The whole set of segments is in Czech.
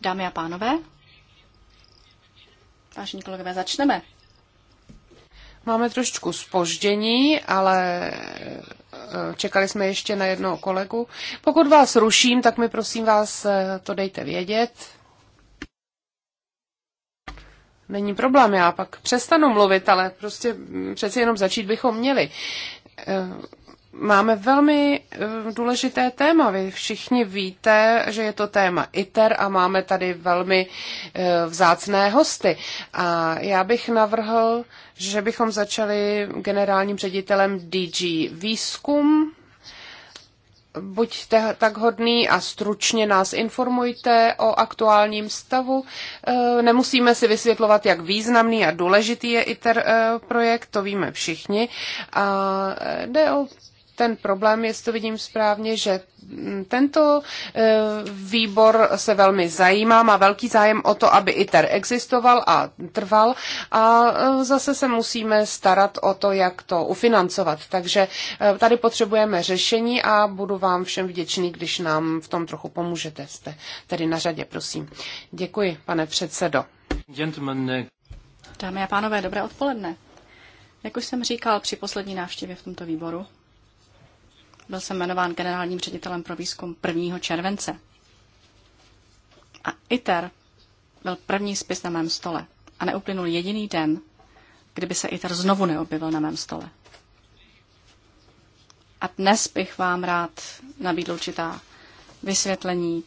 Dámy a pánové, vážení kolegové, začneme. Máme trošku spoždění, ale eh, čekali jsme ještě na jednoho kolegu. Pokud vás ruším, tak mi prosím vás eh, to dejte vědět. Není problém, já pak přestanu mluvit, ale prostě mm, přeci jenom začít bychom měli eh, Máme velmi eh, důležité téma. Vy všichni víte, že je to téma ITER a máme tady velmi eh, vzácné hosty. A já bych navrhl, že bychom začali generálním ředitelem DG Výzkum. Buďte tak hodný a stručně nás informujte o aktuálním stavu. Eh, nemusíme si vysvětlovat, jak významný a důležitý je ITER projekt, to víme všichni. A jde o ten problém, jestli to vidím správně, že mm, tento e, výbor se velmi zajímá, má velký zájem o to, aby ITER existoval a trval a e, zase se musíme starat o to, jak to ufinancovat. Takže e, tady potřebujeme řešení a budu vám všem vděčný, když nám v tom trochu pomůžete. Jste tedy na řadě, prosím. Děkuji, pane předsedo. Dámy a pánové, dobré odpoledne. Jak už jsem říkal při poslední návštěvě v tomto výboru, byl jsem jmenován generálním ředitelem pro výzkum 1. července. A ITER byl první spis na mém stole a neuplynul jediný den, kdyby se ITER znovu neobjevil na mém stole. A dnes bych vám rád nabídl určitá vysvětlení,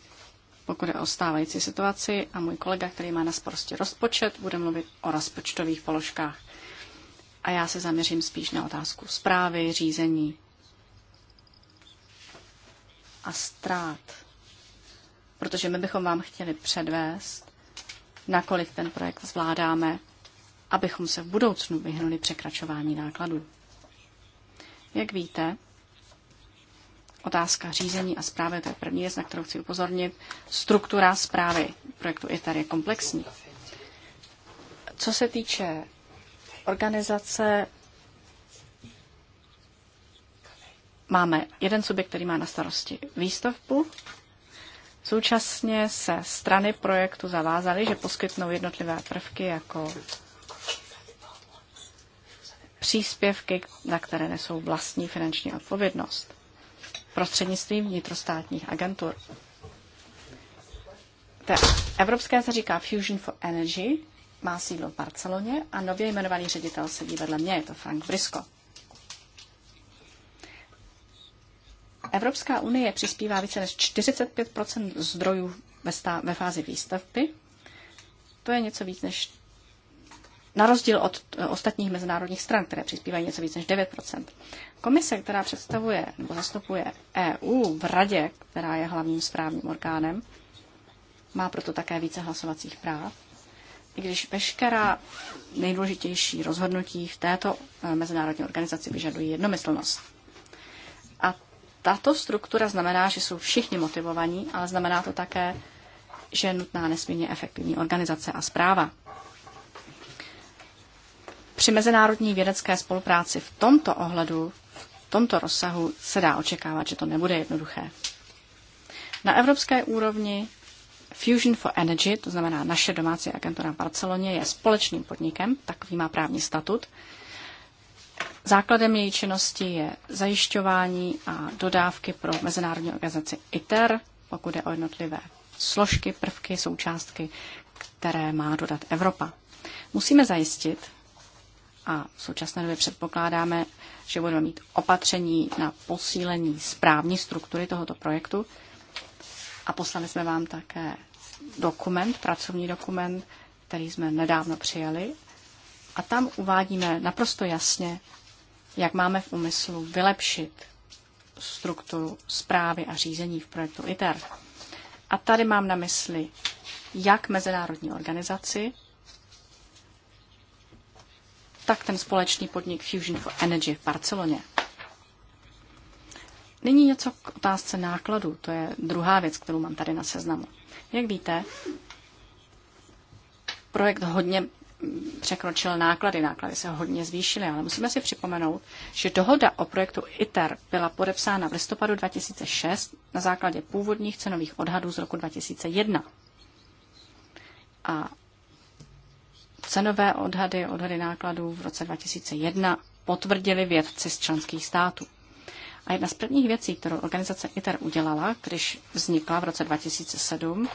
pokud je o stávající situaci a můj kolega, který má na sporosti rozpočet, bude mluvit o rozpočtových položkách. A já se zaměřím spíš na otázku zprávy, řízení a ztrát. Protože my bychom vám chtěli předvést, nakolik ten projekt zvládáme, abychom se v budoucnu vyhnuli překračování nákladů. Jak víte, otázka řízení a zprávy, to je první věc, na kterou chci upozornit. Struktura zprávy projektu ITER je komplexní. Co se týče organizace máme jeden subjekt, který má na starosti výstavbu. Současně se strany projektu zavázaly, že poskytnou jednotlivé prvky jako příspěvky, na které nesou vlastní finanční odpovědnost prostřednictvím vnitrostátních agentur. Té evropské se říká Fusion for Energy, má sídlo v Barceloně a nově jmenovaný ředitel sedí vedle mě, je to Frank Brisco. Evropská unie přispívá více než 45 zdrojů ve, stá- ve fázi výstavby. To je něco víc než na rozdíl od e, ostatních mezinárodních stran, které přispívají něco víc než 9 Komise, která představuje nebo zastupuje EU v radě, která je hlavním správním orgánem, má proto také více hlasovacích práv. I když veškerá nejdůležitější rozhodnutí v této e, mezinárodní organizaci vyžadují jednomyslnost tato struktura znamená, že jsou všichni motivovaní, ale znamená to také, že je nutná nesmírně efektivní organizace a zpráva. Při mezinárodní vědecké spolupráci v tomto ohledu, v tomto rozsahu, se dá očekávat, že to nebude jednoduché. Na evropské úrovni Fusion for Energy, to znamená naše domácí agentura v Barceloně, je společným podnikem, takový má právní statut, Základem její činnosti je zajišťování a dodávky pro mezinárodní organizaci ITER, pokud je o jednotlivé složky, prvky, součástky, které má dodat Evropa. Musíme zajistit, a v současné době předpokládáme, že budeme mít opatření na posílení správní struktury tohoto projektu. A poslali jsme vám také dokument, pracovní dokument, který jsme nedávno přijali. A tam uvádíme naprosto jasně, jak máme v úmyslu vylepšit strukturu zprávy a řízení v projektu ITER. A tady mám na mysli jak mezinárodní organizaci, tak ten společný podnik Fusion for Energy v Barceloně. Nyní něco k otázce nákladu. To je druhá věc, kterou mám tady na seznamu. Jak víte, projekt hodně překročil náklady. Náklady se hodně zvýšily, ale musíme si připomenout, že dohoda o projektu ITER byla podepsána v listopadu 2006 na základě původních cenových odhadů z roku 2001. A cenové odhady, odhady nákladů v roce 2001 potvrdili vědci z členských států. A jedna z prvních věcí, kterou organizace ITER udělala, když vznikla v roce 2007,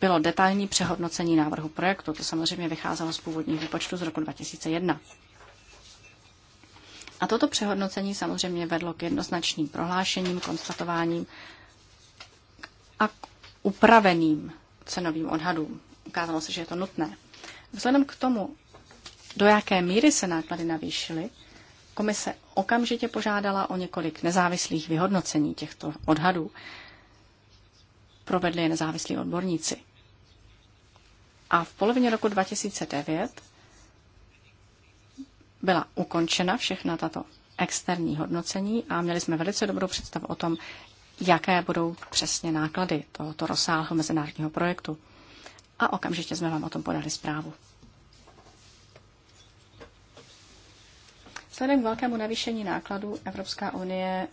bylo detailní přehodnocení návrhu projektu. To samozřejmě vycházelo z původního výpočtu z roku 2001. A toto přehodnocení samozřejmě vedlo k jednoznačným prohlášením, konstatováním a k upraveným cenovým odhadům. Ukázalo se, že je to nutné. Vzhledem k tomu, do jaké míry se náklady navýšily, komise okamžitě požádala o několik nezávislých vyhodnocení těchto odhadů. Provedli je nezávislí odborníci a v polovině roku 2009 byla ukončena všechna tato externí hodnocení a měli jsme velice dobrou představu o tom, jaké budou přesně náklady tohoto rozsáhlého mezinárodního projektu. A okamžitě jsme vám o tom podali zprávu. Vzhledem k velkému navýšení nákladů Evropská unie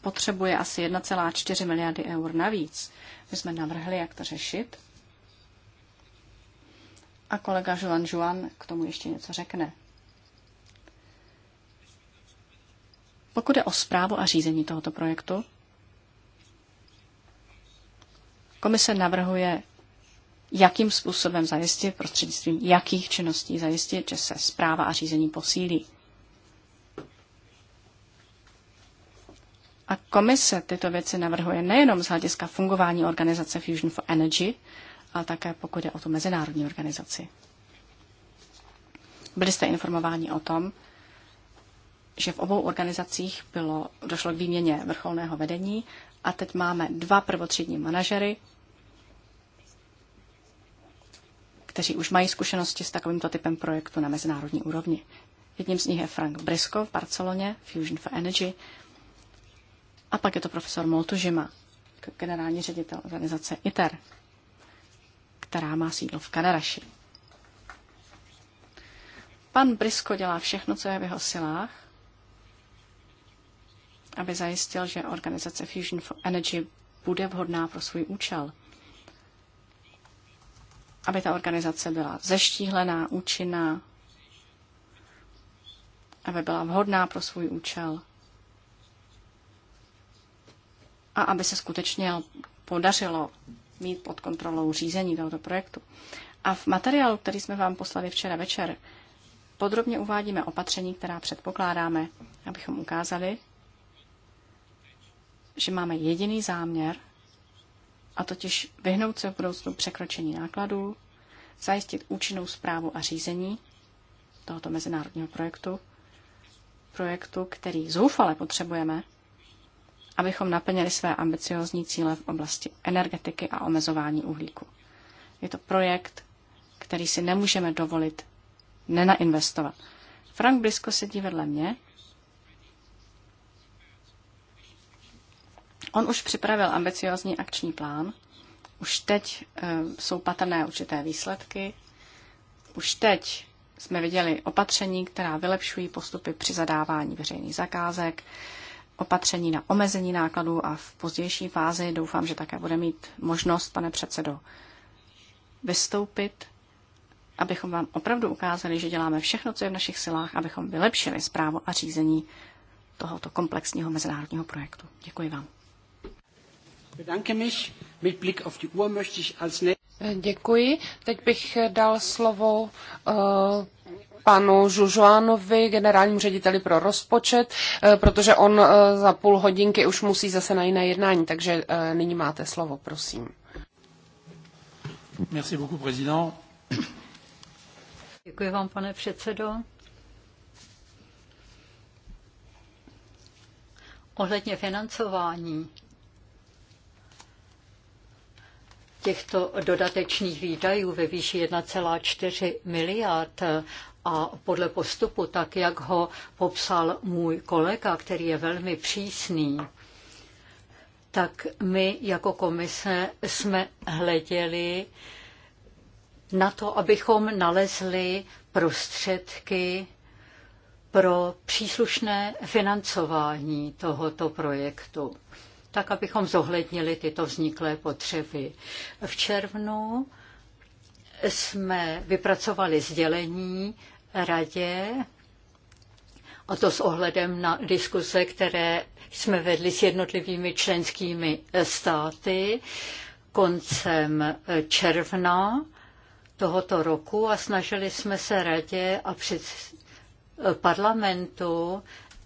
potřebuje asi 1,4 miliardy eur navíc. My jsme navrhli, jak to řešit. A kolega Joan Juan k tomu ještě něco řekne. Pokud je o zprávu a řízení tohoto projektu, komise navrhuje, jakým způsobem zajistit, prostřednictvím jakých činností zajistit, že se zpráva a řízení posílí. komise tyto věci navrhuje nejenom z hlediska fungování organizace Fusion for Energy, ale také pokud je o tu mezinárodní organizaci. Byli jste informováni o tom, že v obou organizacích bylo, došlo k výměně vrcholného vedení a teď máme dva prvotřídní manažery, kteří už mají zkušenosti s takovýmto typem projektu na mezinárodní úrovni. Jedním z nich je Frank Brisco v Barceloně, Fusion for Energy, a pak je to profesor Moltužima, generální ředitel organizace ITER, která má sídlo v Kanaraši. Pan Brisko dělá všechno, co je v jeho silách, aby zajistil, že organizace Fusion for Energy bude vhodná pro svůj účel. Aby ta organizace byla zeštíhlená, účinná, aby byla vhodná pro svůj účel a aby se skutečně podařilo mít pod kontrolou řízení tohoto projektu. A v materiálu, který jsme vám poslali včera večer, podrobně uvádíme opatření, která předpokládáme, abychom ukázali, že máme jediný záměr, a totiž vyhnout se v budoucnu překročení nákladů, zajistit účinnou zprávu a řízení tohoto mezinárodního projektu, projektu, který zoufale potřebujeme, abychom naplnili své ambiciozní cíle v oblasti energetiky a omezování uhlíku. Je to projekt, který si nemůžeme dovolit nenainvestovat. Frank Blisko sedí vedle mě. On už připravil ambiciozní akční plán. Už teď eh, jsou patrné určité výsledky. Už teď jsme viděli opatření, která vylepšují postupy při zadávání veřejných zakázek, opatření na omezení nákladů a v pozdější fázi doufám, že také bude mít možnost, pane předsedo, vystoupit, abychom vám opravdu ukázali, že děláme všechno, co je v našich silách, abychom vylepšili zprávu a řízení tohoto komplexního mezinárodního projektu. Děkuji vám. Děkuji. Teď bych dal slovo eh, panu Žužoánovi, generálnímu řediteli pro rozpočet, eh, protože on eh, za půl hodinky už musí zase na jiné jednání, takže eh, nyní máte slovo, prosím. Merci beaucoup, président. Děkuji vám, pane předsedo. Ohledně financování těchto dodatečných výdajů ve výši 1,4 miliard a podle postupu, tak jak ho popsal můj kolega, který je velmi přísný, tak my jako komise jsme hleděli na to, abychom nalezli prostředky pro příslušné financování tohoto projektu, tak abychom zohlednili tyto vzniklé potřeby. V červnu jsme vypracovali sdělení radě, a to s ohledem na diskuse, které jsme vedli s jednotlivými členskými eh, státy koncem eh, června tohoto roku a snažili jsme se radě a před eh, parlamentu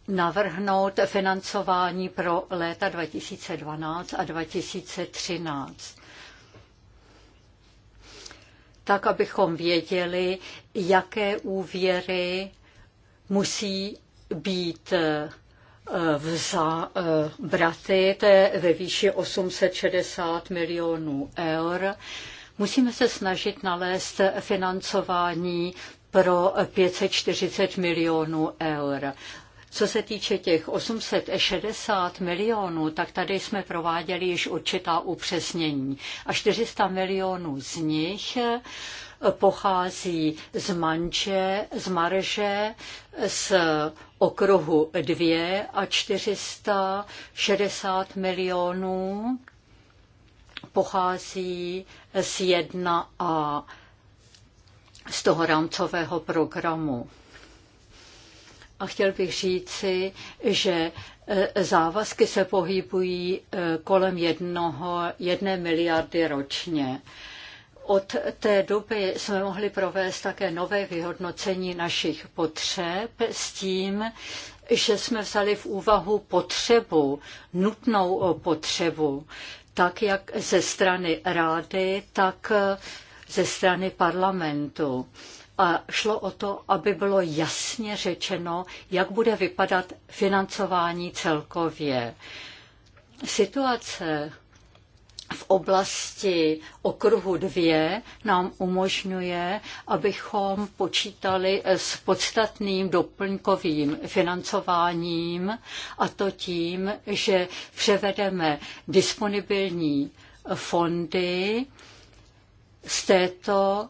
navrhnout financování pro léta 2012 a 2013 tak abychom věděli, jaké úvěry musí být vza, eh, eh, braty, to je ve výši 860 milionů eur. Musíme se snažit nalézt financování pro 540 milionů eur. Co se týče těch 860 milionů, tak tady jsme prováděli již určitá upřesnění. A 400 milionů z nich eh, pochází z manže, z marže, z okruhu 2 a 460 milionů pochází z 1 a z toho rámcového programu a chtěl bych říci, že e, závazky se pohybují e, kolem jednoho, jedné miliardy ročně. Od té doby jsme mohli provést také nové vyhodnocení našich potřeb s tím, že jsme vzali v úvahu potřebu, nutnou e, potřebu, tak jak ze strany rády, tak ze strany parlamentu a šlo o to, aby bylo jasně řečeno, jak bude vypadat financování celkově. Situace v oblasti okruhu 2 nám umožňuje, abychom počítali s podstatným doplňkovým financováním a to tím, že převedeme disponibilní fondy z této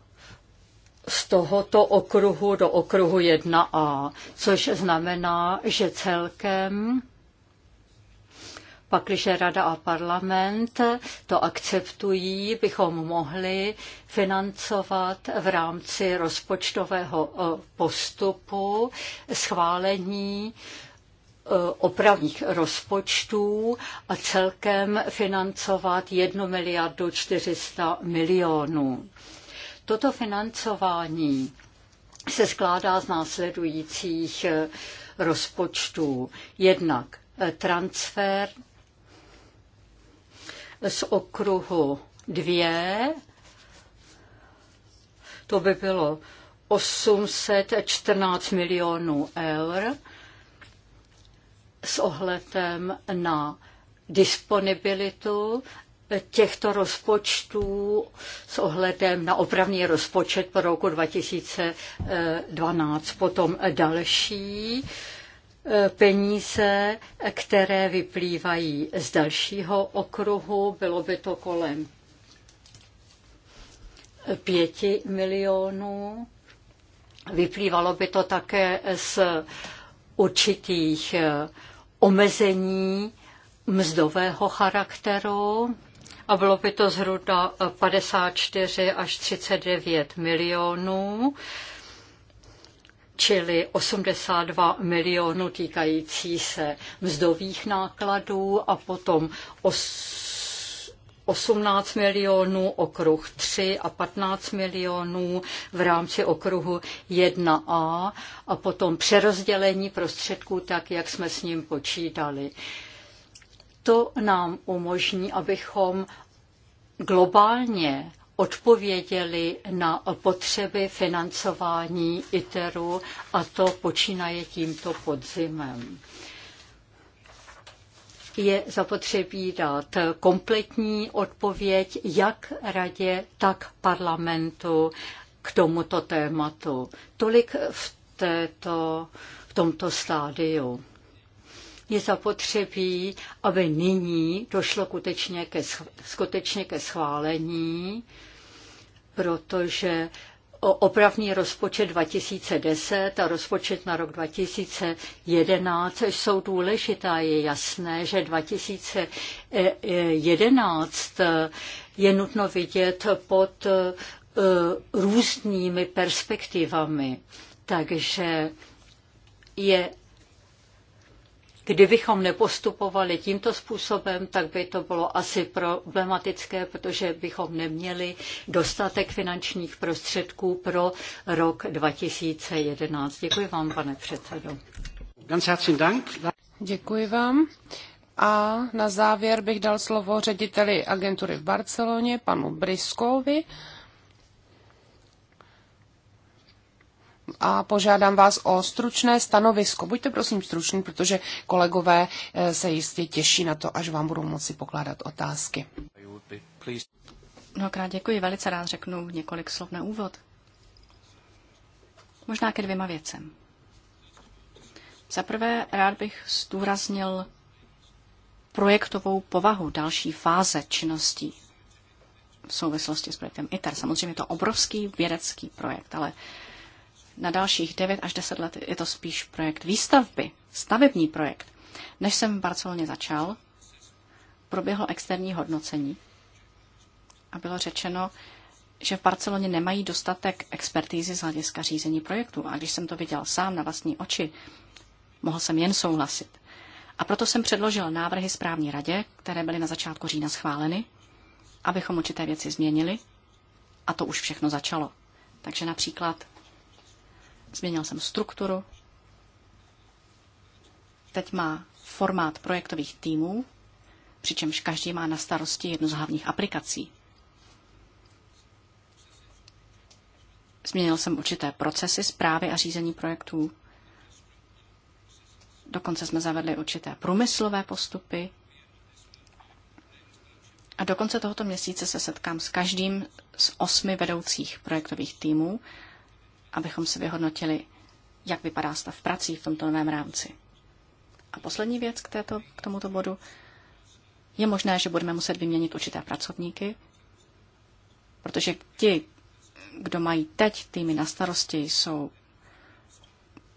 z tohoto okruhu do okruhu 1a, což znamená, že celkem pakliže Rada a parlament to akceptují, bychom mohli financovat v rámci rozpočtového e, postupu schválení e, opravních rozpočtů a celkem financovat 1 miliardu 400 milionů. Toto financování se skládá z následujících eh, rozpočtů. Jednak eh, transfer z okruhu dvě, to by bylo 814 milionů eur s ohledem na disponibilitu těchto rozpočtů s ohledem na opravný rozpočet pro roku 2012. Potom další eh, peníze, které vyplývají z dalšího okruhu, bylo by to kolem 5 milionů. Vyplývalo by to také z určitých eh, omezení mzdového charakteru, a bylo by to zhruba 54 až 39 milionů, čili 82 milionů týkající se mzdových nákladů a potom 18 milionů, okruh 3 a 15 milionů v rámci okruhu 1a a potom přerozdělení prostředků tak, jak jsme s ním počítali. To nám umožní, abychom globálně odpověděli na potřeby financování ITERu a to počínaje tímto podzimem je zapotřebí dát kompletní odpověď jak radě, tak parlamentu k tomuto tématu. Tolik v, této, v tomto stádiu je zapotřebí, aby nyní došlo skutečně ke, skutečně ke schválení, protože opravný rozpočet 2010 a rozpočet na rok 2011 jsou důležitá. Je jasné, že 2011 je nutno vidět pod e, různými perspektivami. Takže je Kdybychom nepostupovali tímto způsobem, tak by to bylo asi problematické, protože bychom neměli dostatek finančních prostředků pro rok 2011. Děkuji vám, pane předsedo. Děkuji vám. A na závěr bych dal slovo řediteli agentury v Barceloně, panu Briskovi, a požádám vás o stručné stanovisko. Buďte prosím struční, protože kolegové eh, se jistě těší na to, až vám budou moci pokládat otázky. Mnohokrát děkuji, velice rád řeknu několik slov na úvod. Možná ke dvěma věcem. Za prvé rád bych zdůraznil projektovou povahu další fáze činností v souvislosti s projektem ITER. Samozřejmě je to obrovský vědecký projekt, ale na dalších 9 až 10 let je to spíš projekt výstavby, stavební projekt. Než jsem v Barceloně začal, proběhlo externí hodnocení a bylo řečeno, že v Barceloně nemají dostatek expertízy z hlediska řízení projektu. A když jsem to viděl sám na vlastní oči, mohl jsem jen souhlasit. A proto jsem předložil návrhy správní radě, které byly na začátku října schváleny, abychom určité věci změnili. A to už všechno začalo. Takže například změnil jsem strukturu. Teď má formát projektových týmů, přičemž každý má na starosti jednu z hlavních aplikací. Změnil jsem určité procesy zprávy a řízení projektů. Dokonce jsme zavedli určité průmyslové postupy. A do konce tohoto měsíce se setkám s každým z osmi vedoucích projektových týmů abychom si vyhodnotili, jak vypadá stav prací v tomto novém rámci. A poslední věc k, této, k tomuto bodu. Je možné, že budeme muset vyměnit určité pracovníky, protože ti, kdo mají teď týmy na starosti, jsou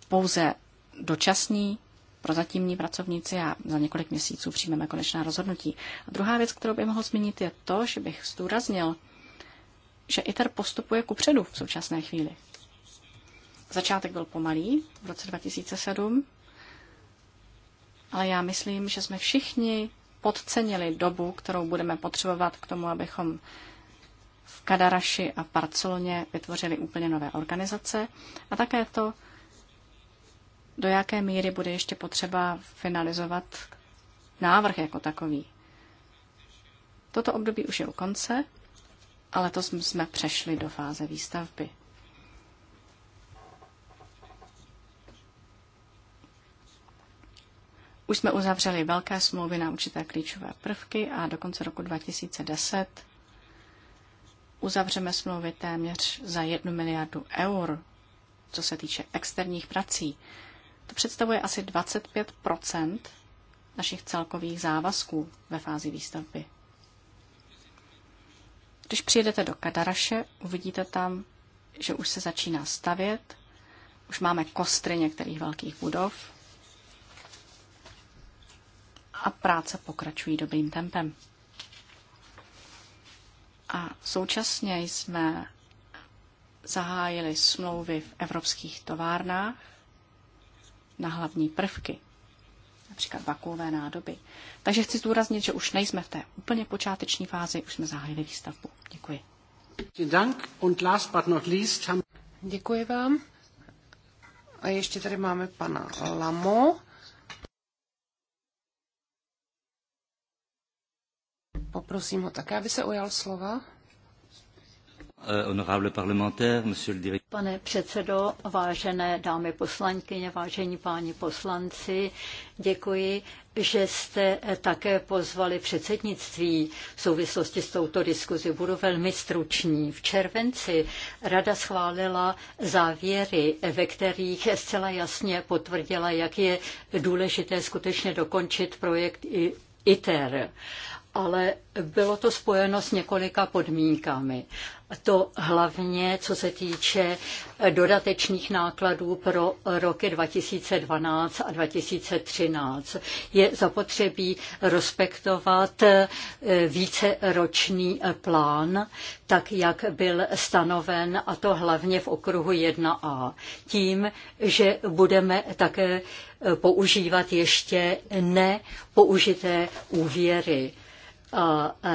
pouze dočasní, prozatímní pracovníci a za několik měsíců přijmeme konečná rozhodnutí. A druhá věc, kterou bych mohl zmínit, je to, že bych zdůraznil, že ITER postupuje kupředu v současné chvíli. Začátek byl pomalý v roce 2007, ale já myslím, že jsme všichni podcenili dobu, kterou budeme potřebovat k tomu, abychom v Kadaraši a v Barceloně vytvořili úplně nové organizace a také to, do jaké míry bude ještě potřeba finalizovat návrh jako takový. Toto období už je u konce, ale to jsme přešli do fáze výstavby. Už jsme uzavřeli velké smlouvy na určité klíčové prvky a do konce roku 2010 uzavřeme smlouvy téměř za 1 miliardu eur, co se týče externích prací. To představuje asi 25 našich celkových závazků ve fázi výstavby. Když přijedete do Kadaraše, uvidíte tam, že už se začíná stavět, už máme kostry některých velkých budov, a práce pokračují dobrým tempem. A současně jsme zahájili smlouvy v evropských továrnách na hlavní prvky, například vakuové nádoby. Takže chci zdůraznit, že už nejsme v té úplně počáteční fázi, už jsme zahájili výstavbu. Děkuji. Děkuji vám. A ještě tady máme pana Lamo Prosím ho také, aby se ujal slova. Eh, Pane předsedo, vážené dámy poslankyně, vážení páni poslanci, děkuji, že jste eh, také pozvali předsednictví v souvislosti s touto diskuzi. Budu velmi stručný. V červenci rada schválila závěry, eh, ve kterých zcela jasně potvrdila, jak je důležité skutečně dokončit projekt ITER ale bylo to spojeno s několika podmínkami. To hlavně, co se týče dodatečných nákladů pro roky 2012 a 2013. Je zapotřebí respektovat eh, víceroční eh, plán, tak jak byl stanoven, a to hlavně v okruhu 1a. Tím, že budeme také eh, používat ještě nepoužité úvěry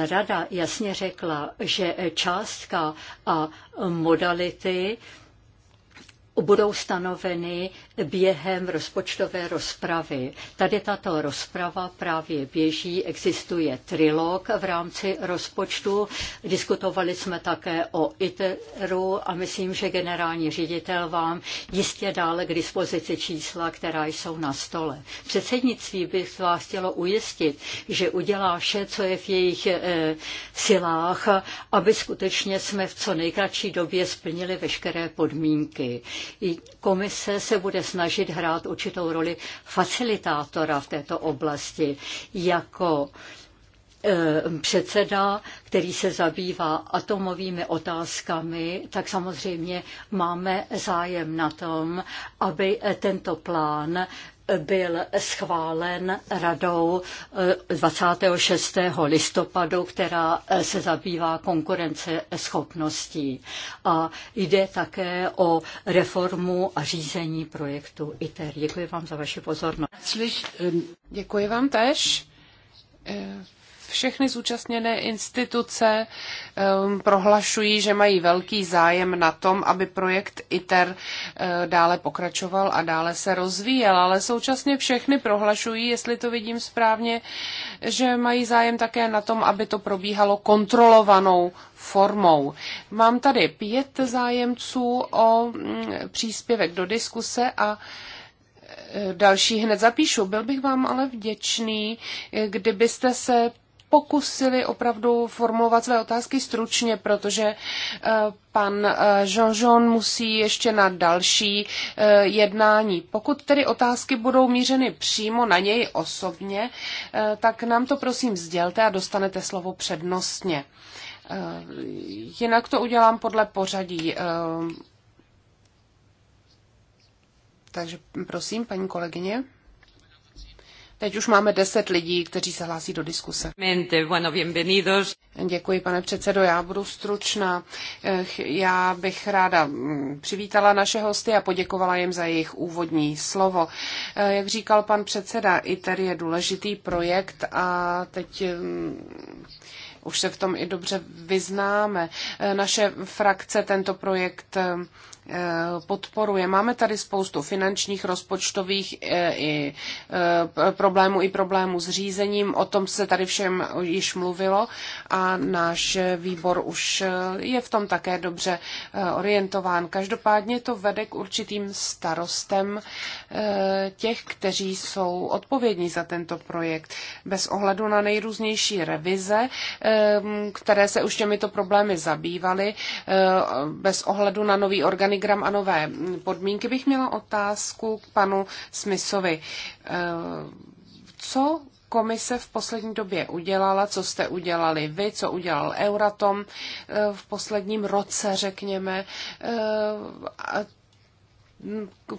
Rada jasně řekla, že částka a modality budou stanoveny během rozpočtové rozpravy. Tady tato rozprava právě běží, existuje trilog v rámci rozpočtu. Diskutovali jsme také o ITERu a myslím, že generální ředitel vám jistě dále k dispozici čísla, která jsou na stole. Předsednictví bych vás chtělo ujistit, že udělá vše, co je v jejich e, silách, aby skutečně jsme v co nejkratší době splnili veškeré podmínky. I komise se bude snažit hrát určitou roli facilitátora v této oblasti jako eh, předseda, který se zabývá atomovými otázkami, tak samozřejmě máme zájem na tom, aby tento plán byl schválen radou 26. Eh, listopadu, která eh, se zabývá konkurence schopností. A jde také o reformu a řízení projektu ITER. Děkuji vám za vaši pozornost. Eh, děkuji vám tež. Všechny zúčastněné instituce um, prohlašují, že mají velký zájem na tom, aby projekt ITER uh, dále pokračoval a dále se rozvíjel, ale současně všechny prohlašují, jestli to vidím správně, že mají zájem také na tom, aby to probíhalo kontrolovanou formou. Mám tady pět zájemců o mm, příspěvek do diskuse a e, další hned zapíšu. Byl bych vám ale vděčný, e, kdybyste se pokusili opravdu formulovat své otázky stručně, protože eh, pan eh, Jean-Jean musí ještě na další eh, jednání. Pokud tedy otázky budou mířeny přímo na něj osobně, tak nám to prosím sdělte a dostanete slovo přednostně. Jinak to udělám podle pořadí. Takže prosím, paní kolegyně. Teď už máme deset lidí, kteří se hlásí do diskuse. Děkuji, pane předsedo, já budu stručná. Eh, já bych ráda mm, přivítala naše hosty a poděkovala jim za jejich úvodní slovo. Eh, jak říkal pan předseda, ITER je důležitý projekt a teď mm, už se v tom i dobře vyznáme. Eh, naše frakce tento projekt mm, Eh, podporuje. Máme tady spoustu finančních, rozpočtových eh, i eh, problémů i problémů s řízením. O tom se tady všem již mluvilo a náš výbor už je v tom také dobře orientován. Každopádně to vede k určitým starostem těch, kteří jsou odpovědní za tento projekt. Bez ohledu na nejrůznější revize, které se už těmito problémy zabývaly, bez ohledu na nový organizace, organigram a nové podmínky, bych měla otázku k panu Smithovi. Eh, co komise v poslední době udělala, co jste udělali vy, co udělal Euratom eh, v posledním roce, řekněme, eh,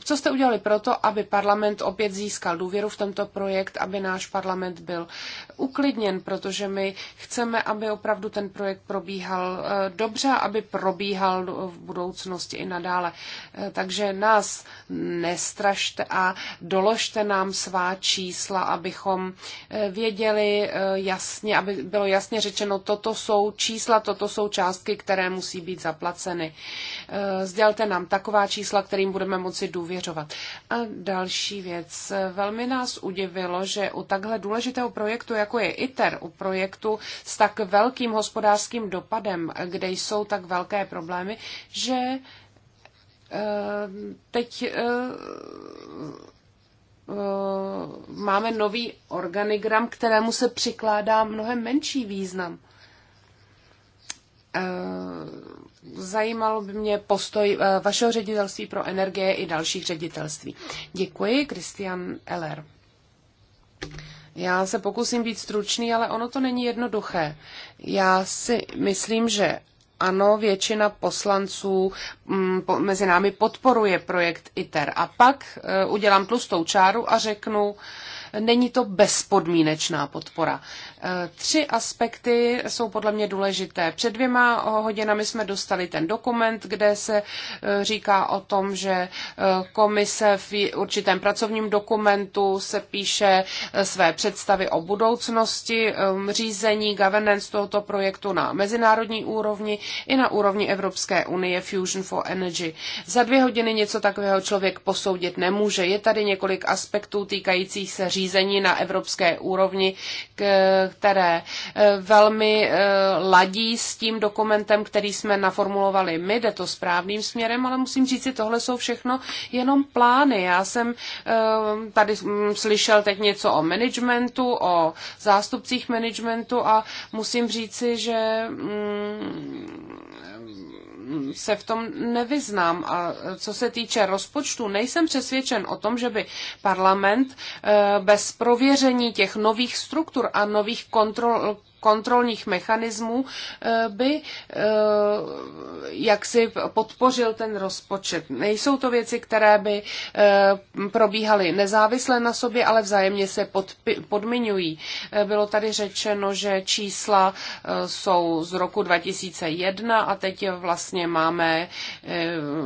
co jste udělali pro to, aby parlament opět získal důvěru v tento projekt, aby náš parlament byl uklidněn, protože my chceme, aby opravdu ten projekt probíhal eh, dobře, aby probíhal v budoucnosti i nadále. Eh, takže nás nestrašte a doložte nám svá čísla, abychom eh, věděli jasně, aby bylo jasně řečeno, toto jsou čísla, toto jsou částky, které musí být zaplaceny. Sdělte nám taková čísla, kterým budeme budeme moci důvěřovat. A další věc. Velmi nás udivilo, že u takhle důležitého projektu, jako je ITER, u projektu s tak velkým hospodářským dopadem, kde jsou tak velké problémy, že eh, teď eh, eh, máme nový organigram, kterému se přikládá mnohem menší význam Zajímalo by mě postoj eh, vašeho ředitelství pro energie i dalších ředitelství. Děkuji, Kristian Eller. Já se pokusím být stručný, ale ono to není jednoduché. Já si myslím, že ano, většina poslanců mm, mezi námi podporuje projekt ITER. A pak eh, udělám tlustou čáru a řeknu, není to bezpodmínečná podpora. Tři aspekty jsou podle mě důležité. Před dvěma hodinami jsme dostali ten dokument, kde se eh, říká o tom, že eh, komise v určitém pracovním dokumentu se píše eh, své představy o budoucnosti řízení governance tohoto projektu na mezinárodní úrovni i na úrovni Evropské unie Fusion for Energy. Za dvě hodiny něco takového člověk posoudit nemůže. Je tady několik aspektů týkajících se řízení na evropské úrovni, k které eh, velmi eh, ladí s tím dokumentem, který jsme naformulovali my, jde to správným směrem, ale musím říct, že tohle jsou všechno jenom plány. Já jsem eh, tady mm, slyšel teď něco o managementu, o zástupcích managementu a musím říci, že mm, se v tom nevyznám. A co se týče rozpočtu, nejsem přesvědčen o tom, že by parlament eh, bez prověření těch nových struktur a nových kontrol, kontrolních mechanismů eh, by eh, jaksi podpořil ten rozpočet. Nejsou to věci, které by eh, probíhaly nezávisle na sobě, ale vzájemně se podmiňují. Bylo tady řečeno, že čísla jsou z roku 2001 a teď vlastně máme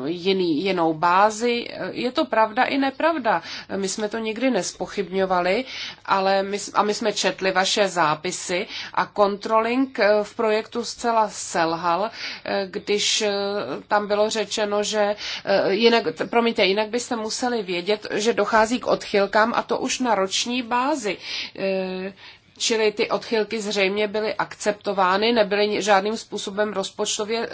jiný, jinou bázi. Je to pravda i nepravda. My jsme to nikdy nespochybňovali, ale my, a my jsme četli vaše zápisy a a controlling eh, v projektu zcela selhal, eh, když eh, tam bylo řečeno, že jinak, promiňte, jinak byste museli vědět, že dochází k odchylkám a to už na roční bázi čili ty odchylky zřejmě byly akceptovány, nebyly žádným způsobem rozpočtově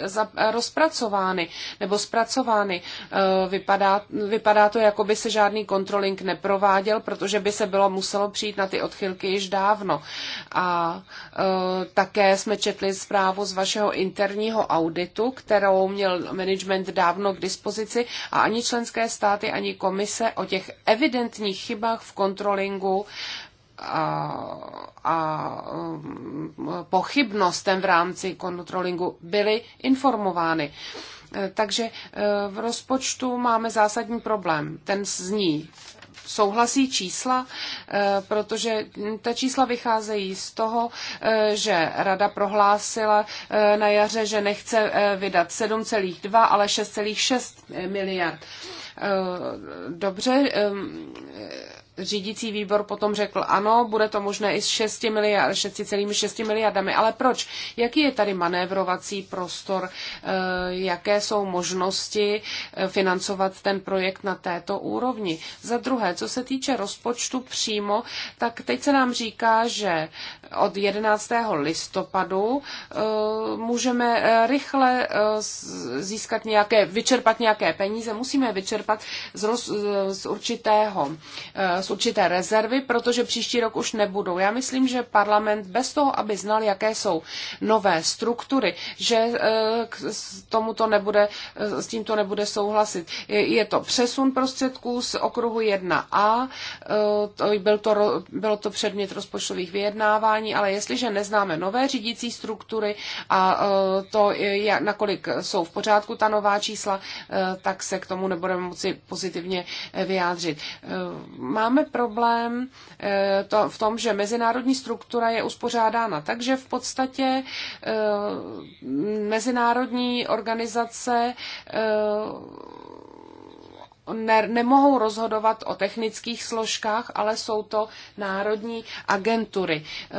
rozpracovány nebo zpracovány. Eh, vypadá, vypadá to, jako by se žádný kontroling neprováděl, protože by se bylo muselo přijít na ty odchylky již dávno. A eh, také jsme četli zprávu z vašeho interního auditu, kterou měl management dávno k dispozici a ani členské státy, ani komise o těch evidentních chybách v kontrolingu a mm, pochybnostem v rámci kontrolingu byly informovány. E, takže e, v rozpočtu máme zásadní problém. Ten zní, souhlasí čísla, e, protože ta čísla vycházejí z toho, že rada prohlásila na jaře, že nechce vydat 7,2, ale 6,6 miliard. Dobře, řídící výbor potom řekl, ano, bude to možné i s 6 miliard, 6,6 miliardami, ale proč? Jaký je tady manévrovací prostor? Eh, jaké jsou možnosti eh, financovat ten projekt na této úrovni? Za druhé, co se týče rozpočtu přímo, tak teď se nám říká, že od 11. listopadu eh, můžeme rychle získat nějaké, vyčerpat nějaké peníze, musíme vyčerpat z, roz, z určitého z určité rezervy, protože příští rok už nebudou. Já myslím, že parlament bez toho, aby znal, jaké jsou nové struktury, že eh, k tomuto nebude, eh, s tímto nebude souhlasit. Je to přesun prostředků z okruhu 1a, eh, byl to, bylo to předmět rozpočtových vyjednávání, ale jestliže neznáme nové řídící struktury a to, jak, nakolik jsou v pořádku ta nová čísla, tak se k tomu nebudeme moci pozitivně vyjádřit. Máme máme problém eh, to, v tom, že mezinárodní struktura je uspořádána tak, že v podstatě eh, mezinárodní organizace eh, ne, nemohou rozhodovat o technických složkách, ale jsou to národní agentury. E,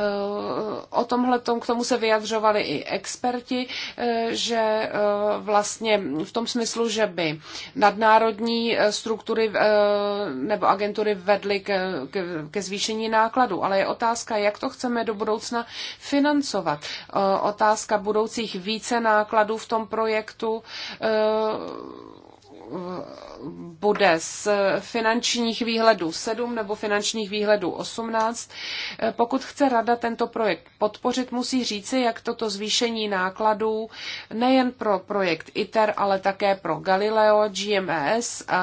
o tomhle tom, k tomu se vyjadřovali i experti, e, že e, vlastně v tom smyslu, že by nadnárodní struktury nebo agentury vedly ke, ke, ke zvýšení nákladu, ale je otázka, jak to chceme do budoucna financovat. Otázka budoucích více nákladů v tom projektu bude z finančních výhledů 7 nebo finančních výhledů 18. Eh, pokud chce rada tento projekt podpořit, musí říci, jak toto zvýšení nákladů nejen pro projekt ITER, ale také pro Galileo, GMS e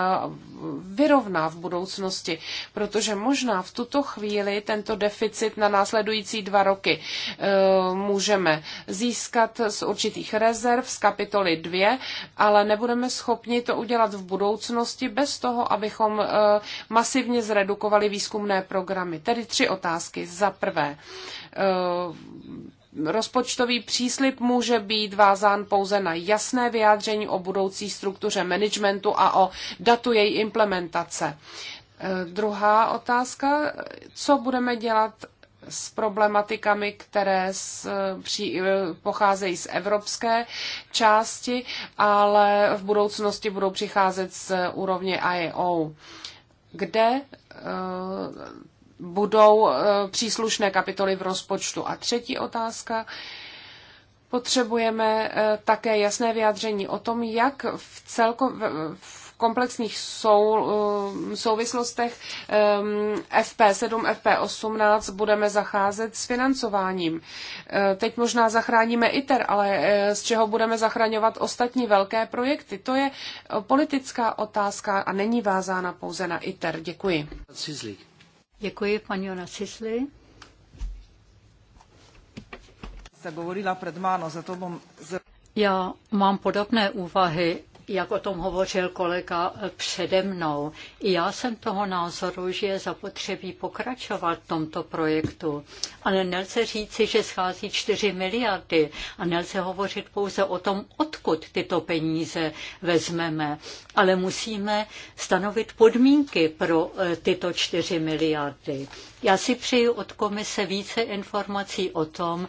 vyrovná v budoucnosti, protože možná v tuto chvíli tento deficit na následující dva roky eh, můžeme získat z určitých rezerv z kapitoly 2, ale nebudeme schopni to udělat v budoucnu budoucnosti bez toho, abychom eh, masivně zredukovali výzkumné programy. Tedy tři otázky. Za prvé, eh, Rozpočtový příslip může být vázán pouze na jasné vyjádření o budoucí struktuře managementu a o datu její implementace. Eh, druhá otázka, co budeme dělat s problematikami, které z, při, pocházejí z evropské části, ale v budoucnosti budou přicházet z úrovně IO, kde eh, budou eh, příslušné kapitoly v rozpočtu. A třetí otázka. Potřebujeme eh, také jasné vyjádření o tom, jak v, celko, v komplexních sou, eh, souvislostech FP7, eh, FP18 budeme zacházet s financováním. Eh, teď možná zachráníme ITER, ale z čeho budeme zachraňovat ostatní velké projekty? To je politická otázka a není vázána pouze na ITER. Děkuji. Děkuji, paní Jona Cisli. Jste govorila před za to Já mám podobné úvahy jak o tom hovořil kolega eh, přede mnou. I já jsem toho názoru, že je zapotřebí pokračovat v tomto projektu. Ale nelze říci, že schází 4 miliardy a nelze hovořit pouze o tom, odkud tyto peníze vezmeme. Ale musíme stanovit podmínky pro eh, tyto 4 miliardy. Já si přeji od komise více informací o tom,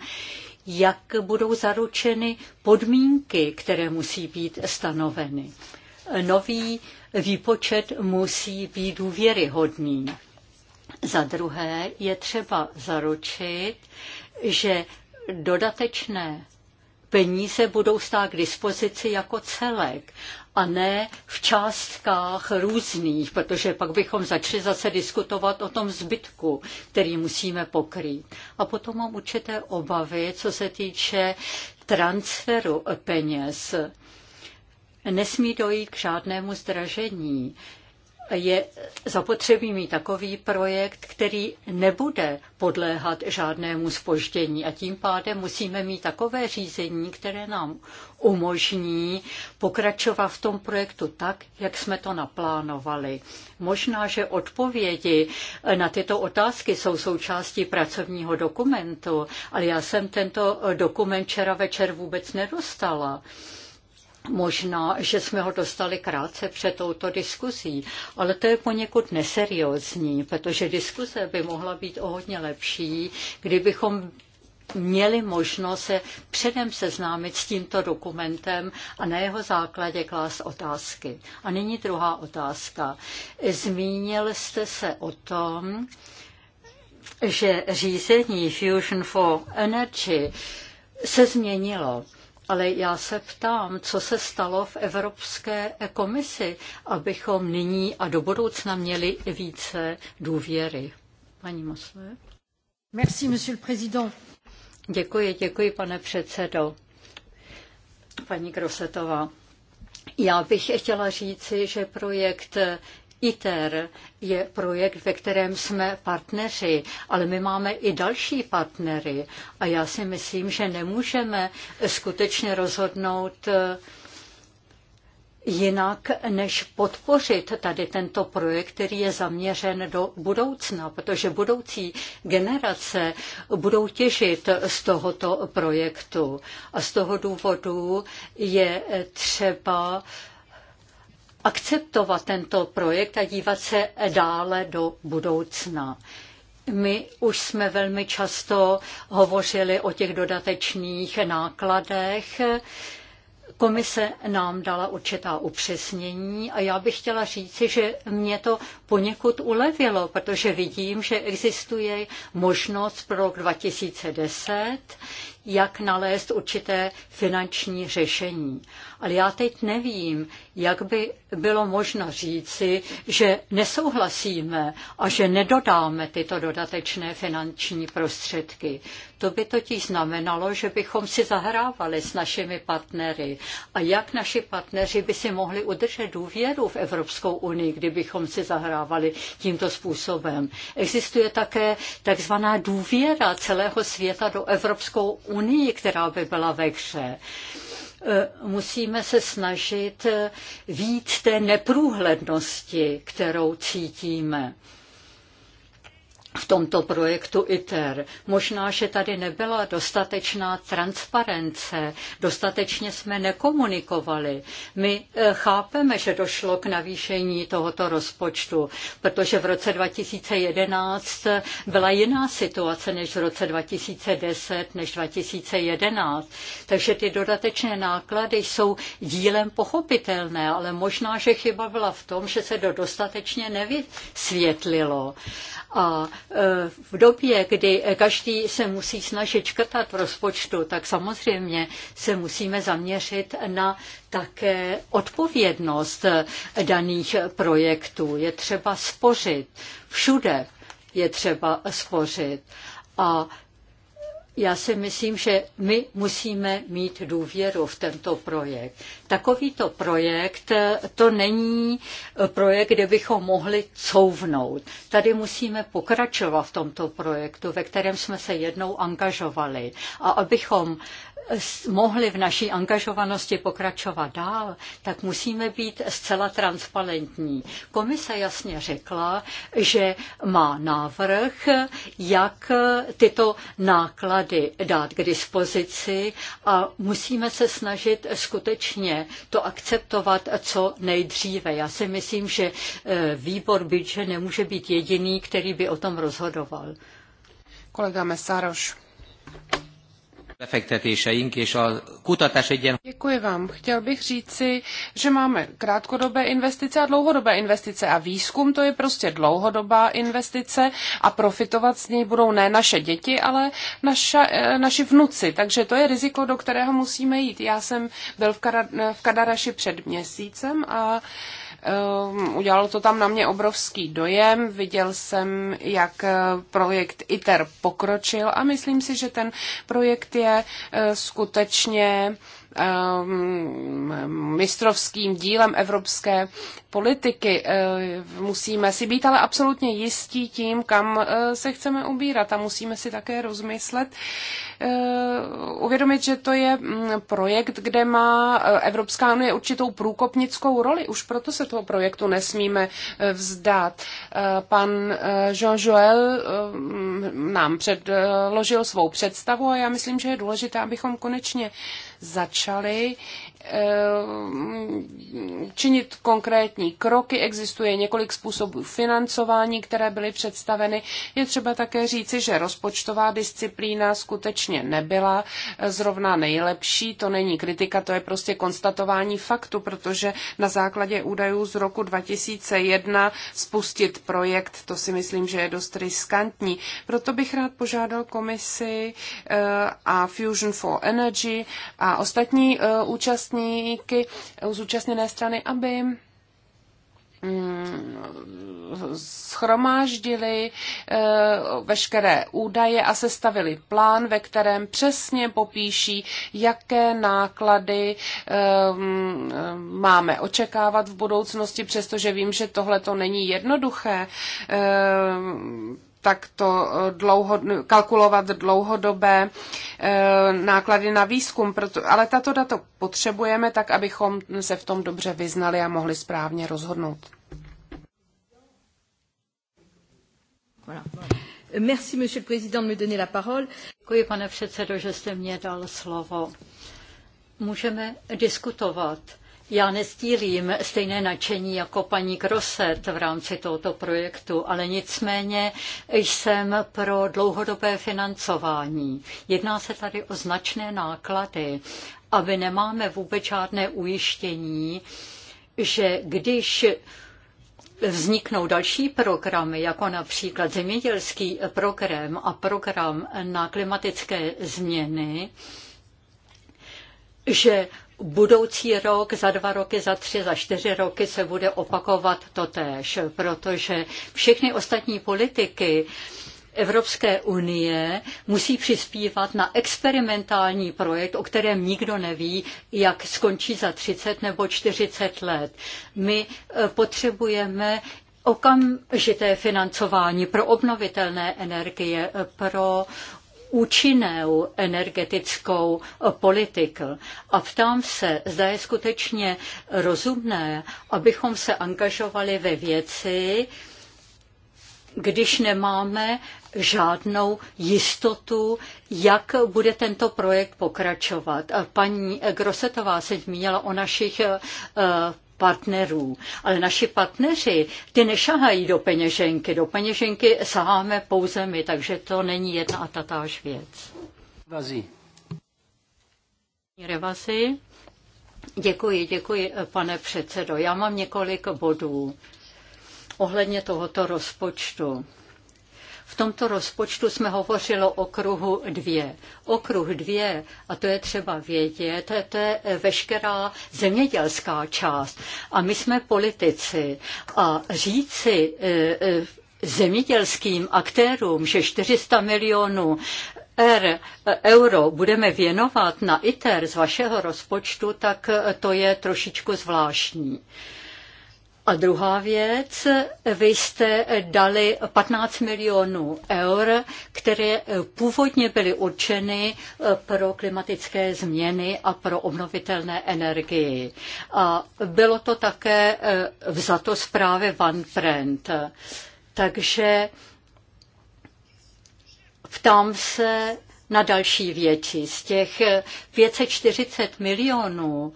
jak budou zaručeny podmínky, které musí být stanoveny. Nový výpočet musí být důvěryhodný. Za druhé je třeba zaručit, že dodatečné peníze budou stát k dispozici jako celek a ne v částkách různých, protože pak bychom začali zase diskutovat o tom zbytku, který musíme pokrýt. A potom mám určité obavy, co se týče transferu peněz. Nesmí dojít k žádnému zdražení je zapotřebí mít takový projekt, který nebude podléhat žádnému spoždění a tím pádem musíme mít takové řízení, které nám umožní pokračovat v tom projektu tak, jak jsme to naplánovali. Možná, že odpovědi na tyto otázky jsou součástí pracovního dokumentu, ale já jsem tento dokument včera večer vůbec nedostala. Možná, že jsme ho dostali krátce před touto diskuzí, ale to je poněkud neseriózní, protože diskuze by mohla být o hodně lepší, kdybychom měli možnost se předem seznámit s tímto dokumentem a na jeho základě klást otázky. A nyní druhá otázka. Zmínil jste se o tom, že řízení Fusion for Energy se změnilo. Ale já se ptám, co se stalo v Evropské komisi, abychom nyní a do budoucna měli více důvěry. Paní Mosle. Merci, monsieur le président. Děkuji, děkuji, pane předsedo. Paní Grosetová, já bych chtěla říci, že projekt ITER je projekt, ve kterém jsme partneři, ale my máme i další partnery a já si myslím, že nemůžeme skutečně rozhodnout eh, jinak, než podpořit tady tento projekt, který je zaměřen do budoucna, protože budoucí generace budou těžit z tohoto projektu. A z toho důvodu je třeba akceptovat tento projekt a dívat se dále do budoucna. My už jsme velmi často hovořili o těch dodatečných nákladech. Komise nám dala určitá upřesnění a já bych chtěla říci, že mě to poněkud ulevilo, protože vidím, že existuje možnost pro rok 2010 jak nalézt určité finanční řešení. Ale já teď nevím, jak by bylo možno říci, že nesouhlasíme a že nedodáme tyto dodatečné finanční prostředky. To by totiž znamenalo, že bychom si zahrávali s našimi partnery. A jak naši partneři by si mohli udržet důvěru v Evropskou unii, kdybychom si zahrávali tímto způsobem. Existuje také takzvaná důvěra celého světa do Evropskou unii, která by byla ve hře e, musíme se snažit víc té neprůhlednosti, kterou cítíme v tomto projektu ITER. Možná, že tady nebyla dostatečná transparence, dostatečně jsme nekomunikovali. My eh, chápeme, že došlo k navýšení tohoto rozpočtu, protože v roce 2011 byla jiná situace než v roce 2010, než 2011. Takže ty dodatečné náklady jsou dílem pochopitelné, ale možná, že chyba byla v tom, že se to dostatečně nevysvětlilo. A v době, kdy každý se musí snažit škrtat v rozpočtu, tak samozřejmě se musíme zaměřit na také odpovědnost daných projektů. Je třeba spořit. Všude je třeba spořit. A já si myslím, že my musíme mít důvěru v tento projekt. Takovýto projekt to není projekt, kde bychom mohli couvnout. Tady musíme pokračovat v tomto projektu, ve kterém jsme se jednou angažovali. A abychom mohli v naší angažovanosti pokračovat dál, tak musíme být zcela transparentní. Komise jasně řekla, že má návrh, jak tyto náklady dát k dispozici a musíme se snažit skutečně to akceptovat co nejdříve. Já si myslím, že e, výbor že nemůže být jediný, který by o tom rozhodoval. Kolega Mesároš. Děkuji vám. Chtěl bych říci, že máme krátkodobé investice a dlouhodobé investice a výzkum to je prostě dlouhodobá investice a profitovat z něj budou ne naše děti, ale naša, eh, naši vnuci. Takže to je riziko, do kterého musíme jít. Já jsem byl v, Kara, v Kadaraši před měsícem a Ehm, udělalo to tam na mě obrovský dojem. Viděl jsem, jak eh, projekt ITER pokročil a myslím si, že ten projekt je eh, skutečně Um, mistrovským dílem evropské politiky. Eh, musíme si být ale absolutně jistí tím, kam eh, se chceme ubírat a musíme si také rozmyslet, eh, uvědomit, že to je mm, projekt, kde má Evropská unie určitou průkopnickou roli. Už proto se toho projektu nesmíme vzdát. Pan Jean Joel nám předložil svou představu a já myslím, že je důležité, abychom konečně začali Eh, činit konkrétní kroky. Existuje několik způsobů financování, které byly představeny. Je třeba také říci, že rozpočtová disciplína skutečně nebyla eh, zrovna nejlepší. To není kritika, to je prostě konstatování faktu, protože na základě údajů z roku 2001 spustit projekt, to si myslím, že je dost riskantní. Proto bych rád požádal komisi eh, a Fusion for Energy a ostatní účastníky, účastníky, eh, zúčastněné strany, aby mm, schromáždili eh, veškeré údaje a sestavili plán, ve kterém přesně popíší, jaké náklady eh, mm, máme očekávat v budoucnosti, přestože vím, že tohle to není jednoduché takto eh, dlouho, kalkulovat dlouhodobé eh, náklady na výzkum, proto, ale tato data potřebujeme tak, abychom se v tom dobře vyznali a mohli správně rozhodnout. Voilà. Merci, monsieur le président, de me donner la parole. Děkuji, pane předsedo, že jste mě dal slovo. Můžeme diskutovat já nestílím stejné nadšení jako paní Kroset v rámci tohoto projektu, ale nicméně jsem pro dlouhodobé financování. Jedná se tady o značné náklady a my nemáme vůbec žádné ujištění, že když vzniknou další programy, jako například zemědělský program a program na klimatické změny, že budoucí rok, za dva roky, za tři, za čtyři roky se bude opakovat totéž, protože všechny ostatní politiky Evropské unie musí přispívat na experimentální projekt, o kterém nikdo neví, jak skončí za 30 nebo 40 let. My eh, potřebujeme okamžité financování pro obnovitelné energie, eh, pro účinnou energetickou politiku. A ptám se, zda je skutečně rozumné, abychom se angažovali ve věci, když nemáme žádnou jistotu, jak bude tento projekt pokračovat. Paní Grosetová se zmínila o našich eh, partnerů. Ale naši partneři, ty nešahají do peněženky. Do peněženky saháme pouze my, takže to není jedna a tatáž věc. Vazí. Revazi. Děkuji, děkuji, pane předsedo. Já mám několik bodů ohledně tohoto rozpočtu. V tomto rozpočtu jsme hovořili o kruhu dvě. Okruh dvě, a to je třeba vědět, to je, to je veškerá zemědělská část. A my jsme politici. A říci e, e, zemědělským aktérům, že 400 milionů R, er, euro budeme věnovat na ITER z vašeho rozpočtu, tak to je trošičku zvláštní. A druhá věc, vy jste dali 15 milionů eur, které původně byly určeny eh, pro klimatické změny a pro obnovitelné energii. A bylo to také eh, vzato z právě Van Prent. Takže ptám se na další věci. Z těch 540 eh, milionů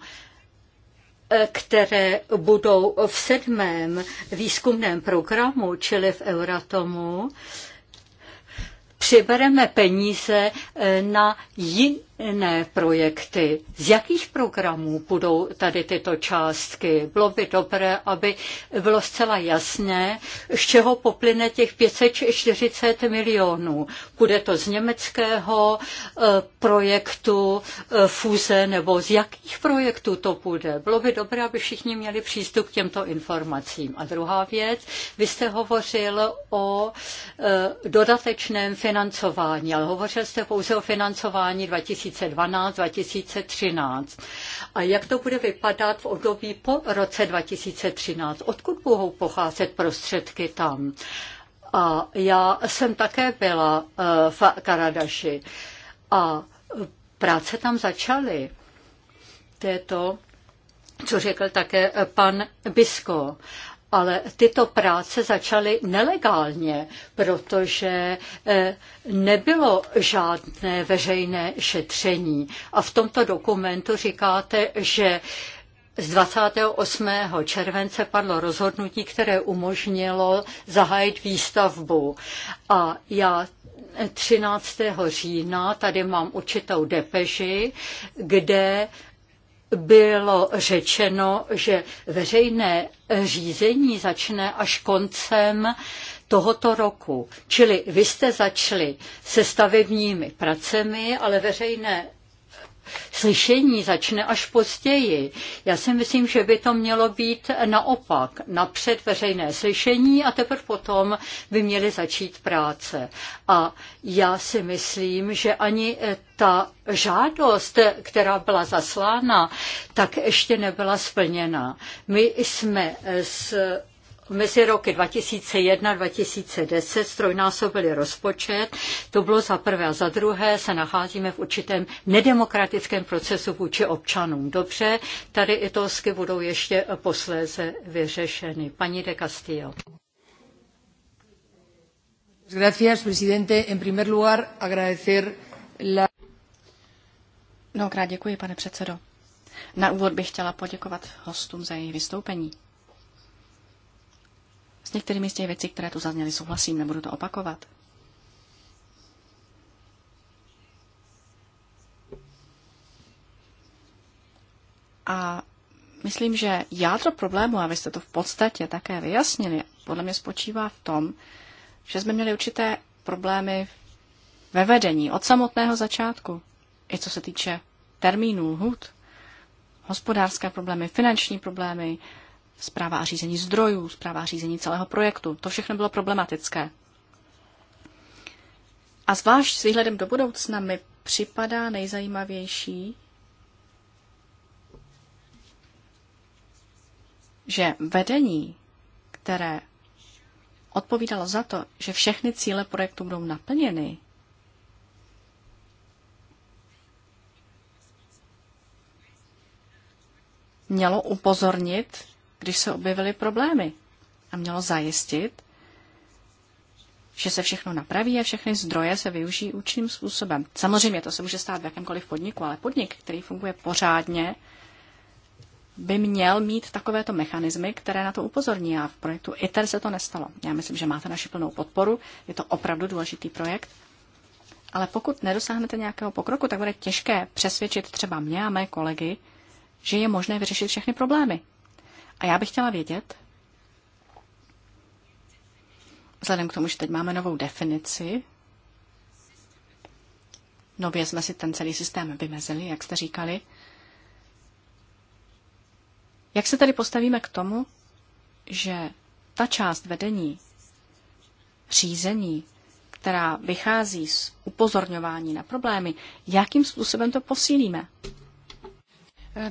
které budou v sedmém výzkumném programu, čili v Euratomu, přibereme peníze na jin, jiné projekty. Z jakých programů budou tady tyto částky? Bylo by dobré, aby bylo zcela jasné, z čeho poplyne těch 540 milionů. Bude to z německého eh, projektu eh, fuze nebo z jakých projektů to bude? Bylo by dobré, aby všichni měli přístup k těmto informacím. A druhá věc, vy jste hovořil o eh, dodatečném financování, ale hovořil jste pouze o financování 2000 2012-2013. A jak to bude vypadat v období po roce 2013? Odkud budou pocházet prostředky tam? A já jsem také byla eh, v Karadaši a práce tam začaly. To je to, co řekl také eh, pan Bisko ale tyto práce začaly nelegálně, protože eh, nebylo žádné veřejné šetření. A v tomto dokumentu říkáte, že z 28. července padlo rozhodnutí, které umožnilo zahájit výstavbu. A já 13. října tady mám určitou depeži, kde bylo řečeno, že veřejné řízení začne až koncem tohoto roku. Čili vy jste začali se stavebními pracemi, ale veřejné slyšení začne až později. Já si myslím, že by to mělo být naopak. Napřed veřejné slyšení a teprve potom by měly začít práce. A já si myslím, že ani eh, ta žádost, která byla zaslána, tak ještě nebyla splněna. My jsme s mezi roky 2001-2010 a strojnásobili rozpočet. To bylo za prvé a za druhé se nacházíme v určitém nedemokratickém procesu vůči občanům. Dobře, tady i tosky budou ještě posléze vyřešeny. Paní de Castillo. Gracias, presidente. En primer lugar, agradecer la... Mnohokrát děkuji, pane předsedo. Na úvod bych chtěla poděkovat hostům za jejich vystoupení. S některými z těch věcí, které tu zazněly, souhlasím, nebudu to opakovat. A myslím, že jádro problému, a vy jste to v podstatě také vyjasnili, podle mě spočívá v tom, že jsme měli určité problémy ve vedení od samotného začátku, i co se týče termínů, hud, hospodářské problémy, finanční problémy, zpráva a řízení zdrojů, zpráva a řízení celého projektu. To všechno bylo problematické. A zvlášť s výhledem do budoucna mi připadá nejzajímavější, že vedení, které odpovídalo za to, že všechny cíle projektu budou naplněny, mělo upozornit když se objevily problémy a mělo zajistit, že se všechno napraví a všechny zdroje se využijí účinným způsobem. Samozřejmě to se může stát v jakémkoliv podniku, ale podnik, který funguje pořádně, by měl mít takovéto mechanismy, které na to upozorní. A v projektu ITER se to nestalo. Já myslím, že máte naši plnou podporu. Je to opravdu důležitý projekt. Ale pokud nedosáhnete nějakého pokroku, tak bude těžké přesvědčit třeba mě a mé kolegy, že je možné vyřešit všechny problémy. A já bych chtěla vědět, vzhledem k tomu, že teď máme novou definici, nově jsme si ten celý systém vymezili, jak jste říkali, jak se tady postavíme k tomu, že ta část vedení, řízení, která vychází z upozorňování na problémy, jakým způsobem to posílíme?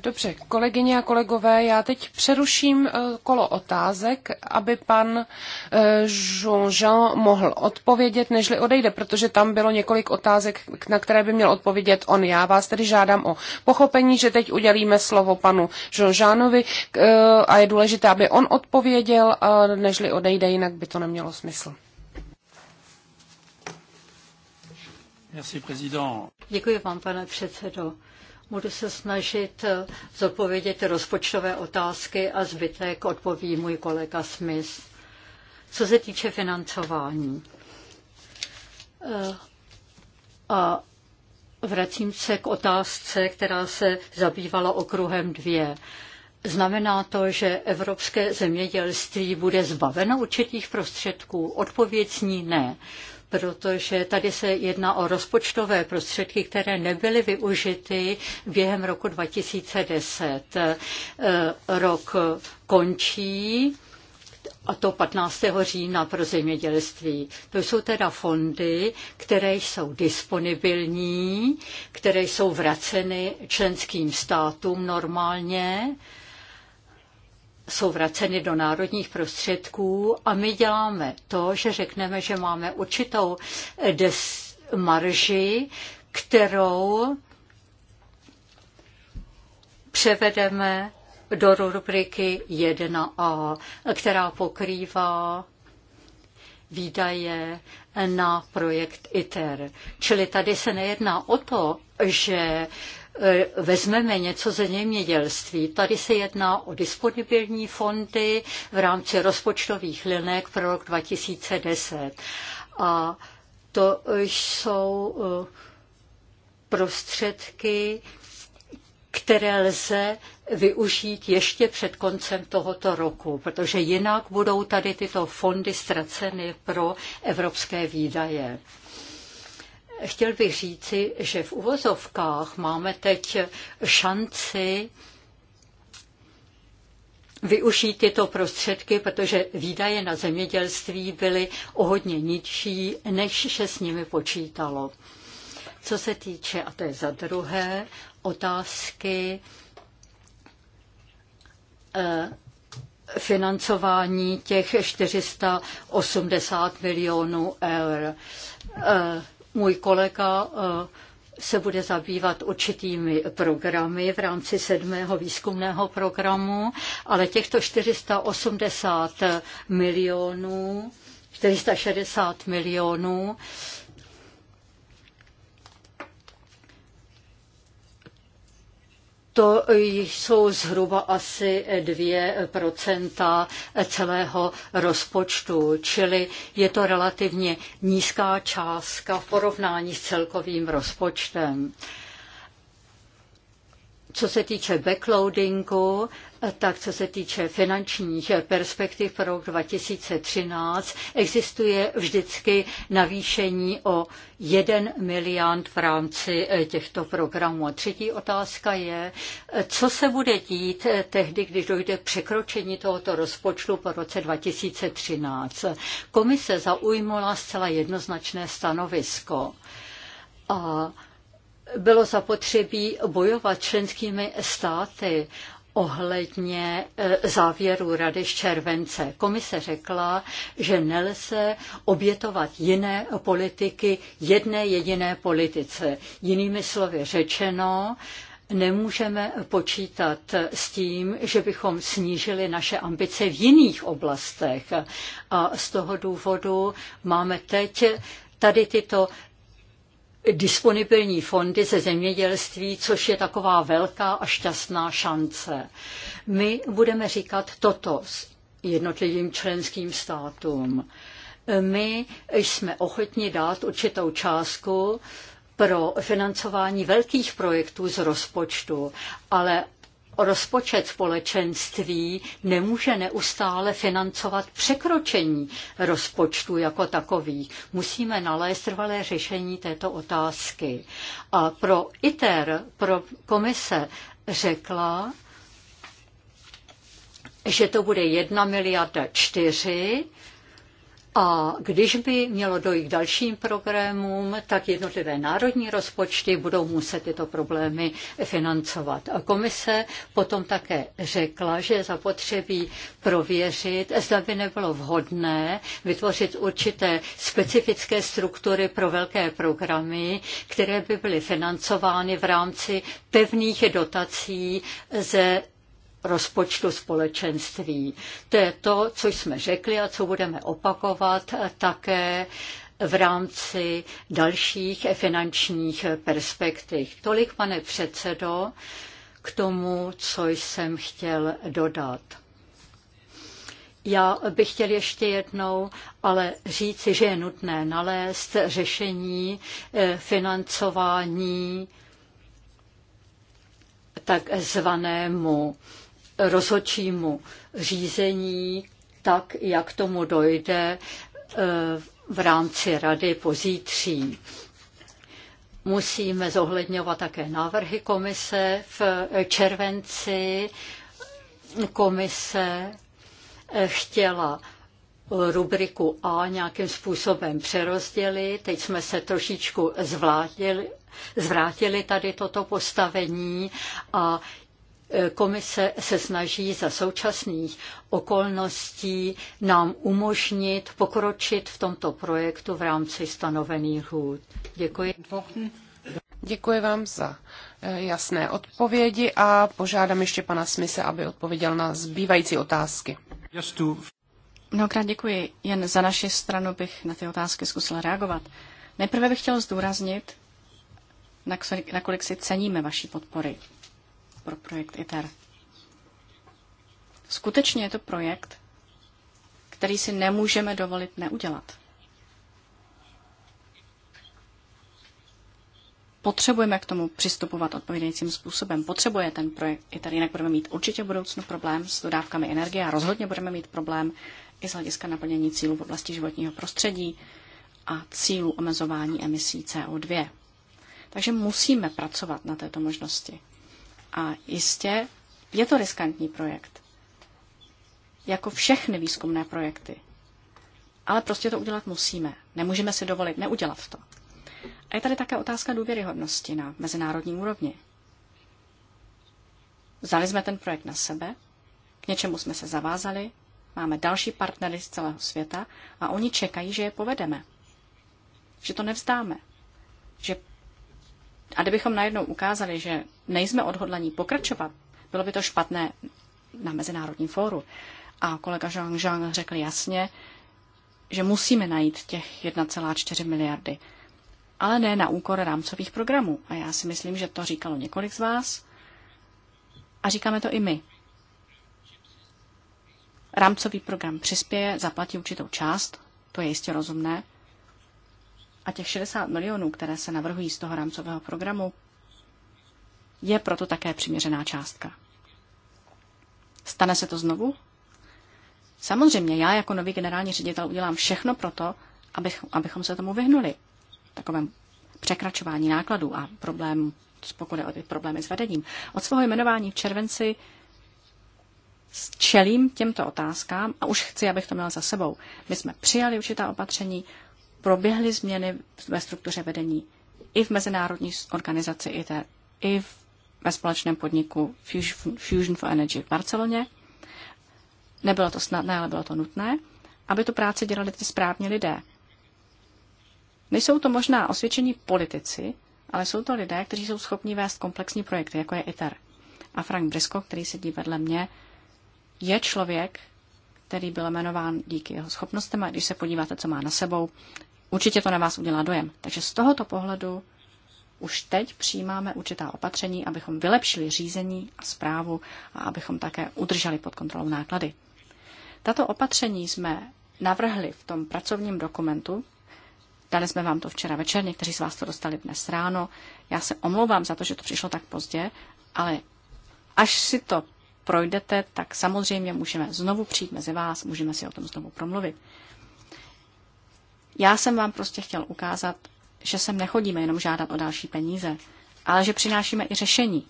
Dobře, kolegyně a kolegové, já teď přeruším eh, kolo otázek, aby pan eh, Jean-Jean mohl odpovědět, nežli odejde, protože tam bylo několik otázek, na které by měl odpovědět on. Já vás tedy žádám o pochopení, že teď udělíme slovo panu Jean-Jeanovi eh, a je důležité, aby on odpověděl, nežli odejde, jinak by to nemělo smysl. Děkuji vám, pane předsedo. Budu se snažit eh, zodpovědět rozpočtové otázky a zbytek odpoví můj kolega Smith. Co se týče financování. Eh, a vracím se k otázce, která se zabývala okruhem dvě. Znamená to, že evropské zemědělství bude zbaveno určitých prostředků? Odpověď zní ne protože tady se jedná o rozpočtové prostředky, které nebyly využity během roku 2010. E, rok končí a to 15. října pro zemědělství. To jsou teda fondy, které jsou disponibilní, které jsou vraceny členským státům normálně jsou vraceny do národních prostředků a my děláme to, že řekneme, že máme určitou des marži, kterou převedeme do rubriky 1a, která pokrývá výdaje na projekt ITER. Čili tady se nejedná o to, že E, vezmeme něco ze zemědělství, tady se jedná o disponibilní fondy v rámci rozpočtových linek pro rok 2010. A to jsou e, prostředky, které lze využít ještě před koncem tohoto roku, protože jinak budou tady tyto fondy ztraceny pro evropské výdaje chtěl bych říci, že v uvozovkách máme teď šanci využít tyto prostředky, protože výdaje na zemědělství byly o hodně nižší, než se s nimi počítalo. Co se týče, a to je za druhé, otázky eh, financování těch 480 milionů eur. Eh, můj kolega eh, se bude zabývat určitými programy v rámci sedmého výzkumného programu, ale těchto 480 milionů, 460 milionů to jsou zhruba asi 2% celého rozpočtu, čili je to relativně nízká částka v porovnání s celkovým rozpočtem. Co se týče backloadingu, tak co se týče finančních perspektiv pro rok 2013, existuje vždycky navýšení o 1 miliard v rámci eh, těchto programů. A třetí otázka je, eh, co se bude dít eh, tehdy, když dojde k překročení tohoto rozpočtu po roce 2013. Komise zaujmula zcela jednoznačné stanovisko. A bylo zapotřebí bojovat členskými státy ohledně e, závěru Rady z července. Komise řekla, že nelze obětovat jiné politiky jedné jediné politice. Jinými slovy řečeno, nemůžeme počítat s tím, že bychom snížili naše ambice v jiných oblastech. A z toho důvodu máme teď tady tyto disponibilní fondy ze zemědělství, což je taková velká a šťastná šance. My budeme říkat toto jednotlivým členským státům. My jsme ochotni dát určitou částku pro financování velkých projektů z rozpočtu, ale rozpočet společenství nemůže neustále financovat překročení rozpočtu jako takových. Musíme nalézt trvalé řešení této otázky. A pro ITER, pro komise řekla, že to bude 1 miliarda 4 a když by mělo dojít k dalším problémům, tak jednotlivé národní rozpočty budou muset tyto problémy financovat. A komise potom také řekla, že je zapotřebí prověřit, zda by nebylo vhodné vytvořit určité specifické struktury pro velké programy, které by byly financovány v rámci pevných dotací ze rozpočtu společenství. To je to, co jsme řekli a co budeme opakovat také v rámci dalších finančních perspektiv. Tolik, pane předsedo, k tomu, co jsem chtěl dodat. Já bych chtěl ještě jednou ale říci, že je nutné nalézt řešení eh, financování takzvanému rozhodčímu řízení, tak jak tomu dojde eh, v rámci rady pozítří. Musíme zohledňovat také návrhy komise v červenci. Komise eh, chtěla rubriku A nějakým způsobem přerozdělit. Teď jsme se trošičku zvrátili tady toto postavení a Komise se snaží za současných okolností nám umožnit pokročit v tomto projektu v rámci stanovených hůd. Děkuji. Děkuji vám za eh, jasné odpovědi a požádám ještě pana Smise, aby odpověděl na zbývající otázky. Mnohokrát děkuji. Jen za naši stranu bych na ty otázky zkusila reagovat. Nejprve bych chtěl zdůraznit, nakolik si ceníme vaší podpory pro projekt ITER. Skutečně je to projekt, který si nemůžeme dovolit neudělat. Potřebujeme k tomu přistupovat odpovědějícím způsobem. Potřebuje ten projekt tady, jinak budeme mít určitě v budoucnu problém s dodávkami energie a rozhodně budeme mít problém i z hlediska naplnění cílů v oblasti životního prostředí a cílů omezování emisí CO2. Takže musíme pracovat na této možnosti. A jistě je to riskantní projekt. Jako všechny výzkumné projekty. Ale prostě to udělat musíme. Nemůžeme si dovolit neudělat to. A je tady také otázka důvěryhodnosti na mezinárodní úrovni. Vzali jsme ten projekt na sebe, k něčemu jsme se zavázali, máme další partnery z celého světa a oni čekají, že je povedeme. Že to nevzdáme. Že a kdybychom najednou ukázali, že nejsme odhodlaní pokračovat, bylo by to špatné na Mezinárodním fóru. A kolega Zhang Zhang řekl jasně, že musíme najít těch 1,4 miliardy, ale ne na úkor rámcových programů. A já si myslím, že to říkalo několik z vás a říkáme to i my. Rámcový program přispěje, zaplatí určitou část, to je jistě rozumné, a těch 60 milionů, které se navrhují z toho rámcového programu, je proto také přiměřená částka. Stane se to znovu? Samozřejmě, já jako nový generální ředitel udělám všechno pro to, abych, abychom se tomu vyhnuli, takovém překračování nákladů a problém, pokud je o ty problémy s vedením. Od svého jmenování v červenci čelím těmto otázkám a už chci, abych to měla za sebou. My jsme přijali určitá opatření, proběhly změny ve struktuře vedení i v mezinárodní organizaci ITER, i v, ve společném podniku Fusion, for Energy v Barceloně. Nebylo to snadné, ale bylo to nutné, aby tu práci dělali ty správní lidé. Nejsou to možná osvědčení politici, ale jsou to lidé, kteří jsou schopni vést komplexní projekty, jako je ITER. A Frank Brisko, který sedí vedle mě, je člověk, který byl jmenován díky jeho schopnostem a když se podíváte, co má na sebou, určitě to na vás udělá dojem. Takže z tohoto pohledu už teď přijímáme určitá opatření, abychom vylepšili řízení a zprávu a abychom také udrželi pod kontrolou náklady. Tato opatření jsme navrhli v tom pracovním dokumentu. Dali jsme vám to včera večer, někteří z vás to dostali dnes ráno. Já se omlouvám za to, že to přišlo tak pozdě, ale až si to projdete, tak samozřejmě můžeme znovu přijít mezi vás, můžeme si o tom znovu promluvit. Já jsem vám prostě chtěl ukázat, že sem nechodíme jenom žádat o další peníze, ale že přinášíme i řešení.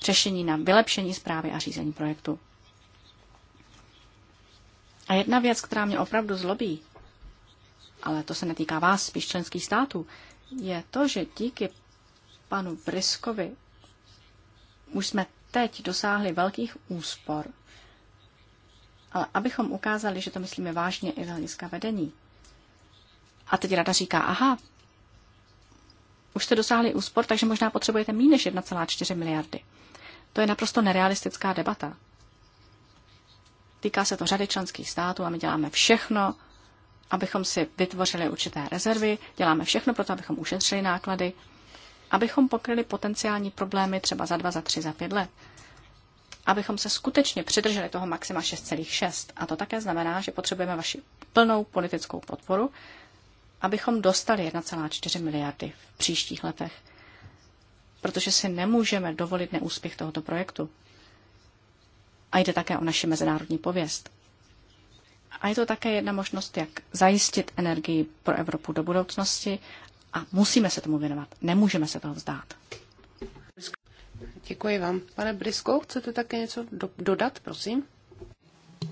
Řešení na vylepšení zprávy a řízení projektu. A jedna věc, která mě opravdu zlobí, ale to se netýká vás, spíš členských států, je to, že díky panu Briskovi už jsme teď dosáhli velkých úspor, ale abychom ukázali, že to myslíme vážně i z hlediska vedení, a teď rada říká, aha, už jste dosáhli úspor, takže možná potřebujete méně než 1,4 miliardy. To je naprosto nerealistická debata. Týká se to řady členských států a my děláme všechno, abychom si vytvořili určité rezervy, děláme všechno pro to, abychom ušetřili náklady, abychom pokryli potenciální problémy třeba za dva, za tři, za pět let. Abychom se skutečně přidrželi toho maxima 6,6. A to také znamená, že potřebujeme vaši plnou politickou podporu abychom dostali 1,4 miliardy v příštích letech, protože si nemůžeme dovolit neúspěch tohoto projektu. A jde také o naši mezinárodní pověst. A je to také jedna možnost, jak zajistit energii pro Evropu do budoucnosti a musíme se tomu věnovat. Nemůžeme se toho vzdát. Děkuji vám. Pane Brisko, chcete také něco do- dodat, prosím?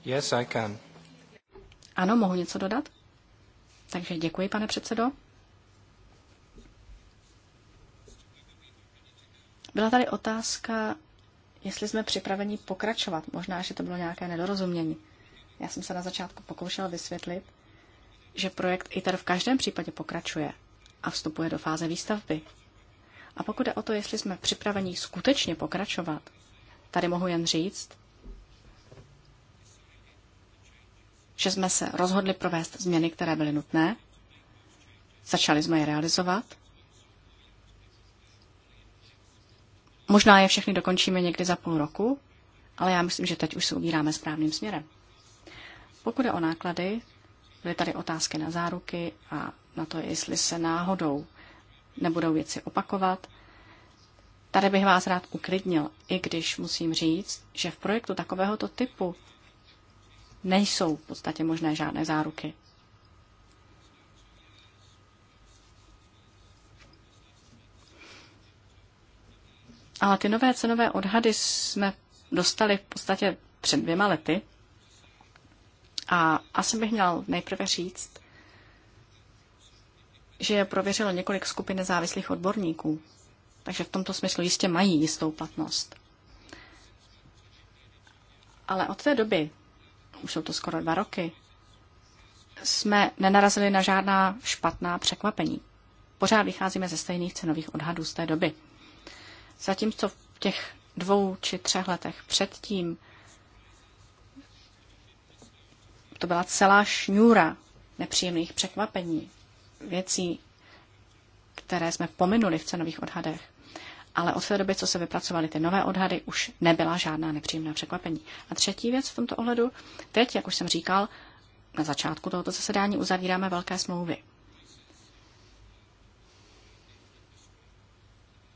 Yes, I can. Ano, mohu něco dodat? Takže děkuji, pane předsedo. Byla tady otázka, jestli jsme připraveni pokračovat. Možná, že to bylo nějaké nedorozumění. Já jsem se na začátku pokoušela vysvětlit, že projekt ITER v každém případě pokračuje a vstupuje do fáze výstavby. A pokud je o to, jestli jsme připraveni skutečně pokračovat, tady mohu jen říct, že jsme se rozhodli provést změny, které byly nutné. Začali jsme je realizovat. Možná je všechny dokončíme někdy za půl roku, ale já myslím, že teď už se ubíráme správným směrem. Pokud je o náklady, byly tady otázky na záruky a na to, jestli se náhodou nebudou věci opakovat. Tady bych vás rád uklidnil, i když musím říct, že v projektu takovéhoto typu nejsou v podstatě možné žádné záruky. Ale ty nové cenové odhady jsme dostali v podstatě před dvěma lety. A asi bych měl nejprve říct, že je prověřilo několik skupin nezávislých odborníků. Takže v tomto smyslu jistě mají jistou platnost. Ale od té doby, už jsou to skoro dva roky, jsme nenarazili na žádná špatná překvapení. Pořád vycházíme ze stejných cenových odhadů z té doby. Zatímco v těch dvou či třech letech předtím to byla celá šňůra nepříjemných překvapení, věcí, které jsme pominuli v cenových odhadech ale od té doby, co se vypracovaly ty nové odhady, už nebyla žádná nepříjemná překvapení. A třetí věc v tomto ohledu, teď, jak už jsem říkal, na začátku tohoto zasedání uzavíráme velké smlouvy.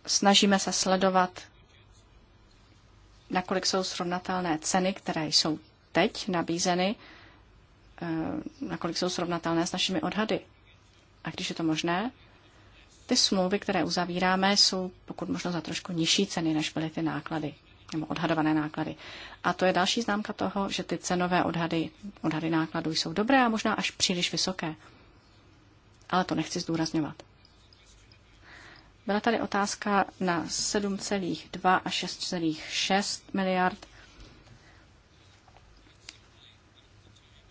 Snažíme se sledovat, nakolik jsou srovnatelné ceny, které jsou teď nabízeny, eh, nakolik jsou srovnatelné s našimi odhady. A když je to možné, ty smlouvy, které uzavíráme, jsou pokud možno za trošku nižší ceny, než byly ty náklady nebo odhadované náklady. A to je další známka toho, že ty cenové odhady, odhady nákladů jsou dobré a možná až příliš vysoké. Ale to nechci zdůrazňovat. Byla tady otázka na 7,2 a 6,6 miliard.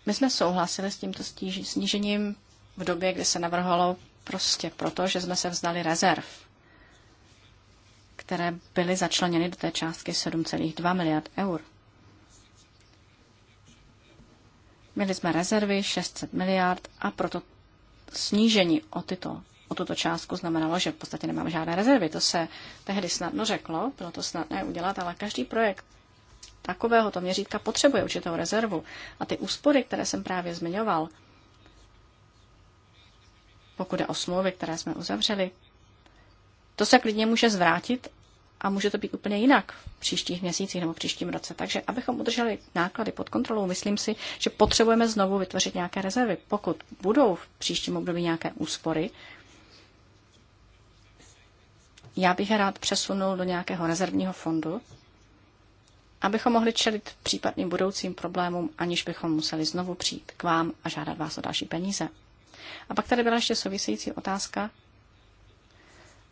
My jsme souhlasili s tímto snížením v době, kdy se navrhovalo Prostě proto, že jsme se vzdali rezerv, které byly začleněny do té částky 7,2 miliard eur. Měli jsme rezervy 600 miliard a proto snížení o, tyto, o tuto částku znamenalo, že v podstatě nemám žádné rezervy. To se tehdy snadno řeklo, bylo to snadné udělat, ale každý projekt takového to měřítka potřebuje určitou rezervu. A ty úspory, které jsem právě zmiňoval, pokud je o smlouvy, které jsme uzavřeli, to se klidně může zvrátit a může to být úplně jinak v příštích měsících nebo v příštím roce. Takže abychom udrželi náklady pod kontrolou, myslím si, že potřebujeme znovu vytvořit nějaké rezervy. Pokud budou v příštím období nějaké úspory, já bych rád přesunul do nějakého rezervního fondu, abychom mohli čelit případným budoucím problémům, aniž bychom museli znovu přijít k vám a žádat vás o další peníze. A pak tady byla ještě související otázka,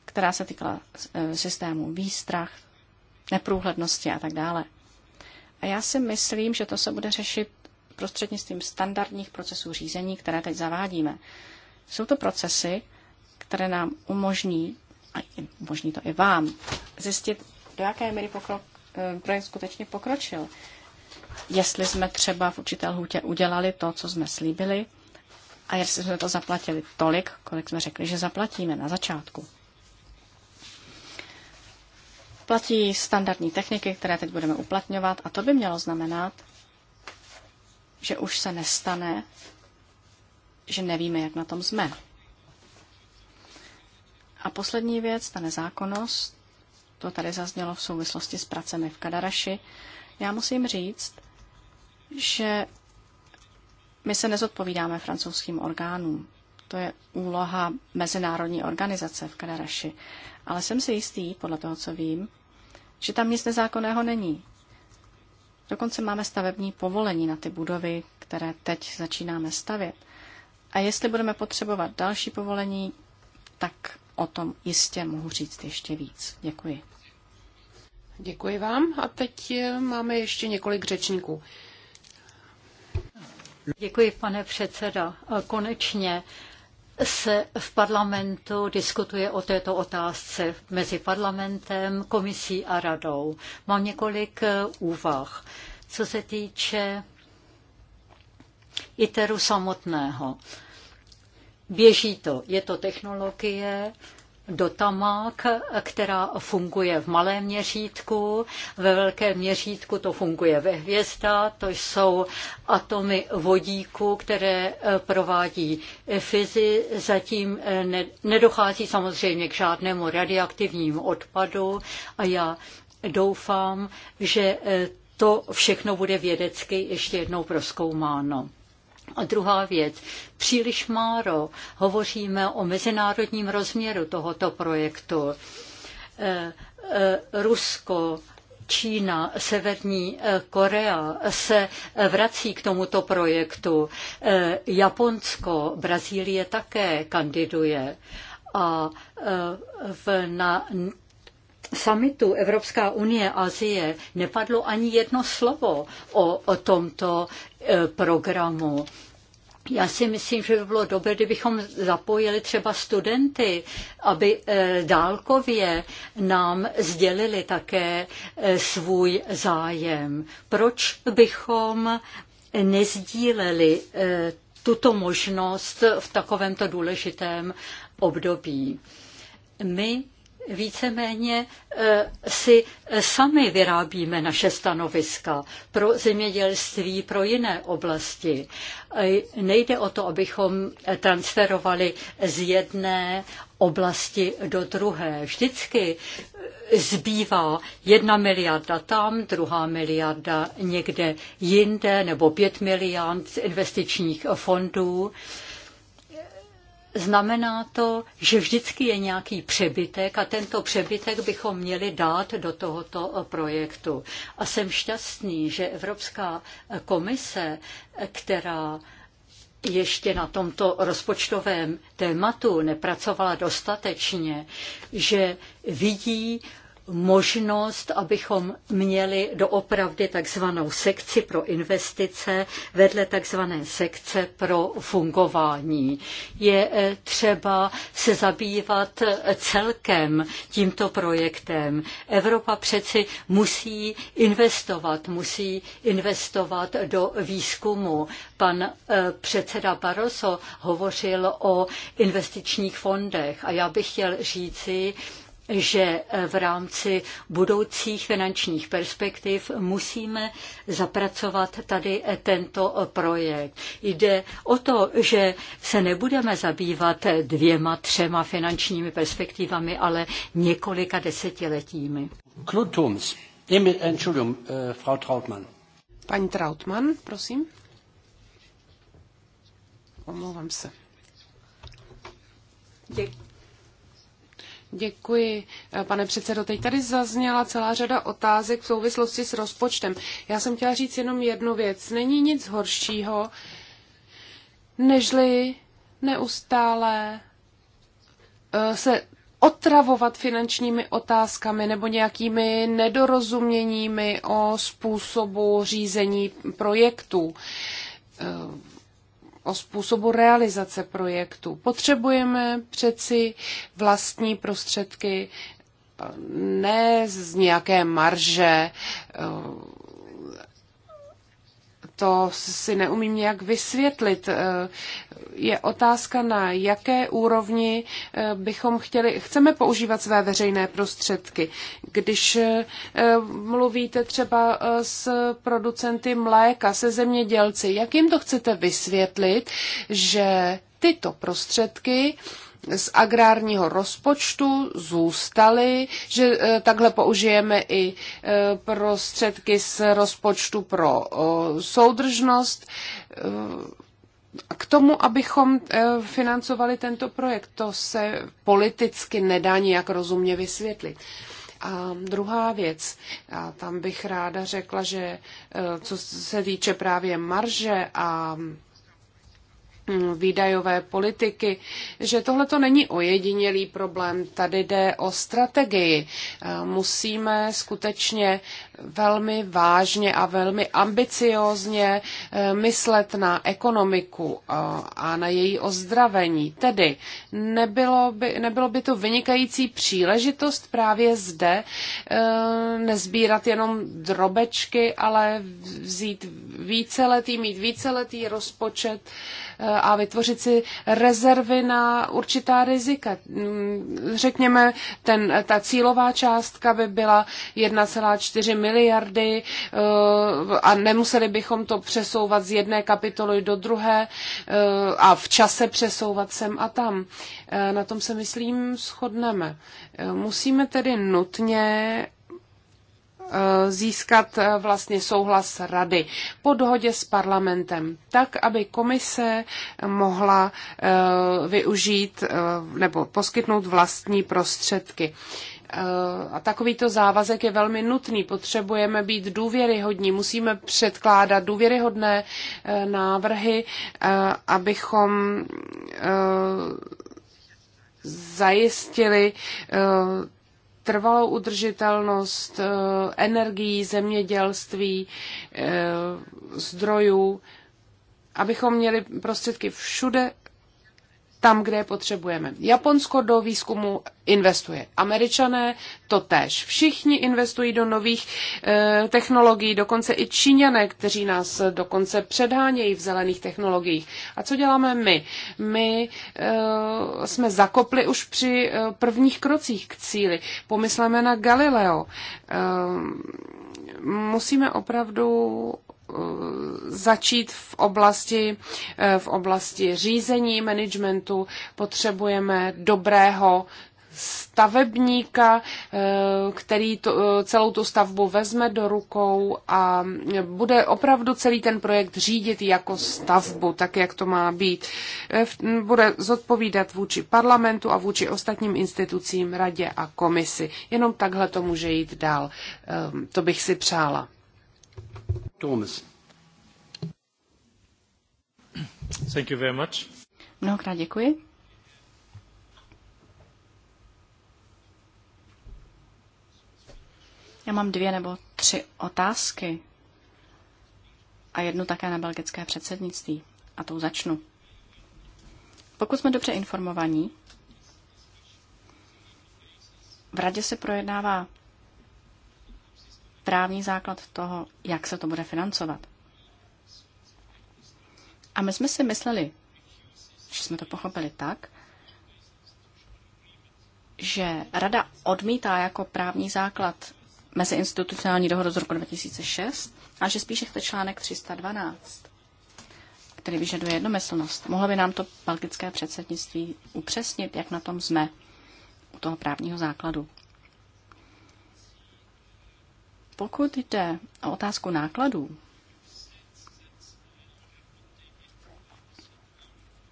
která se týkala e, systému výstrach, neprůhlednosti a tak dále. A já si myslím, že to se bude řešit prostřednictvím standardních procesů řízení, které teď zavádíme. Jsou to procesy, které nám umožní, a umožní to i vám, zjistit, do jaké míry pokrok, e, projekt skutečně pokročil. Jestli jsme třeba v určité lhůtě udělali to, co jsme slíbili, a jestli jsme to zaplatili tolik, kolik jsme řekli, že zaplatíme na začátku. Platí standardní techniky, které teď budeme uplatňovat a to by mělo znamenat, že už se nestane, že nevíme, jak na tom jsme. A poslední věc, ta nezákonnost, to tady zaznělo v souvislosti s pracemi v Kadaraši. Já musím říct, že my se nezodpovídáme francouzským orgánům. To je úloha mezinárodní organizace v Kadaraši. Ale jsem si jistý, podle toho, co vím, že tam nic nezákonného není. Dokonce máme stavební povolení na ty budovy, které teď začínáme stavět. A jestli budeme potřebovat další povolení, tak o tom jistě mohu říct ještě víc. Děkuji. Děkuji vám. A teď eh, máme ještě několik řečníků. Děkuji, pane předseda. Konečně se v parlamentu diskutuje o této otázce mezi parlamentem, komisí a radou. Mám několik eh, úvah. Co se týče ITERu samotného, běží to. Je to technologie, do Tamák, která funguje v malém měřítku, ve velkém měřítku to funguje ve hvězdách, to jsou atomy vodíku, které eh, provádí fyzi, zatím eh, nedochází samozřejmě k žádnému radioaktivnímu odpadu a já doufám, že eh, to všechno bude vědecky ještě jednou proskoumáno. A druhá věc, příliš málo hovoříme o mezinárodním rozměru tohoto projektu. E, e, Rusko, Čína, Severní e, Korea se vrací k tomuto projektu. Japonsko, Brazílie také kandiduje. A v, na samitu Evropská unie Azie nepadlo ani jedno slovo o, o tomto programu. Já si myslím, že by bylo dobré, kdybychom zapojili třeba studenty, aby eh, dálkově nám sdělili také eh, svůj zájem. Proč bychom nezdíleli eh, tuto možnost v takovémto důležitém období? My víceméně eh, si eh, sami vyrábíme naše stanoviska pro zemědělství, pro jiné oblasti. Eh, nejde o to, abychom transferovali z jedné oblasti do druhé. Vždycky zbývá jedna miliarda tam, druhá miliarda někde jinde, nebo pět miliard z investičních fondů znamená to, že vždycky je nějaký přebytek a tento přebytek bychom měli dát do tohoto eh, projektu. A jsem šťastný, že Evropská eh, komise, eh, která ještě na tomto rozpočtovém tématu nepracovala dostatečně, že vidí možnost, abychom měli doopravdy takzvanou sekci pro investice vedle takzvané sekce pro fungování. Je eh, třeba se zabývat eh, celkem tímto projektem. Evropa přeci musí investovat, musí investovat do výzkumu. Pan eh, předseda Barroso hovořil o investičních fondech a já bych chtěl říci, že eh, v rámci budoucích finančních perspektiv musíme zapracovat tady eh, tento eh, projekt. Jde o to, že se nebudeme zabývat dvěma, třema finančními perspektivami, ale několika desetiletími. Frau Trautmann. Paní Trautmann, prosím. Omlouvám se. Děkuji. Děkuji, eh, pane předsedo. Teď tady zazněla celá řada otázek v souvislosti s rozpočtem. Já jsem chtěla říct jenom jednu věc. Není nic horšího, nežli neustále eh, se otravovat finančními otázkami nebo nějakými nedorozuměními o způsobu řízení projektů eh, o způsobu realizace projektu. Potřebujeme přeci vlastní prostředky, ne z nějaké marže to si neumím nějak vysvětlit. Eh, je otázka, na jaké úrovni eh, bychom chtěli, chceme používat své veřejné prostředky. Když eh, mluvíte třeba s producenty mléka, se zemědělci, jak jim to chcete vysvětlit, že tyto prostředky uh, z agrárního rozpočtu zůstaly, že eh, takhle použijeme i eh, prostředky z rozpočtu pro eh, soudržnost k tomu, abychom financovali tento projekt. To se politicky nedá nijak rozumně vysvětlit. A druhá věc, a tam bych ráda řekla, že co se týče právě marže a Hm, výdajové politiky, že tohle to není ojedinělý problém, tady jde o strategii. Musíme skutečně velmi vážně a velmi ambiciózně eh, myslet na ekonomiku eh, a na její ozdravení. Tedy nebylo by, nebylo by to vynikající příležitost právě zde eh, nezbírat jenom drobečky, ale vzít víceletý, mít víceletý rozpočet, a vytvořit si rezervy na určitá rizika. Řekněme, ten, ta cílová částka by byla 1,4 miliardy eh, a nemuseli bychom to přesouvat z jedné kapitoly do druhé eh, a v čase přesouvat sem a tam. Eh, na tom se, myslím, shodneme. Musíme tedy nutně Eh, získat eh, vlastně souhlas rady po dohodě s parlamentem, tak, aby komise mohla eh, využít nebo poskytnout vlastní prostředky. A takovýto závazek je velmi nutný. Potřebujeme být důvěryhodní, musíme předkládat důvěryhodné návrhy, abychom zajistili trvalou udržitelnost eh, energií, zemědělství, eh, zdrojů, abychom měli prostředky všude tam, kde je potřebujeme. Japonsko do výzkumu investuje. Američané to též. Všichni investují do nových e, technologií, dokonce i Číňané, kteří nás dokonce předhánějí v zelených technologiích. A co děláme my? My e, jsme zakopli už při e, prvních krocích k cíli. Pomysleme na Galileo. E, musíme opravdu začít v oblasti, eh, v oblasti řízení, managementu. Potřebujeme dobrého stavebníka, eh, který to, eh, celou tu stavbu vezme do rukou a bude opravdu celý ten projekt řídit jako stavbu, tak jak to má být. Bude zodpovídat vůči parlamentu a vůči ostatním institucím, radě a komisi. Jenom takhle to může jít dál. To bych si přála. Thank you very much. Mnohokrát děkuji. Já mám dvě nebo tři otázky a jednu také na belgické předsednictví. A tou začnu. Pokud jsme dobře informovaní, v radě se projednává právní základ toho, jak se to bude financovat. A my jsme si mysleli, že jsme to pochopili tak, že Rada odmítá jako právní základ meziinstitucionální dohodu z roku 2006 a že spíše chce článek 312, který vyžaduje jednomyslnost. Mohlo by nám to belgické předsednictví upřesnit, jak na tom jsme u toho právního základu. Pokud jde o otázku nákladů,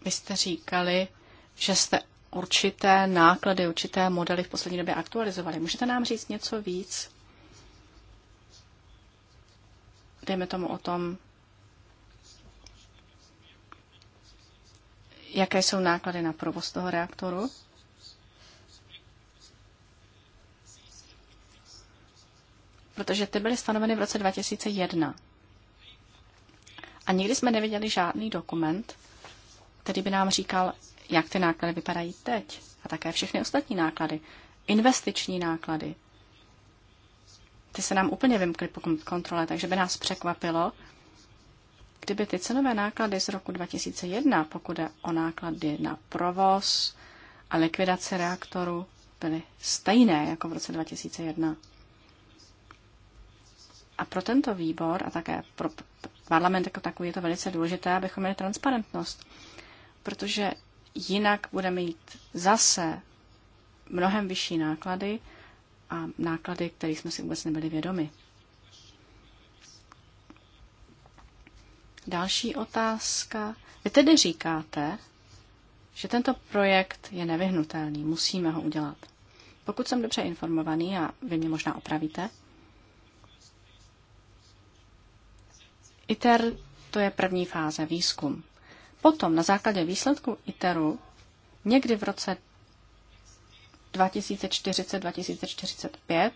vy jste říkali, že jste určité náklady, určité modely v poslední době aktualizovali. Můžete nám říct něco víc? Dejme tomu o tom, jaké jsou náklady na provoz toho reaktoru? protože ty byly stanoveny v roce 2001. A nikdy jsme neviděli žádný dokument, který by nám říkal, jak ty náklady vypadají teď. A také všechny ostatní náklady. Investiční náklady. Ty se nám úplně vymkly po kontrole, takže by nás překvapilo, kdyby ty cenové náklady z roku 2001, pokud je o náklady na provoz a likvidaci reaktoru, byly stejné jako v roce 2001. A pro tento výbor a také pro parlament jako takový je to velice důležité, abychom měli transparentnost, protože jinak budeme mít zase mnohem vyšší náklady a náklady, kterých jsme si vůbec nebyli vědomi. Další otázka. Vy tedy říkáte, že tento projekt je nevyhnutelný, musíme ho udělat. Pokud jsem dobře informovaný, a vy mě možná opravíte, ITER to je první fáze, výzkum. Potom na základě výsledku ITERu někdy v roce 2040-2045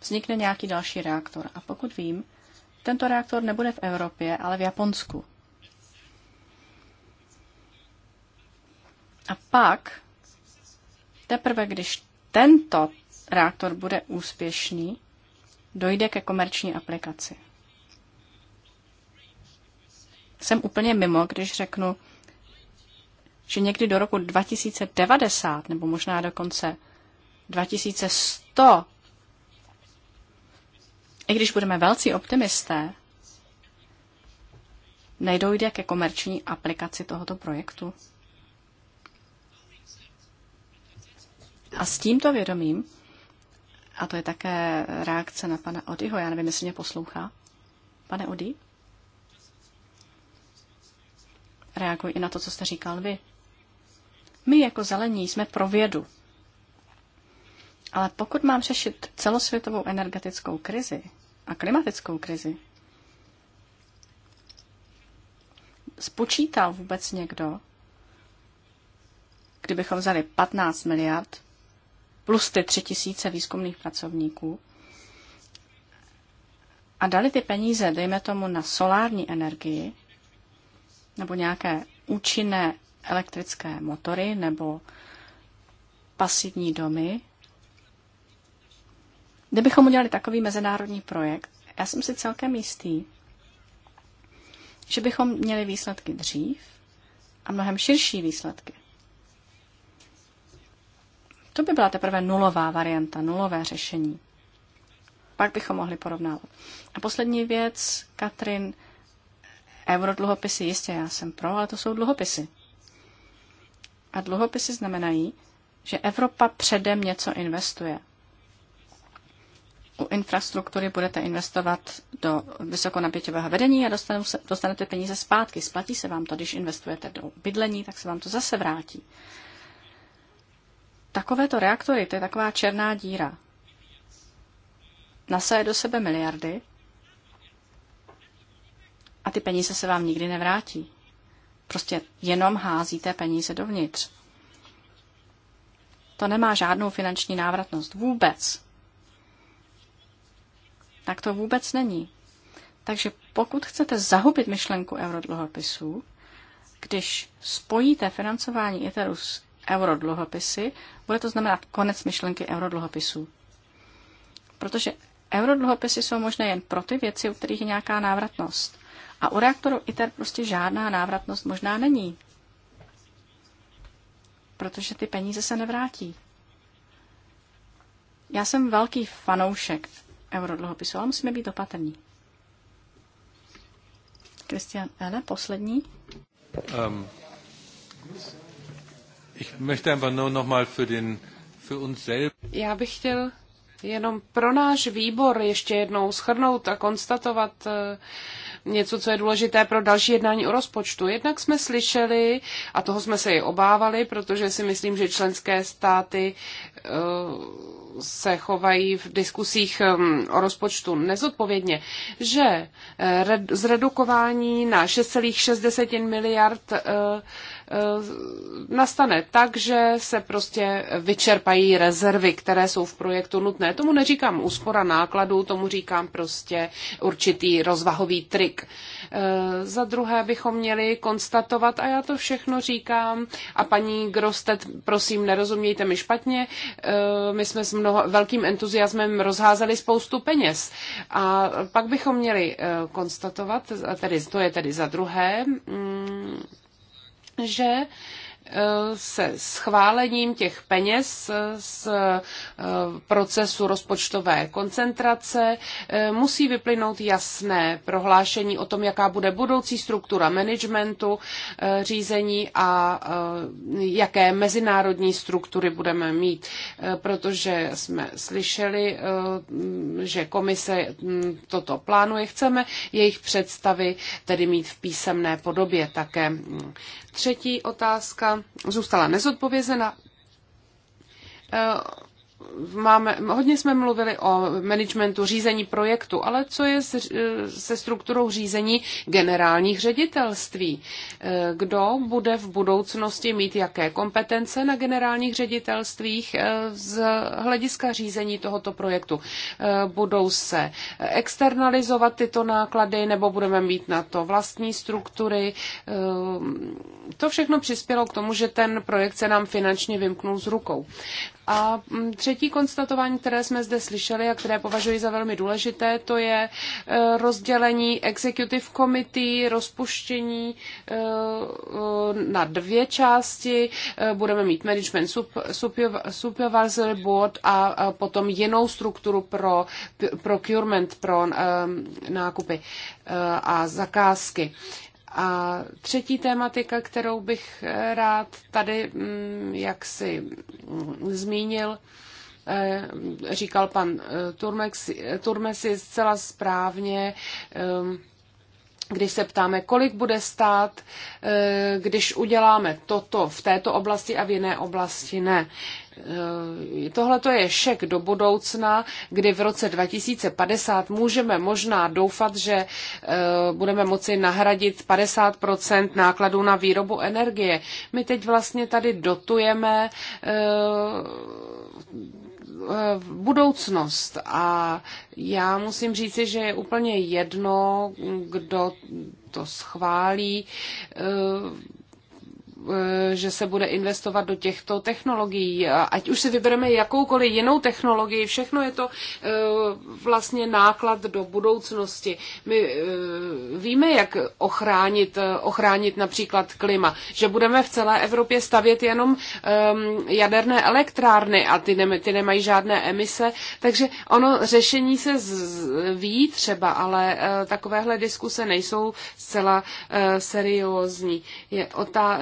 vznikne nějaký další reaktor. A pokud vím, tento reaktor nebude v Evropě, ale v Japonsku. A pak, teprve když tento reaktor bude úspěšný, dojde ke komerční aplikaci jsem úplně mimo, když řeknu, že někdy do roku 2090 nebo možná dokonce 2100, i když budeme velcí optimisté, nedojde ke komerční aplikaci tohoto projektu. A s tímto vědomím, a to je také reakce na pana Odyho, já nevím, jestli mě poslouchá. Pane Ody? reaguji i na to, co jste říkal vy. My jako zelení jsme pro vědu. Ale pokud mám řešit celosvětovou energetickou krizi a klimatickou krizi, spočítal vůbec někdo, kdybychom vzali 15 miliard plus ty 3 tisíce výzkumných pracovníků a dali ty peníze, dejme tomu, na solární energii, nebo nějaké účinné elektrické motory nebo pasivní domy. Kdybychom udělali takový mezinárodní projekt, já jsem si celkem jistý, že bychom měli výsledky dřív a mnohem širší výsledky. To by byla teprve nulová varianta, nulové řešení. Pak bychom mohli porovnávat. A poslední věc, Katrin, Eurodluhopisy, jistě já jsem pro, ale to jsou dluhopisy. A dluhopisy znamenají, že Evropa předem něco investuje. U infrastruktury budete investovat do vysokonapěťového vedení a dostanete peníze zpátky. Splatí se vám to, když investujete do bydlení, tak se vám to zase vrátí. Takovéto reaktory, to je taková černá díra. Nasaje do sebe miliardy a ty peníze se vám nikdy nevrátí. Prostě jenom házíte peníze dovnitř. To nemá žádnou finanční návratnost. Vůbec. Tak to vůbec není. Takže pokud chcete zahubit myšlenku eurodluhopisů, když spojíte financování ITERu s eurodluhopisy, bude to znamenat konec myšlenky eurodluhopisů. Protože eurodluhopisy jsou možné jen pro ty věci, u kterých je nějaká návratnost. A u reaktoru ITER prostě žádná návratnost možná není, protože ty peníze se nevrátí. Já jsem velký fanoušek eurodluhopisu, ale musíme být opatrní. Kristian Ele, poslední. Um, ich möchte einfach nur noch mal für den, für uns selbst. Já bych chtěl jenom pro náš výbor ještě jednou schrnout a konstatovat eh, něco, co je důležité pro další jednání o rozpočtu. Jednak jsme slyšeli, a toho jsme se i obávali, protože si myslím, že členské státy se chovají v diskusích um, o rozpočtu nezodpovědně, že eh, zredukování na 6,6 miliard eh, eh, nastane tak, že se prostě vyčerpají rezervy, které jsou v projektu nutné. Tomu neříkám úspora nákladů, tomu říkám prostě určitý rozvahový trik. Za druhé bychom měli konstatovat, a já to všechno říkám, a paní Grostet, prosím, nerozumějte mi špatně, Eh, my jsme s mnoho, velkým entuziasmem rozházeli spoustu peněz. A pak bychom měli eh, konstatovat, a tedy, to je tedy za druhé, mm, že se schválením těch peněz z eh, procesu rozpočtové koncentrace eh, musí vyplynout jasné prohlášení o tom, jaká bude budoucí struktura managementu, eh, řízení a jaké mezinárodní struktury budeme mít, protože jsme slyšeli, že komise toto plánuje. Chceme jejich představy tedy mít v písemné podobě také. Třetí otázka zůstala nezodpovězena máme, hodně jsme mluvili o managementu řízení projektu, ale co je se strukturou řízení generálních ředitelství? Eh, kdo bude v budoucnosti mít jaké kompetence na generálních ředitelstvích eh, z hlediska řízení tohoto projektu? Eh, budou se externalizovat tyto náklady nebo budeme mít na to vlastní struktury? To všechno přispělo k tomu, že ten projekt se nám finančně vymknul z rukou. A mm, třetí konstatování, které jsme zde slyšeli a které považuji za velmi důležité, to je e, rozdělení executive committee, rozpuštění e, e, na dvě části. Budeme mít management supervisor board a potom jinou strukturu pro procurement, pro nákupy a zakázky. A třetí tématika, kterou bych rád tady mm, jaksi mm, zmínil, eh, říkal pan eh, Turmex, Turmes je zcela správně, eh, když se ptáme, kolik bude stát, eh, když uděláme toto v této oblasti a v jiné oblasti ne. Eh, tohle to je šek do budoucna, kdy v roce 2050 můžeme možná doufat, že eh, budeme moci nahradit 50 nákladů na výrobu energie. My teď vlastně tady dotujeme budoucnost a já musím říci, že je úplně jedno, kdo to schválí. Eh, že se bude investovat do těchto technologií. Ať už si vybereme jakoukoliv jinou technologii, všechno je to eh, vlastně náklad do budoucnosti. My eh, víme, jak ochránit, ochránit například klima, že budeme v celé Evropě stavět jenom jaderné elektrárny a ty, ne, ty nemají žádné emise, takže ono řešení se ví třeba, ale takovéhle diskuse nejsou zcela seriózní. Je otázka,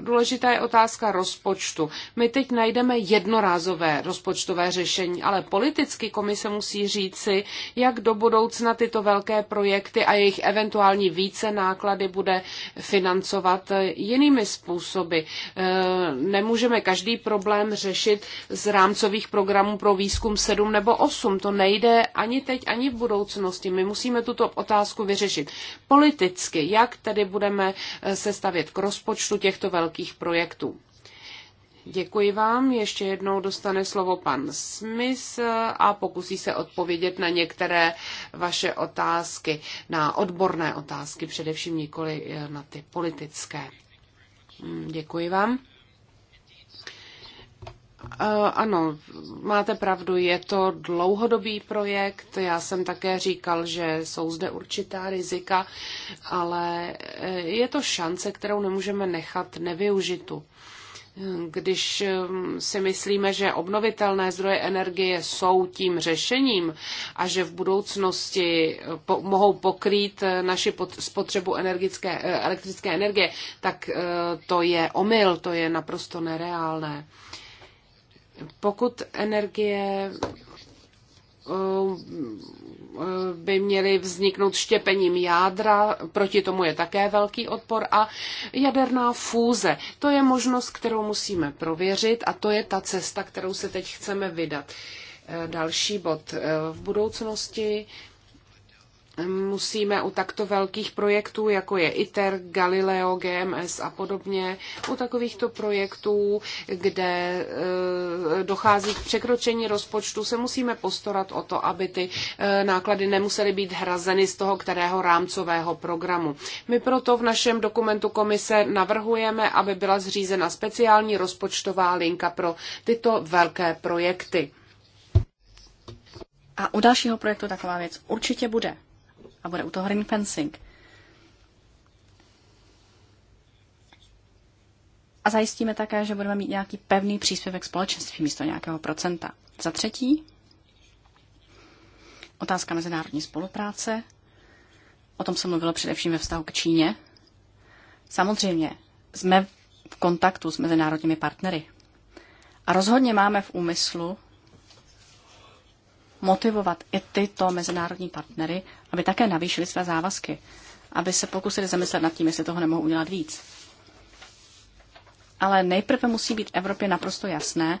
důležitá je otázka rozpočtu. My teď najdeme jednorázové rozpočtové řešení, ale politicky komise musí říci, jak do budoucna tyto velké projekty a jejich eventuální více náklady bude financovat jinými způsoby. E, nemůžeme každý problém řešit z rámcových programů pro výzkum 7 nebo 8. To nejde ani teď, ani v budoucnosti. My musíme tuto otázku vyřešit politicky, jak tedy budeme e, se stavět k rozpočtu rozpočtu těchto velkých projektů. Děkuji vám. Ještě jednou dostane slovo pan Smith a pokusí se odpovědět na některé vaše otázky, na odborné otázky, především nikoli na ty politické. Děkuji vám. Eh, ano, máte pravdu, je to dlouhodobý projekt. Já jsem také říkal, že jsou zde určitá rizika, ale eh, je to šance, kterou nemůžeme nechat nevyužitu. Když ehm, si myslíme, že obnovitelné zdroje energie jsou tím řešením a že v budoucnosti eh, po, mohou pokrýt naši pot, spotřebu energické, elektrické energie, tak to je omyl, to je naprosto nereálné. Uh, pokud energie eh, eh, by měly vzniknout štěpením jádra, proti tomu je také velký odpor a jaderná fúze. To je možnost, kterou musíme prověřit a to je ta cesta, kterou se teď chceme vydat. Eh, další bod. V budoucnosti musíme u takto velkých projektů, jako je ITER, Galileo, GMS a podobně, u takovýchto projektů, kde eh, dochází k překročení rozpočtu, se musíme postarat o to, aby ty eh, náklady nemusely být hrazeny z toho kterého rámcového programu. My proto v našem dokumentu komise navrhujeme, aby byla zřízena speciální rozpočtová linka pro tyto velké projekty. A u dalšího projektu taková věc určitě bude a bude u toho ring fencing. A zajistíme také, že budeme mít nějaký pevný příspěvek společenství místo nějakého procenta. Za třetí, otázka mezinárodní spolupráce. O tom se mluvilo především ve vztahu k Číně. Samozřejmě, jsme v kontaktu s mezinárodními partnery. A rozhodně máme v úmyslu motivovat i tyto mezinárodní partnery, aby také navýšili své závazky, aby se pokusili zamyslet nad tím, jestli toho nemohou udělat víc. Ale nejprve musí být Evropě naprosto jasné,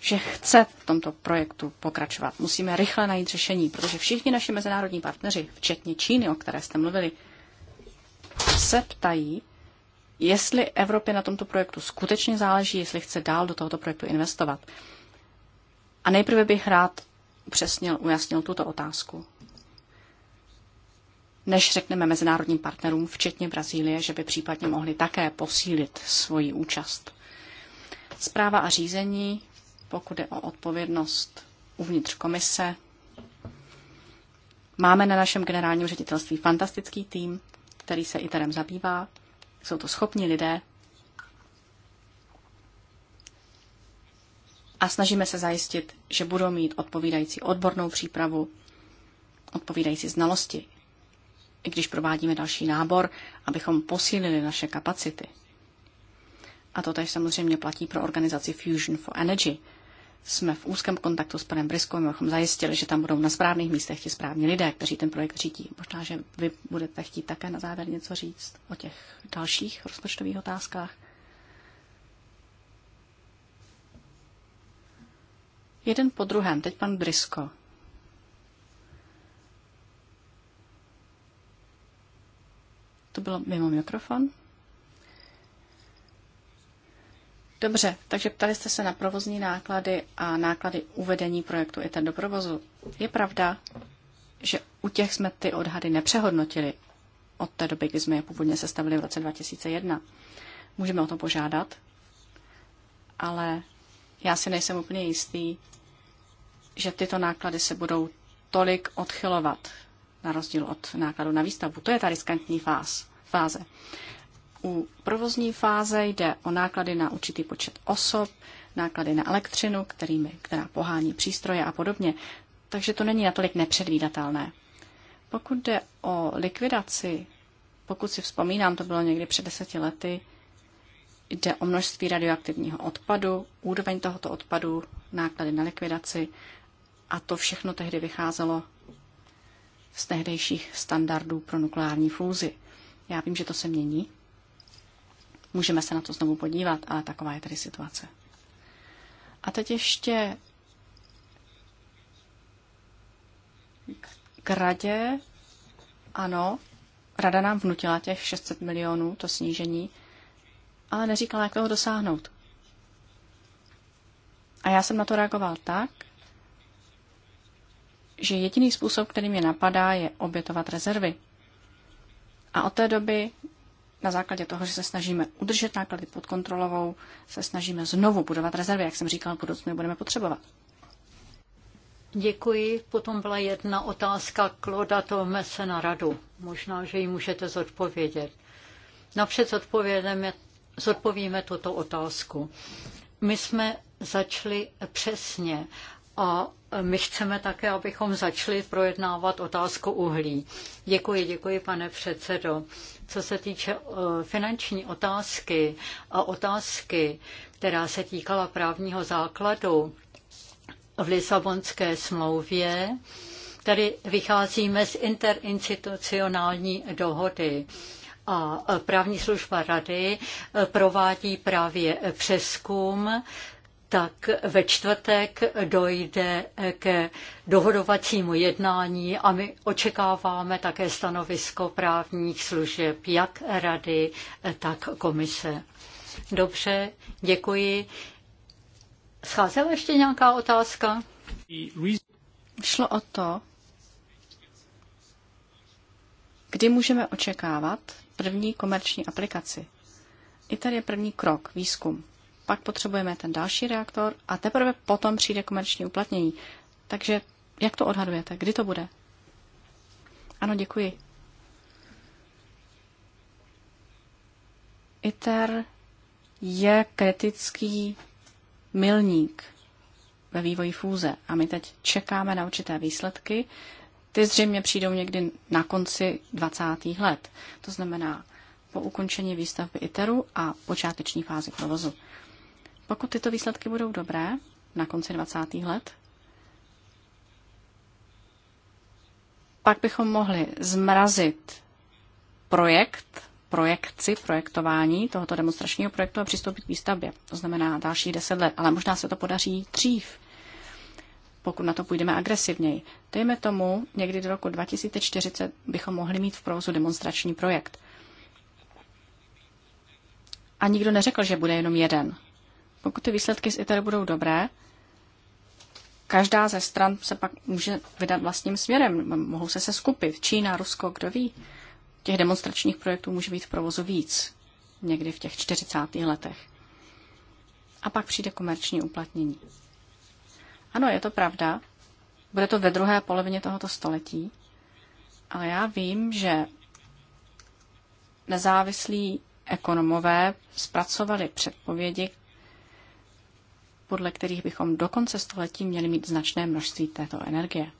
že chce v tomto projektu pokračovat. Musíme rychle najít řešení, protože všichni naši mezinárodní partneři, včetně Číny, o které jste mluvili, se ptají, jestli Evropě na tomto projektu skutečně záleží, jestli chce dál do tohoto projektu investovat. A nejprve bych rád upřesnil, ujasnil tuto otázku. Než řekneme mezinárodním partnerům, včetně Brazílie, že by případně mohli také posílit svoji účast. Zpráva a řízení, pokud je o odpovědnost uvnitř komise, Máme na našem generálním ředitelství fantastický tým, který se ITERem zabývá. Jsou to schopní lidé, a snažíme se zajistit, že budou mít odpovídající odbornou přípravu, odpovídající znalosti, i když provádíme další nábor, abychom posílili naše kapacity. A to tež samozřejmě platí pro organizaci Fusion for Energy. Jsme v úzkém kontaktu s panem Briskou, abychom zajistili, že tam budou na správných místech ti správní lidé, kteří ten projekt řídí. Možná, že vy budete chtít také na závěr něco říct o těch dalších rozpočtových otázkách. Jeden po druhém, teď pan Brisko. To bylo mimo mikrofon. Dobře, takže ptali jste se na provozní náklady a náklady uvedení projektu ten do provozu. Je pravda, že u těch jsme ty odhady nepřehodnotili od té doby, kdy jsme je původně sestavili v roce 2001. Můžeme o to požádat, ale já si nejsem úplně jistý, že tyto náklady se budou tolik odchylovat, na rozdíl od nákladu na výstavbu. To je ta riskantní fáz, fáze. U provozní fáze jde o náklady na určitý počet osob, náklady na elektřinu, kterými, která pohání přístroje a podobně. Takže to není natolik nepředvídatelné. Pokud jde o likvidaci, pokud si vzpomínám, to bylo někdy před deseti lety, Jde o množství radioaktivního odpadu, úroveň tohoto odpadu, náklady na likvidaci a to všechno tehdy vycházelo z tehdejších standardů pro nukleární fúzi. Já vím, že to se mění. Můžeme se na to znovu podívat, ale taková je tedy situace. A teď ještě k radě. Ano, rada nám vnutila těch 600 milionů, to snížení ale neříkala, jak toho dosáhnout. A já jsem na to reagoval tak, že jediný způsob, který mě napadá, je obětovat rezervy. A od té doby, na základě toho, že se snažíme udržet náklady pod kontrolovou, se snažíme znovu budovat rezervy, jak jsem říkal, v budoucnu je budeme potřebovat. Děkuji. Potom byla jedna otázka Kloda Tomese na radu. Možná, že ji můžete zodpovědět. Napřed odpovědem zodpovíme tuto otázku. My jsme začali přesně a my chceme také, abychom začali projednávat otázku uhlí. Děkuji, děkuji, pane předsedo. Co se týče eh, finanční otázky a otázky, která se týkala právního základu v Lisabonské smlouvě, tady vycházíme z interinstitucionální dohody. A právní služba rady e, provádí právě přeskum, tak ve čtvrtek dojde ke dohodovacímu jednání a my očekáváme také stanovisko právních služeb, jak rady, e, tak komise. Dobře, děkuji. Scházela ještě nějaká otázka? Šlo o to, kdy můžeme očekávat, první komerční aplikaci. tady je první krok, výzkum. Pak potřebujeme ten další reaktor a teprve potom přijde komerční uplatnění. Takže jak to odhadujete? Kdy to bude? Ano, děkuji. ITER je kritický milník ve vývoji fůze a my teď čekáme na určité výsledky, ty zřejmě přijdou někdy na konci 20. let. To znamená po ukončení výstavby ITERu a počáteční fázi provozu. Pokud tyto výsledky budou dobré na konci 20. let, pak bychom mohli zmrazit projekt, projekci, projektování tohoto demonstračního projektu a přistoupit k výstavbě. To znamená další 10 let, ale možná se to podaří dřív pokud na to půjdeme agresivněji. Dejme tomu, někdy do roku 2040 bychom mohli mít v provozu demonstrační projekt. A nikdo neřekl, že bude jenom jeden. Pokud ty výsledky z ITER budou dobré, každá ze stran se pak může vydat vlastním směrem. Mohou se se skupit. Čína, Rusko, kdo ví. Těch demonstračních projektů může být v provozu víc. Někdy v těch 40. letech. A pak přijde komerční uplatnění. Ano, je to pravda. Bude to ve druhé polovině tohoto století. Ale já vím, že nezávislí ekonomové zpracovali předpovědi, podle kterých bychom do konce století měli mít značné množství této energie.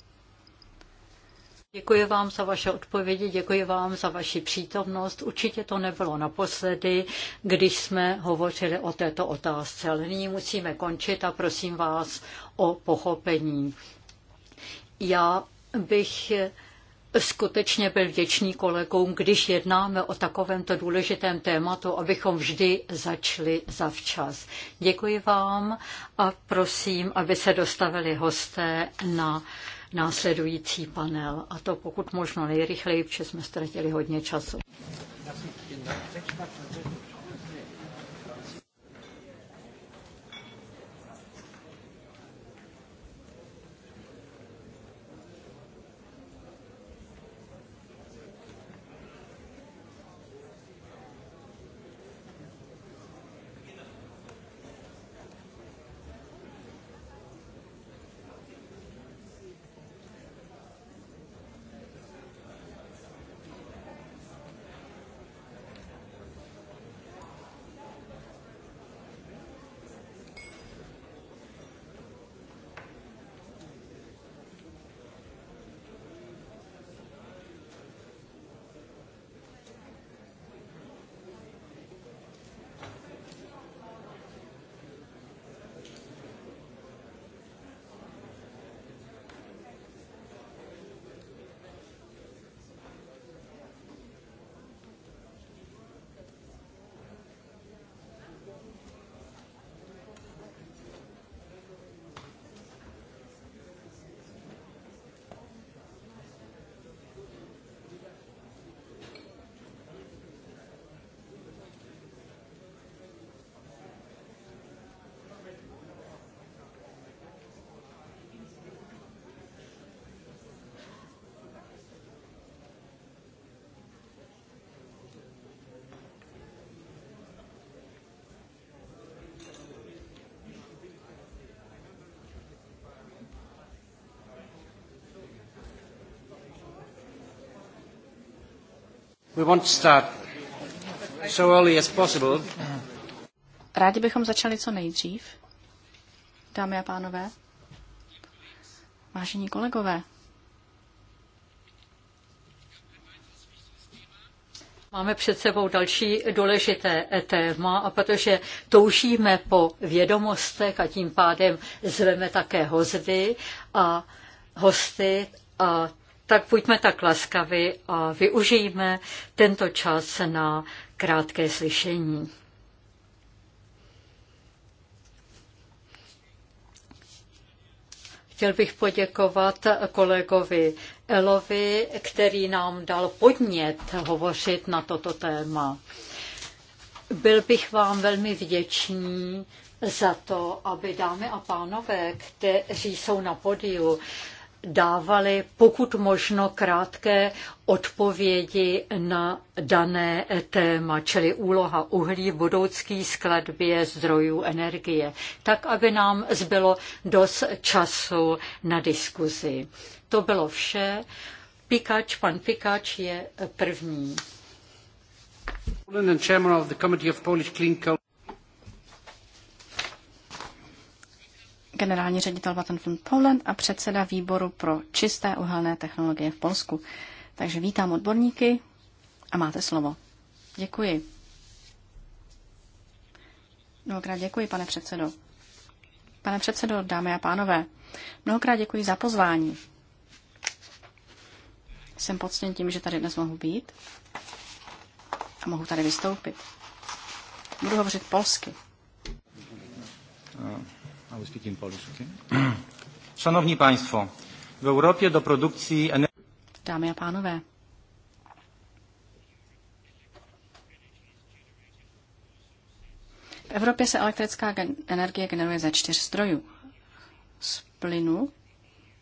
Děkuji vám za vaše odpovědi, děkuji vám za vaši přítomnost. Určitě to nebylo naposledy, když jsme hovořili o této otázce, ale nyní musíme končit a prosím vás o pochopení. Já bych skutečně byl vděčný kolegům, když jednáme o takovémto důležitém tématu, abychom vždy začali zavčas. Děkuji vám a prosím, aby se dostavili hosté na následující panel. A to pokud možno nejrychleji, protože jsme ztratili hodně času. We want to start so early as possible. Rádi bychom začali co nejdřív, dámy a pánové. Vážení kolegové, Máme před sebou další důležité téma, a protože toužíme po vědomostech a tím pádem zveme také hozdy a hosty a tak buďme tak laskavi a využijme tento čas na krátké slyšení. Chtěl bych poděkovat kolegovi Elovi, který nám dal podnět hovořit na toto téma. Byl bych vám velmi vděčný za to, aby dámy a pánové, kteří jsou na podiu, dávali pokud možno krátké odpovědi na dané téma, čili úloha uhlí v budoucí skladbě zdrojů energie, tak aby nám zbylo dost času na diskuzi. To bylo vše. Pikač, pan Pikač je první. Polish Clean generální ředitel Vattenfall Poland a předseda výboru pro čisté uhelné technologie v Polsku. Takže vítám odborníky a máte slovo. Děkuji. Mnohokrát děkuji, pane předsedo. Pane předsedo, dámy a pánové, mnohokrát děkuji za pozvání. Jsem poctěn tím, že tady dnes mohu být a mohu tady vystoupit. Budu hovořit polsky. No. Szanowni Państwo, w Europie do produkcji energii... Dámy a pánové, v Evropě se elektrická energie generuje ze čtyř zdrojů. Z plynu,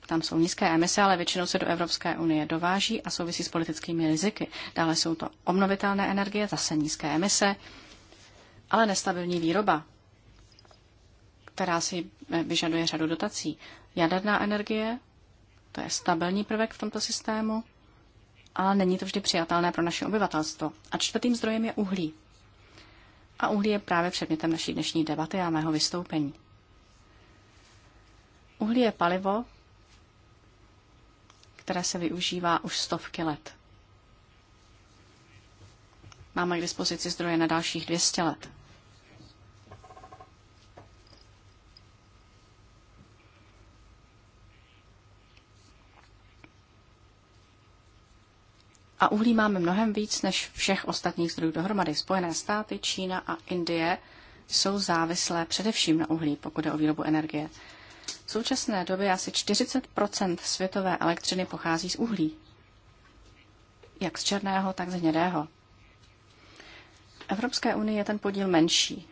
tam jsou nízké emise, ale většinou se do Evropské unie dováží a souvisí s politickými riziky. Dále jsou to obnovitelné energie, zase nízké emise, ale nestabilní výroba, která si eh, vyžaduje řadu dotací. Jaderná energie, to je stabilní prvek v tomto systému, ale není to vždy přijatelné pro naše obyvatelstvo. A čtvrtým zdrojem je uhlí. A uhlí je právě předmětem naší dnešní debaty a mého vystoupení. Uhlí je palivo, které se využívá už stovky let. Máme k dispozici zdroje na dalších 200 let. A uhlí máme mnohem víc než všech ostatních zdrojů dohromady. Spojené státy, Čína a Indie jsou závislé především na uhlí, pokud je o výrobu energie. V současné době asi 40 světové elektřiny pochází z uhlí. Jak z černého, tak z hnědého. V Evropské unii je ten podíl menší.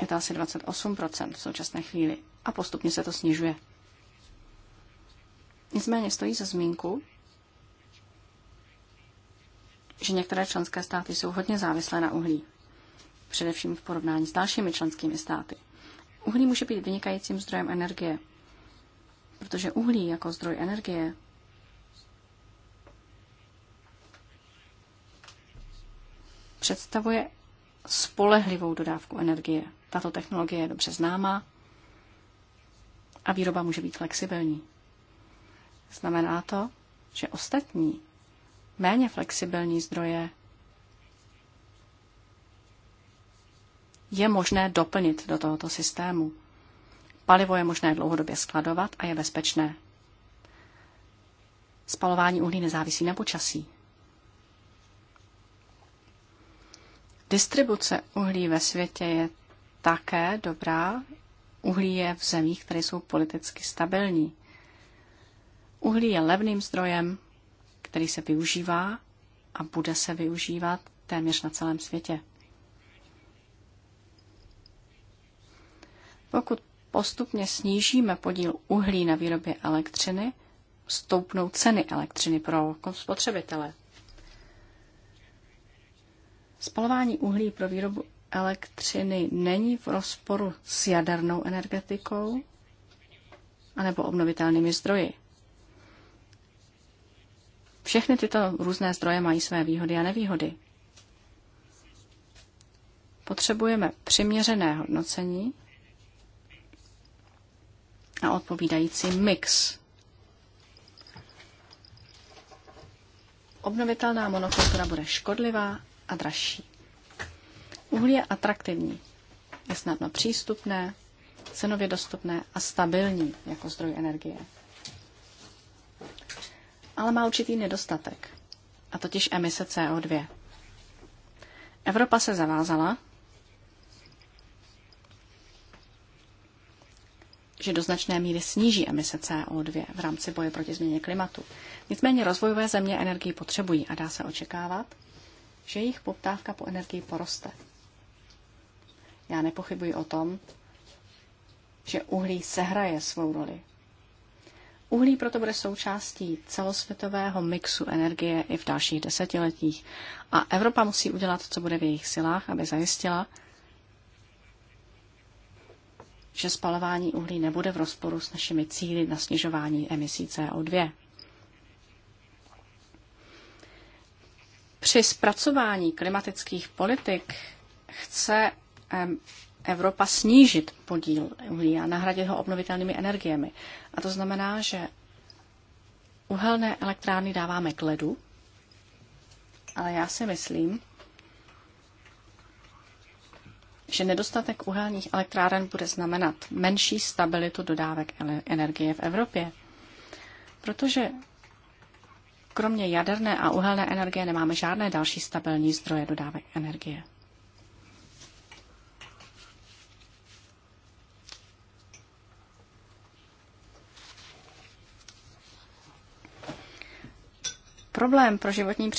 Je to asi 28 v současné chvíli. A postupně se to snižuje. Nicméně stojí za zmínku, že některé členské státy jsou hodně závislé na uhlí, především v porovnání s dalšími členskými státy. Uhlí může být vynikajícím zdrojem energie, protože uhlí jako zdroj energie představuje spolehlivou dodávku energie. Tato technologie je dobře známá a výroba může být flexibilní. Znamená to, že ostatní méně flexibilní zdroje je možné doplnit do tohoto systému. Palivo je možné dlouhodobě skladovat a je bezpečné. Spalování uhlí nezávisí na počasí. Distribuce uhlí ve světě je také dobrá. Uhlí je v zemích, které jsou politicky stabilní. Uhlí je levným zdrojem, který se využívá a bude se využívat téměř na celém světě. Pokud postupně snížíme podíl uhlí na výrobě elektřiny, stoupnou ceny elektřiny pro spotřebitele. Spalování uhlí pro výrobu elektřiny není v rozporu s jadernou energetikou anebo obnovitelnými zdroji. Všechny tyto různé zdroje mají své výhody a nevýhody. Potřebujeme přiměřené hodnocení a odpovídající mix. Obnovitelná monokultura bude škodlivá a dražší. Uhlí je atraktivní, je snadno přístupné, cenově dostupné a stabilní jako zdroj energie ale má určitý nedostatek, a totiž emise CO2. Evropa se zavázala, že do značné míry sníží emise CO2 v rámci boje proti změně klimatu. Nicméně rozvojové země energii potřebují a dá se očekávat, že jejich poptávka po energii poroste. Já nepochybuji o tom, že uhlí sehraje svou roli Uhlí proto bude součástí celosvětového mixu energie i v dalších desetiletích a Evropa musí udělat, co bude v jejich silách, aby zajistila, že spalování uhlí nebude v rozporu s našimi cíly na snižování emisí CO2. Při zpracování klimatických politik chce Evropa snížit podíl uhlí a nahradit ho obnovitelnými energiemi. A to znamená, že uhelné elektrárny dáváme k ledu, ale já si myslím, že nedostatek uhelných elektráren bude znamenat menší stabilitu dodávek energie v Evropě. Protože kromě jaderné a uhelné energie nemáme žádné další stabilní zdroje dodávek energie. Problém pro životní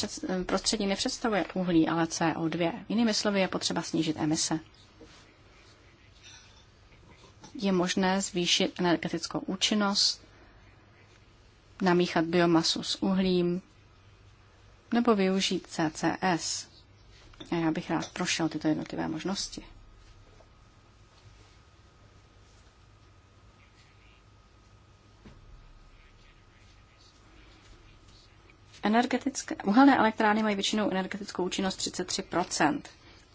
prostředí nepředstavuje uhlí, ale CO2. Jinými slovy je potřeba snížit emise. Je možné zvýšit energetickou účinnost, namíchat biomasu s uhlím nebo využít CCS. A já bych rád prošel tyto jednotlivé možnosti. Energetické, uhelné elektrárny mají většinou energetickou účinnost 33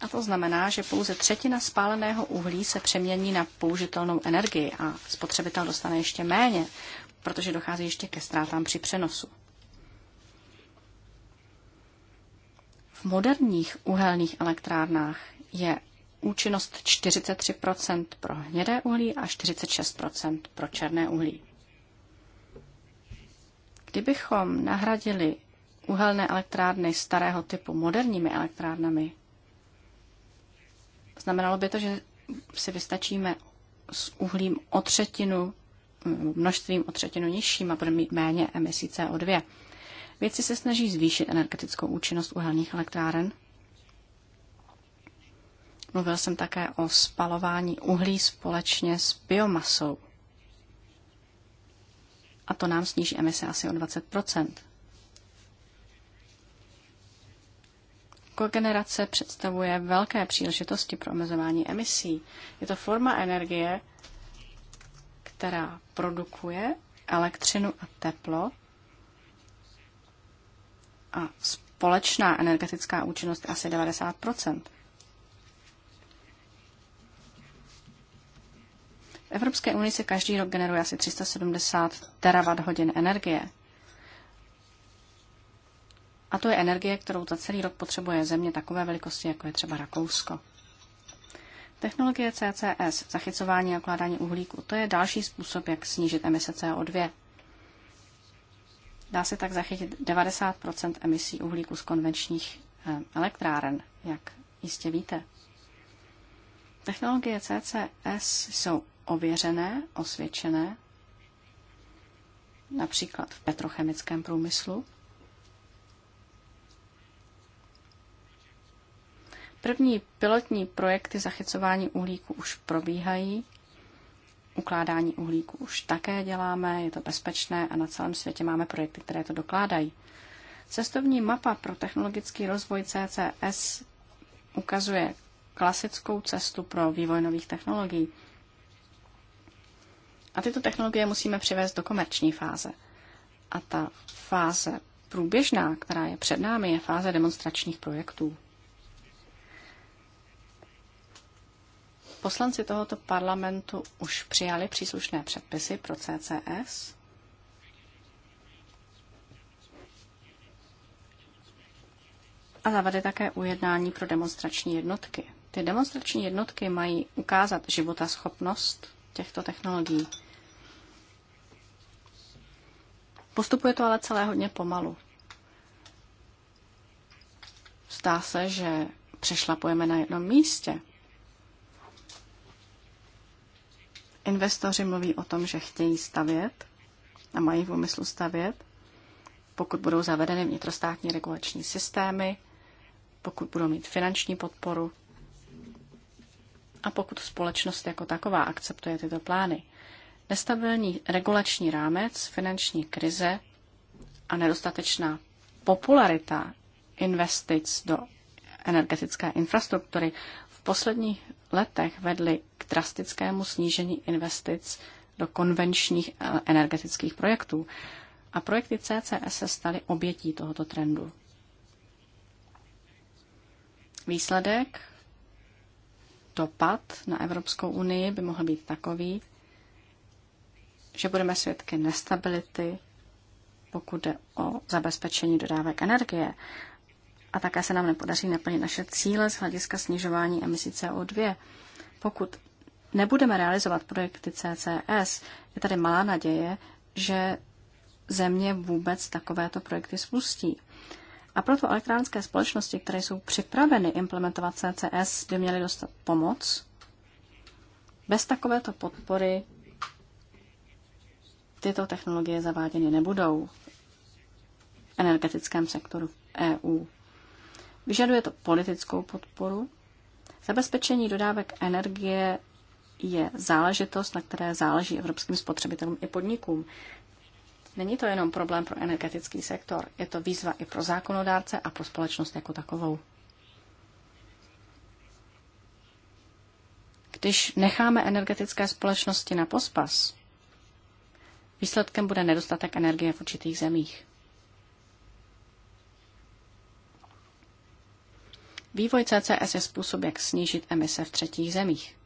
A to znamená, že pouze třetina spáleného uhlí se přemění na použitelnou energii a spotřebitel dostane ještě méně, protože dochází ještě ke ztrátám při přenosu. V moderních uhelných elektrárnách je účinnost 43 pro hnědé uhlí a 46 pro černé uhlí. Kdybychom nahradili uhelné elektrárny starého typu moderními elektrárnami, znamenalo by to, že si vystačíme s uhlím o třetinu, mm, množstvím o třetinu nižším a budeme mít méně emisí CO2. Věci se snaží zvýšit energetickou účinnost uhelných elektráren. Mluvil jsem také o spalování uhlí společně s biomasou a to nám sníží emise asi o 20 Kogenerace představuje velké příležitosti pro omezování emisí. Je to forma energie, která produkuje elektřinu a teplo a společná energetická účinnost je asi 90 Evropské unii se každý rok generuje asi 370 terawatt hodin energie. A to je energie, kterou za celý rok potřebuje země takové velikosti, jako je třeba Rakousko. Technologie CCS, zachycování a ukládání uhlíku, to je další způsob, jak snížit emise CO2. Dá se tak zachytit 90 emisí uhlíku z konvenčních eh, elektráren, jak jistě víte. Technologie CCS jsou ověřené, osvědčené, například v petrochemickém průmyslu. První pilotní projekty zachycování uhlíku už probíhají, ukládání uhlíku už také děláme, je to bezpečné a na celém světě máme projekty, které to dokládají. Cestovní mapa pro technologický rozvoj CCS ukazuje klasickou cestu pro vývoj nových technologií. A tyto technologie musíme přivést do komerční fáze. A ta fáze průběžná, která je před námi, je fáze demonstračních projektů. Poslanci tohoto parlamentu už přijali příslušné předpisy pro CCS. A zavede také ujednání pro demonstrační jednotky. Ty demonstrační jednotky mají ukázat životaschopnost těchto technologií. Postupuje to ale celé hodně pomalu. Zdá se, že přešlapujeme na jednom místě. Investoři mluví o tom, že chtějí stavět a mají v úmyslu stavět, pokud budou zavedeny vnitrostátní regulační systémy, pokud budou mít finanční podporu a pokud společnost jako taková akceptuje tyto plány. Nestabilní regulační rámec, finanční krize a nedostatečná popularita investic do energetické infrastruktury v posledních letech vedly k drastickému snížení investic do konvenčních eh, energetických projektů a projekty CCS se staly obětí tohoto trendu. Výsledek, dopad na Evropskou unii by mohl být takový, že budeme svědky nestability, pokud jde o zabezpečení dodávek energie. A také se nám nepodaří naplnit naše cíle z hlediska snižování emisí CO2. Pokud nebudeme realizovat projekty CCS, je tady malá naděje, že země vůbec takovéto projekty spustí. A proto elektránské společnosti, které jsou připraveny implementovat CCS, by měly dostat pomoc. Bez takovéto podpory tyto technologie zaváděny nebudou v energetickém sektoru EU. Vyžaduje to politickou podporu. Zabezpečení dodávek energie je záležitost, na které záleží evropským spotřebitelům i podnikům. Není to jenom problém pro energetický sektor, je to výzva i pro zákonodárce a pro společnost jako takovou. Když necháme energetické společnosti na pospas, Výsledkem bude nedostatek energie v určitých zemích. Vývoj CCS je způsob, jak snížit emise v třetích zemích.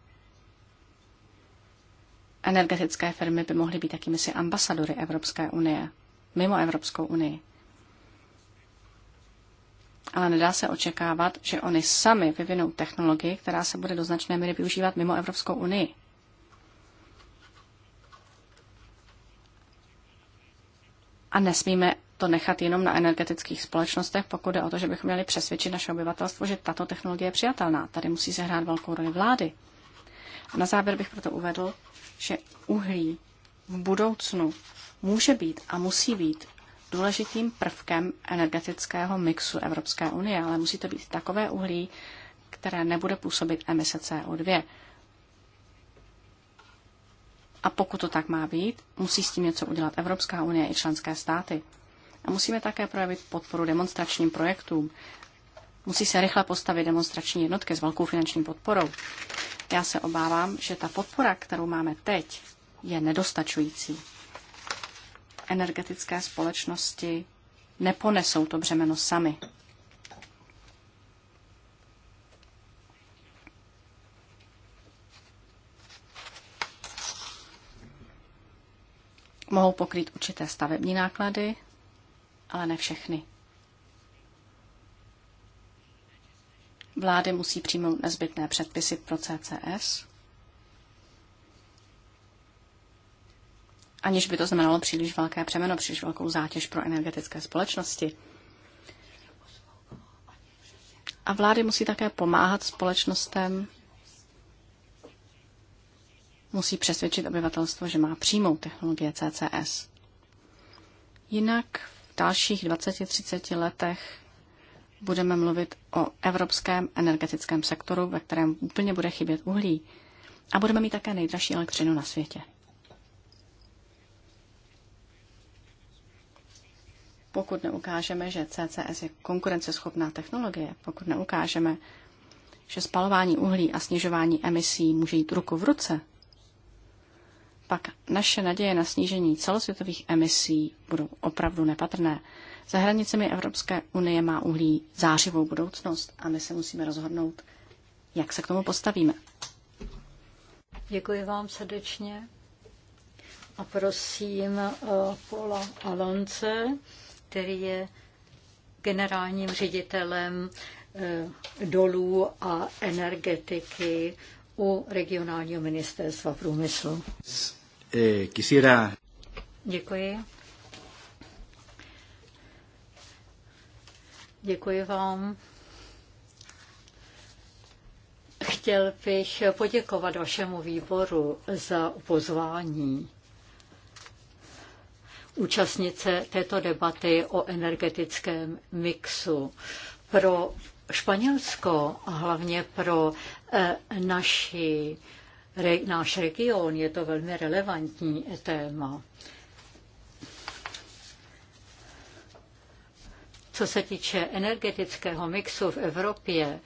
Energetické firmy by mohly být si ambasadory Evropské unie, mimo Evropskou unii. Ale nedá se očekávat, že oni sami vyvinou technologii, která se bude do značné míry využívat mimo Evropskou unii. A nesmíme to nechat jenom na energetických společnostech, pokud jde o to, že bychom měli přesvědčit naše obyvatelstvo, že tato technologie je přijatelná. Tady musí se hrát velkou roli vlády. A na závěr bych proto uvedl, že uhlí v budoucnu může být a musí být důležitým prvkem energetického mixu Evropské unie, ale musí to být takové uhlí, které nebude působit emise CO2. A pokud to tak má být, musí s tím něco udělat Evropská unie i členské státy. A musíme také projevit podporu demonstračním projektům. Musí se rychle postavit demonstrační jednotky s velkou finanční podporou. Já se obávám, že ta podpora, kterou máme teď, je nedostačující. Energetické společnosti neponesou to břemeno sami. mohou pokrýt určité stavební náklady, ale ne všechny. Vlády musí přijmout nezbytné předpisy pro CCS, aniž by to znamenalo příliš velké přemeno, příliš velkou zátěž pro energetické společnosti. A vlády musí také pomáhat společnostem musí přesvědčit obyvatelstvo, že má přímou technologie CCS. Jinak v dalších 20-30 letech budeme mluvit o evropském energetickém sektoru, ve kterém úplně bude chybět uhlí. A budeme mít také nejdražší elektřinu na světě. Pokud neukážeme, že CCS je konkurenceschopná technologie, pokud neukážeme, že spalování uhlí a snižování emisí může jít ruku v ruce, pak naše naděje na snížení celosvětových emisí budou opravdu nepatrné. Za hranicemi Evropské unie má uhlí zářivou budoucnost a my se musíme rozhodnout, jak se k tomu postavíme. Děkuji vám srdečně a prosím eh, Paula Alonce, který je generálním ředitelem eh, dolů a energetiky u regionálního ministerstva průmyslu eh, quisiera. Děkuji. Děkuji vám. Chtěl bych poděkovat vašemu výboru za pozvání účastnice této debaty o energetickém mixu. Pro Španělsko a hlavně pro eh, naši re, náš region, je to velmi relevantní téma. Co se týče energetického mixu v Evropě,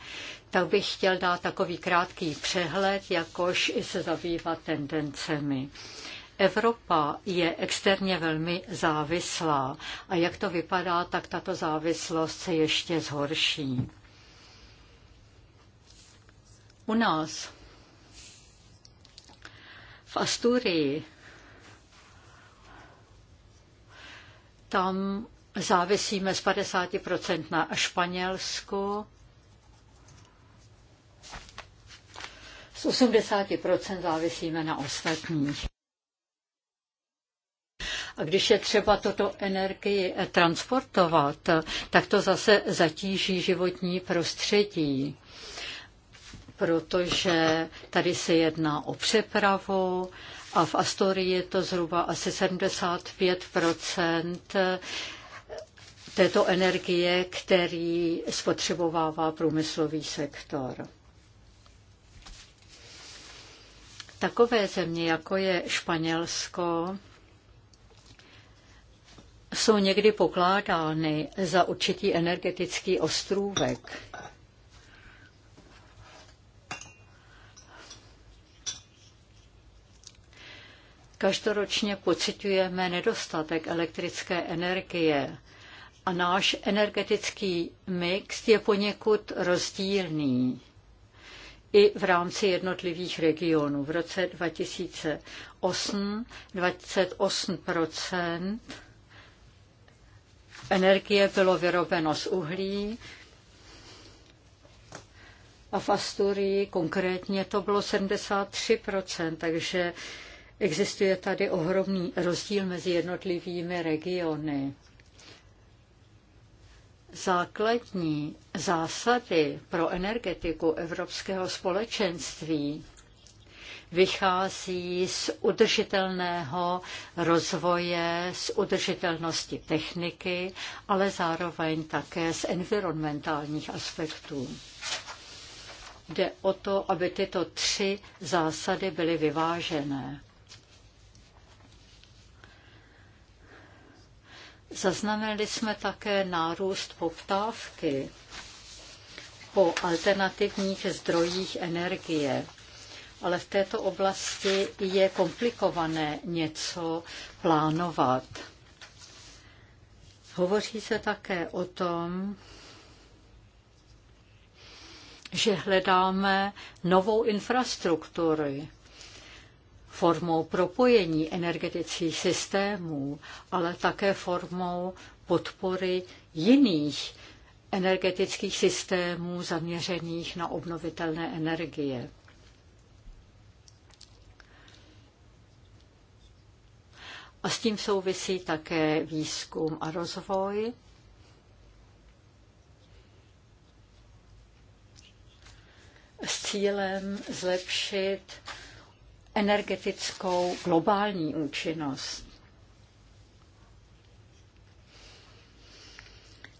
tak bych chtěl dát takový krátký přehled, jakož i se zabývat tendencemi. Evropa je externě velmi závislá a jak to vypadá, tak tato závislost se ještě zhorší. U nás v Asturii. Tam závisíme z 50% na Španělsku, z 80% závisíme na ostatních. A když je třeba toto energii transportovat, tak to zase zatíží životní prostředí protože tady se jedná o přepravu a v Astorii je to zhruba asi 75 této energie, který spotřebovává průmyslový sektor. Takové země, jako je Španělsko, jsou někdy pokládány za určitý energetický ostrůvek. Každoročně pocitujeme nedostatek elektrické energie a náš energetický mix je poněkud rozdílný i v rámci jednotlivých regionů. V roce 2008 28 energie bylo vyrobeno z uhlí a v Asturii konkrétně to bylo 73 takže Existuje tady ohromný rozdíl mezi jednotlivými regiony. Základní zásady pro energetiku Evropského společenství vychází z udržitelného rozvoje, z udržitelnosti techniky, ale zároveň také z environmentálních aspektů. Jde o to, aby tyto tři zásady byly vyvážené. Zaznamenali jsme také nárůst poptávky po alternativních zdrojích energie. Ale v této oblasti je komplikované něco plánovat. Hovoří se také o tom, že hledáme novou infrastrukturu, formou propojení energetických systémů, ale také formou podpory jiných energetických systémů zaměřených na obnovitelné energie. A s tím souvisí také výzkum a rozvoj. s cílem zlepšit energetickou globální účinnost.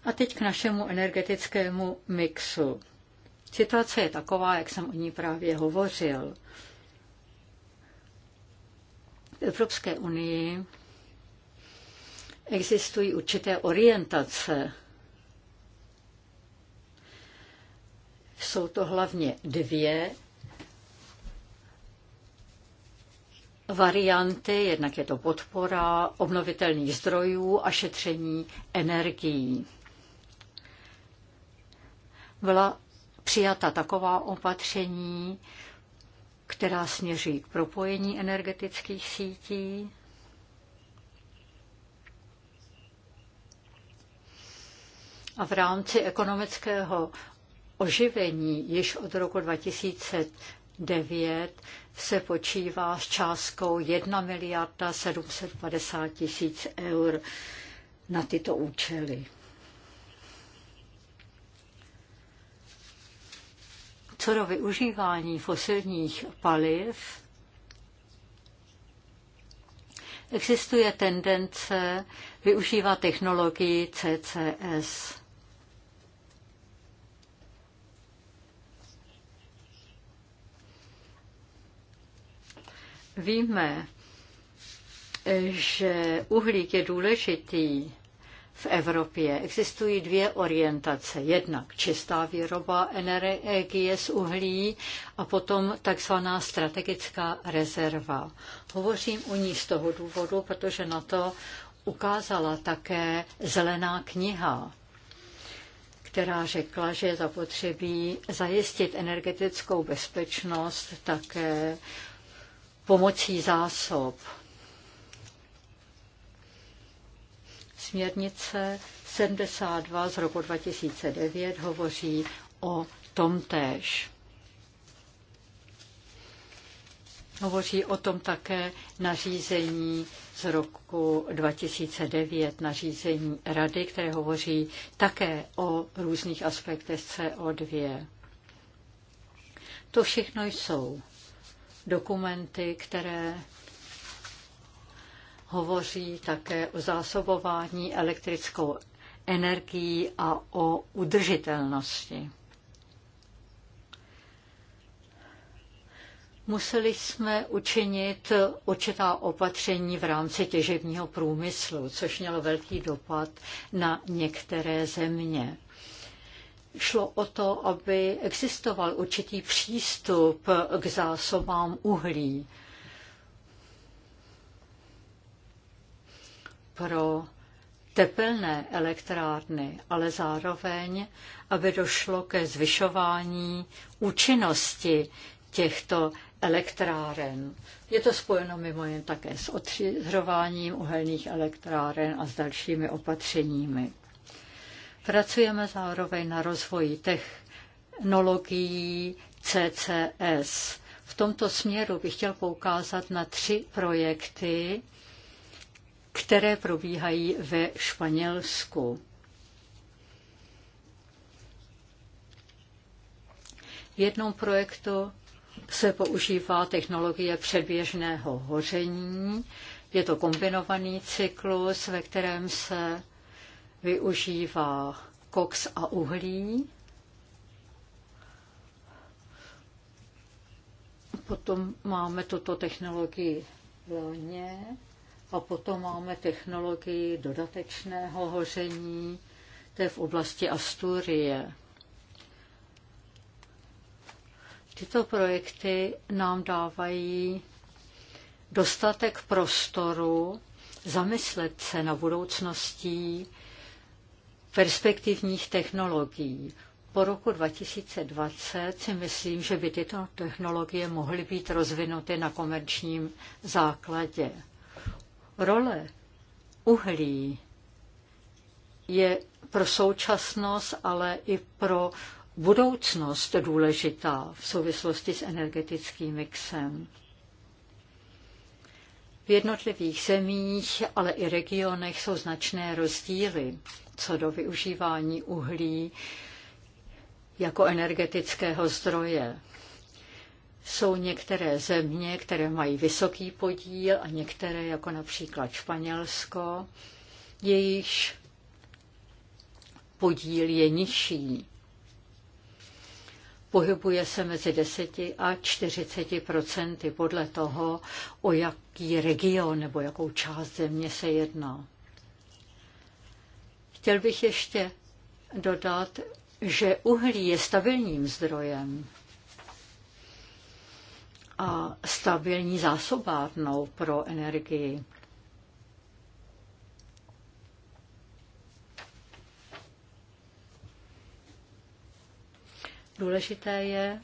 A teď k našemu energetickému mixu. Situace je taková, jak jsem o ní právě hovořil. V Evropské unii existují určité orientace. Jsou to hlavně dvě varianty, jednak je to podpora obnovitelných zdrojů a šetření energií. Byla přijata taková opatření, která směří k propojení energetických sítí, A v rámci ekonomického oživení již od roku 2000 9 se počívá s částkou 1 miliarda 750 tisíc eur na tyto účely. Co do využívání fosilních paliv, existuje tendence využívat technologii CCS. Víme, že uhlík je důležitý v Evropě. Existují dvě orientace. Jednak čistá výroba energie z uhlí a potom takzvaná strategická rezerva. Hovořím o ní z toho důvodu, protože na to ukázala také zelená kniha která řekla, že je zapotřebí zajistit energetickou bezpečnost také pomocí zásob. Směrnice 72 z roku 2009 hovoří o tom též. Hovoří o tom také nařízení z roku 2009, nařízení Rady, které hovoří také o různých aspektech CO2. To všechno jsou dokumenty, které hovoří také o zásobování elektrickou energií a o udržitelnosti. Museli jsme učinit určitá opatření v rámci těžebního průmyslu, což mělo velký dopad na některé země šlo o to, aby existoval určitý přístup k zásobám uhlí pro tepelné elektrárny, ale zároveň, aby došlo ke zvyšování účinnosti těchto elektráren. Je to spojeno mimo jen také s otřizováním uhelných elektráren a s dalšími opatřeními. Pracujeme zároveň na rozvoji technologií CCS. V tomto směru bych chtěl poukázat na tři projekty, které probíhají ve Španělsku. V jednom projektu se používá technologie předběžného hoření. Je to kombinovaný cyklus, ve kterém se využívá koks a uhlí. Potom máme tuto technologii lóně a potom máme technologii dodatečného hoření, to je v oblasti Asturie. Tyto projekty nám dávají dostatek prostoru zamyslet se na budoucností perspektivních technologií. Po roku 2020 si myslím, že by tyto technologie mohly být rozvinuty na komerčním základě. Role uhlí je pro současnost, ale i pro budoucnost důležitá v souvislosti s energetickým mixem. V jednotlivých zemích, ale i regionech jsou značné rozdíly co do využívání uhlí jako energetického zdroje. Jsou některé země, které mají vysoký podíl a některé, jako například Španělsko, jejichž podíl je nižší. Pohybuje se mezi 10 a 40 procenty podle toho, o jaký region nebo jakou část země se jedná. Chtěl bych ještě dodat, že uhlí je stabilním zdrojem a stabilní zásobárnou pro energii. Důležité je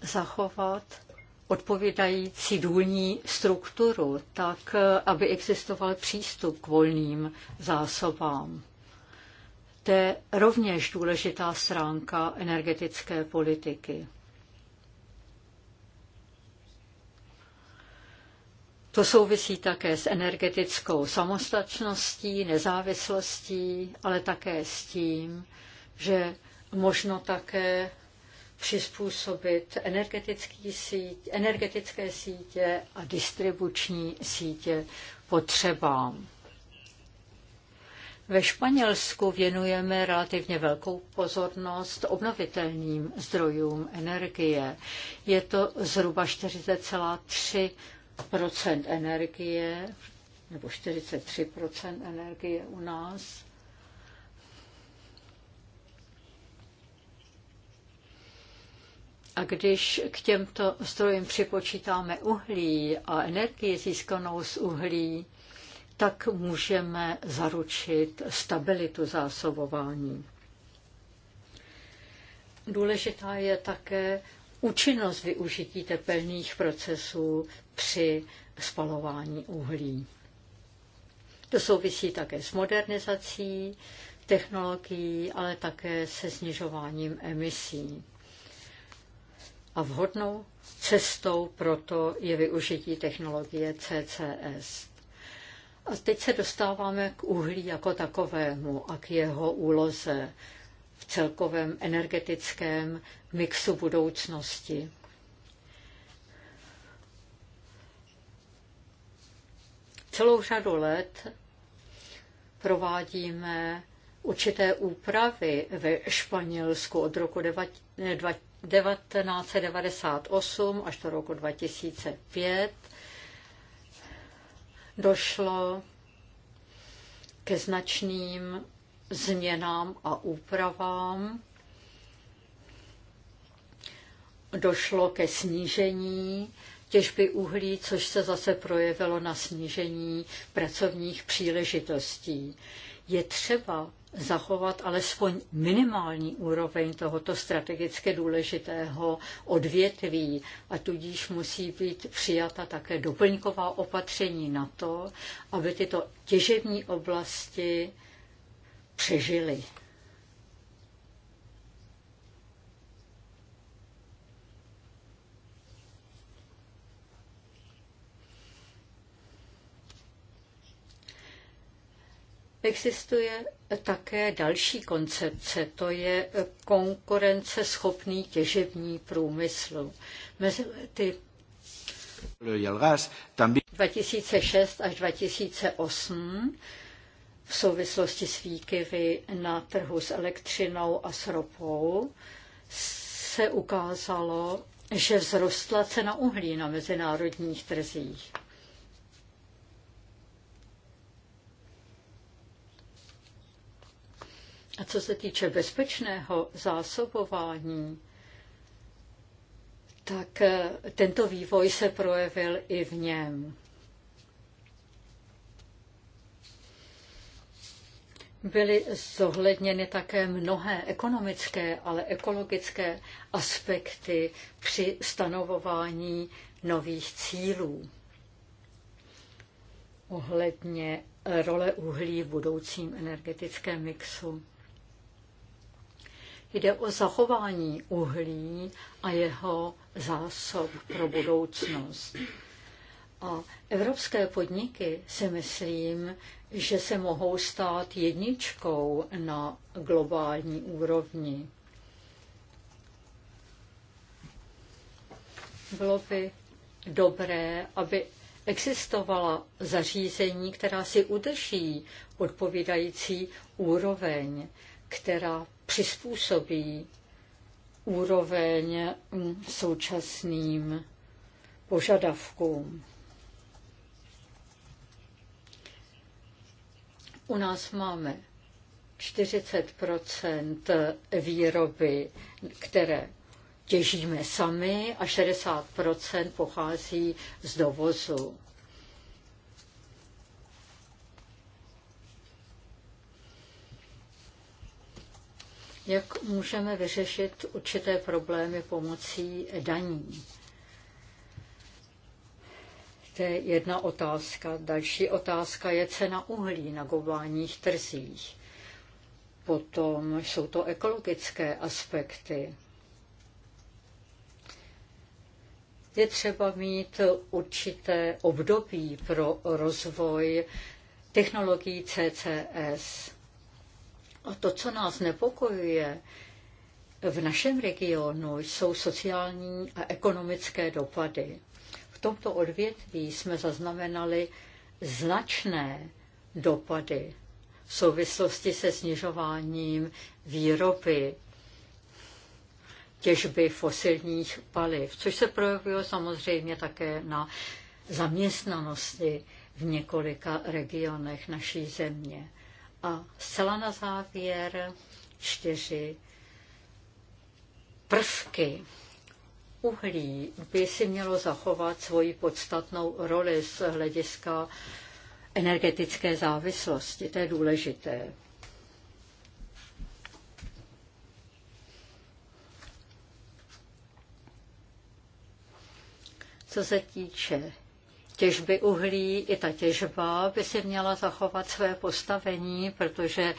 zachovat odpovídající důlní strukturu, tak eh, aby existoval přístup k volným zásobám. To je rovněž důležitá stránka energetické politiky. To souvisí také s energetickou samostačností, nezávislostí, ale také s tím, že možno také přizpůsobit energetický síť, energetické sítě a distribuční sítě potřebám. Ve Španělsku věnujeme relativně velkou pozornost obnovitelným zdrojům energie. Je to zhruba 40,3 energie nebo 43 energie u nás. A když k těmto strojům připočítáme uhlí a energii získanou z uhlí, tak můžeme zaručit stabilitu zásobování. Důležitá je také účinnost využití tepelných procesů při spalování uhlí. To souvisí také s modernizací technologií, ale také se snižováním emisí a vhodnou cestou proto je využití technologie CCS. A teď se dostáváme k uhlí jako takovému a k jeho úloze v celkovém energetickém mixu budoucnosti. Celou řadu let provádíme určité úpravy ve Španělsku od roku 1998 až do roku 2005 došlo ke značným změnám a úpravám. Došlo ke snížení těžby uhlí, což se zase projevilo na snížení pracovních příležitostí. Je třeba zachovat alespoň minimální úroveň tohoto strategicky důležitého odvětví a tudíž musí být přijata také doplňková opatření na to, aby tyto těžební oblasti přežily. existuje také další koncepce, to je konkurence schopný těžební průmysl. Mezi ty 2006 až 2008 v souvislosti s výkyvy na trhu s elektřinou a s ropou se ukázalo, že vzrostla cena uhlí na mezinárodních trzích. A co se týče bezpečného zásobování, tak eh, tento vývoj se projevil i v něm. Byly zohledněny také mnohé ekonomické, ale ekologické aspekty při stanovování nových cílů ohledně role uhlí v budoucím energetickém mixu. Jde o zachování uhlí a jeho zásob pro budoucnost. A evropské podniky si myslím, že se mohou stát jedničkou na globální úrovni. Bylo by dobré, aby existovala zařízení, která si udrží odpovídající úroveň, která přizpůsobí úroveň mm, současným požadavkům. U nás máme 40 výroby, které těžíme sami a 60 pochází z dovozu. jak můžeme vyřešit určité problémy pomocí daní. To je jedna otázka. Další otázka je cena uhlí na globálních trzích. Potom jsou to ekologické aspekty. Je třeba mít určité období pro rozvoj technologií CCS. A to, co nás nepokojuje v našem regionu, jsou sociální a ekonomické dopady. V tomto odvětví jsme zaznamenali značné dopady v souvislosti se snižováním výroby těžby fosilních paliv, což se projevuje samozřejmě také na zaměstnanosti v několika regionech naší země. A zcela na závěr čtyři prvky. Uhlí by si mělo zachovat svoji podstatnou roli z hlediska energetické závislosti. To je důležité. Co se týče těžby uhlí, i ta těžba by si měla zachovat své postavení, protože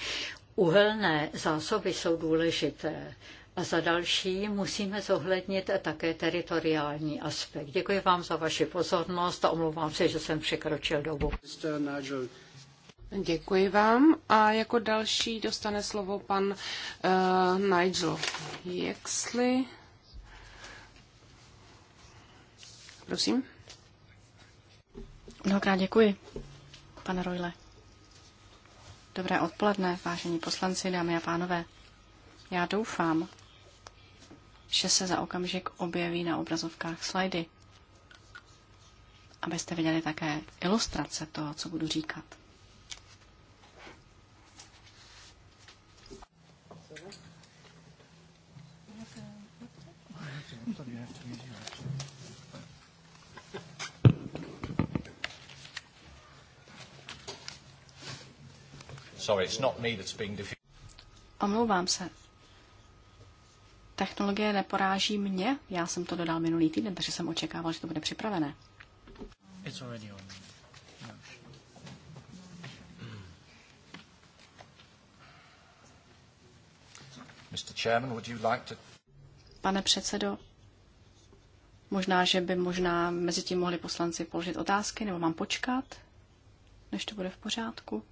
uhelné zásoby jsou důležité. A za další musíme zohlednit také teritoriální aspekt. Děkuji vám za vaši pozornost a omlouvám se, že jsem překročil dobu. Děkuji vám a jako další dostane slovo pan uh, Nigel Jexley. Prosím. Mnohokrát děkuji, pane Rojle. Dobré odpoledne, vážení poslanci, dámy a pánové. Já doufám, že se za okamžik objeví na obrazovkách slajdy, abyste viděli také ilustrace toho, co budu říkat. Sorry, it's not me that's being defeated. Omlouvám se. Technologie neporáží mě. Já jsem to dodal minulý týden, takže jsem očekával, že to bude připravené. It's already on. Mr. Chairman, would you like to... Pane předsedo, možná, že by možná mezi tím mohli poslanci položit otázky, nebo mám počkat, než to bude v pořádku.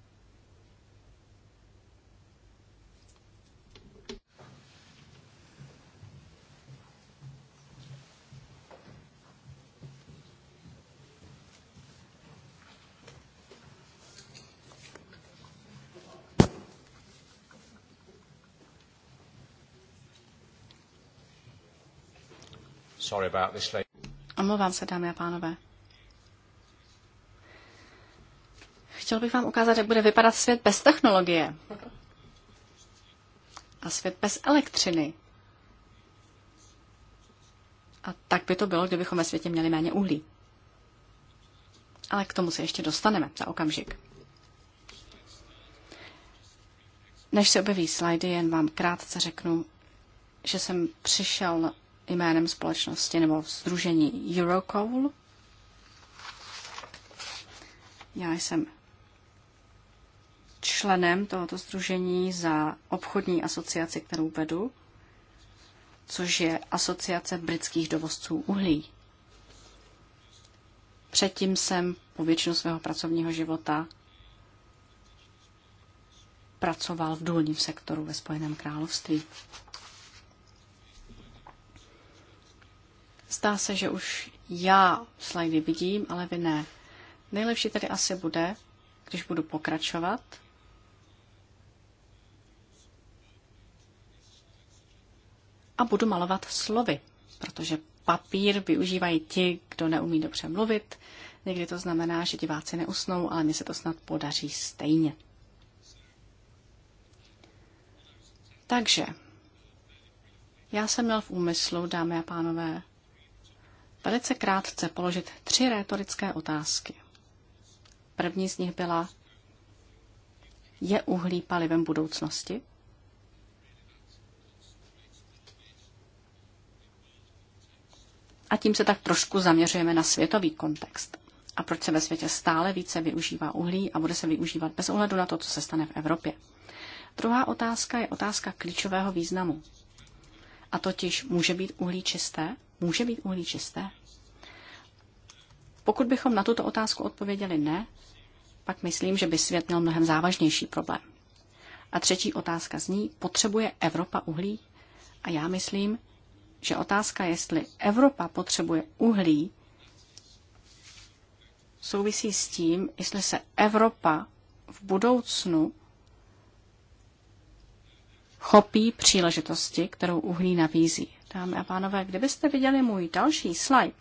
Sorry about this Omlouvám se, dámy a pánové. Chtěl bych vám ukázat, jak bude vypadat svět bez technologie. A svět bez elektřiny. A tak by to bylo, kdybychom ve světě měli méně uhlí. Ale k tomu se ještě dostaneme za okamžik. Než se objeví slajdy, jen vám krátce řeknu, že jsem přišel jménem společnosti nebo združení Eurocoal. Já jsem členem tohoto združení za obchodní asociaci, kterou vedu, což je Asociace britských dovozců uhlí. Předtím jsem po většinu svého pracovního života pracoval v důlním sektoru ve Spojeném království. Zdá se, že už já slajdy vidím, ale vy ne. Nejlepší tady asi bude, když budu pokračovat. A budu malovat slovy, protože papír využívají ti, kdo neumí dobře mluvit. Někdy to znamená, že diváci neusnou, ale mně se to snad podaří stejně. Takže, já jsem měl v úmyslu, dámy a pánové, velice krátce položit tři rétorické otázky. První z nich byla, je uhlí palivem budoucnosti? A tím se tak trošku zaměřujeme na světový kontext. A proč se ve světě stále více využívá uhlí a bude se využívat bez ohledu na to, co se stane v Evropě. Druhá otázka je otázka klíčového významu. A totiž může být uhlí čisté? Může být uhlí čisté? Pokud bychom na tuto otázku odpověděli ne, pak myslím, že by svět měl mnohem závažnější problém. A třetí otázka zní, potřebuje Evropa uhlí? A já myslím, že otázka, jestli Evropa potřebuje uhlí, souvisí s tím, jestli se Evropa v budoucnu chopí příležitosti, kterou uhlí nabízí dámy a pánové, kdybyste viděli můj další slide,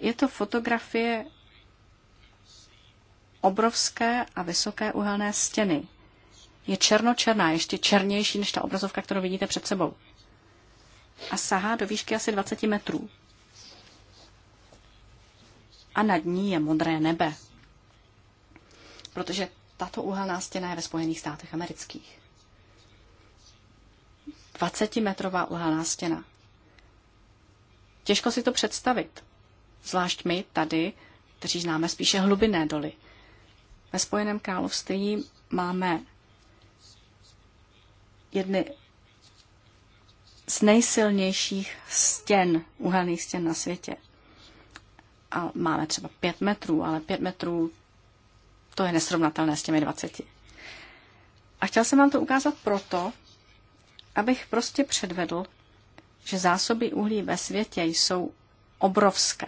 je to fotografie obrovské a vysoké uhelné stěny. Je černočerná, ještě černější než ta obrazovka, kterou vidíte před sebou. A sahá do výšky asi 20 metrů. A nad ní je modré nebe. Protože tato uhelná stěna je ve Spojených státech amerických. 20-metrová uhelná stěna. Těžko si to představit, zvlášť my tady, kteří známe spíše hlubinné doly. Ve Spojeném království máme jedny z nejsilnějších stěn, uhelných stěn na světě. A máme třeba 5 metrů, ale 5 metrů to je nesrovnatelné s těmi 20. A chtěl jsem vám to ukázat proto, abych prostě předvedl, že zásoby uhlí ve světě jsou obrovské.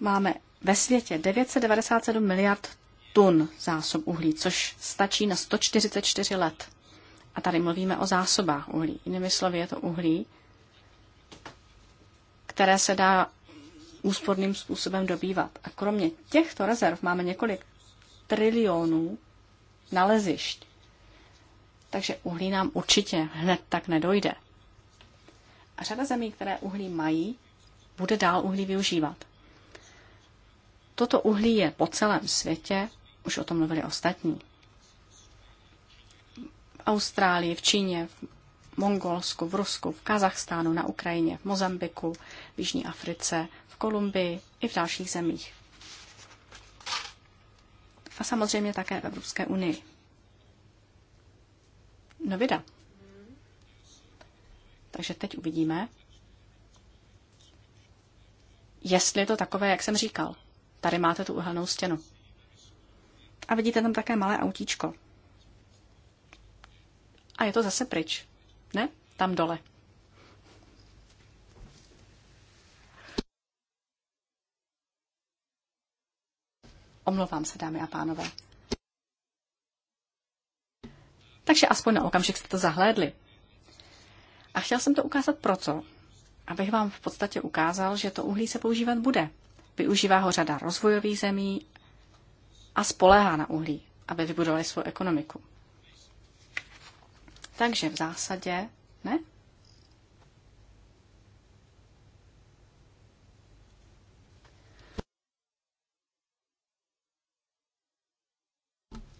Máme ve světě 997 miliard tun zásob uhlí, což stačí na 144 let. A tady mluvíme o zásobách uhlí. Jinými slovy je to uhlí, které se dá úsporným způsobem dobývat. A kromě těchto rezerv máme několik trilionů nalezišť takže uhlí nám určitě hned tak nedojde. A řada zemí, které uhlí mají, bude dál uhlí využívat. Toto uhlí je po celém světě, už o tom mluvili ostatní. V Austrálii, v Číně, v Mongolsku, v Rusku, v Kazachstánu, na Ukrajině, v Mozambiku, v Jižní Africe, v Kolumbii i v dalších zemích. A samozřejmě také v Evropské unii. Novida. Takže teď uvidíme, jestli je to takové, jak jsem říkal. Tady máte tu uhelnou stěnu. A vidíte tam také malé autíčko. A je to zase pryč. Ne? Tam dole. Omlouvám se, dámy a pánové. Takže aspoň na okamžik jste to zahlédli. A chtěl jsem to ukázat proto, abych vám v podstatě ukázal, že to uhlí se používat bude. Využívá ho řada rozvojových zemí a spoléhá na uhlí, aby vybudovali svou ekonomiku. Takže v zásadě ne?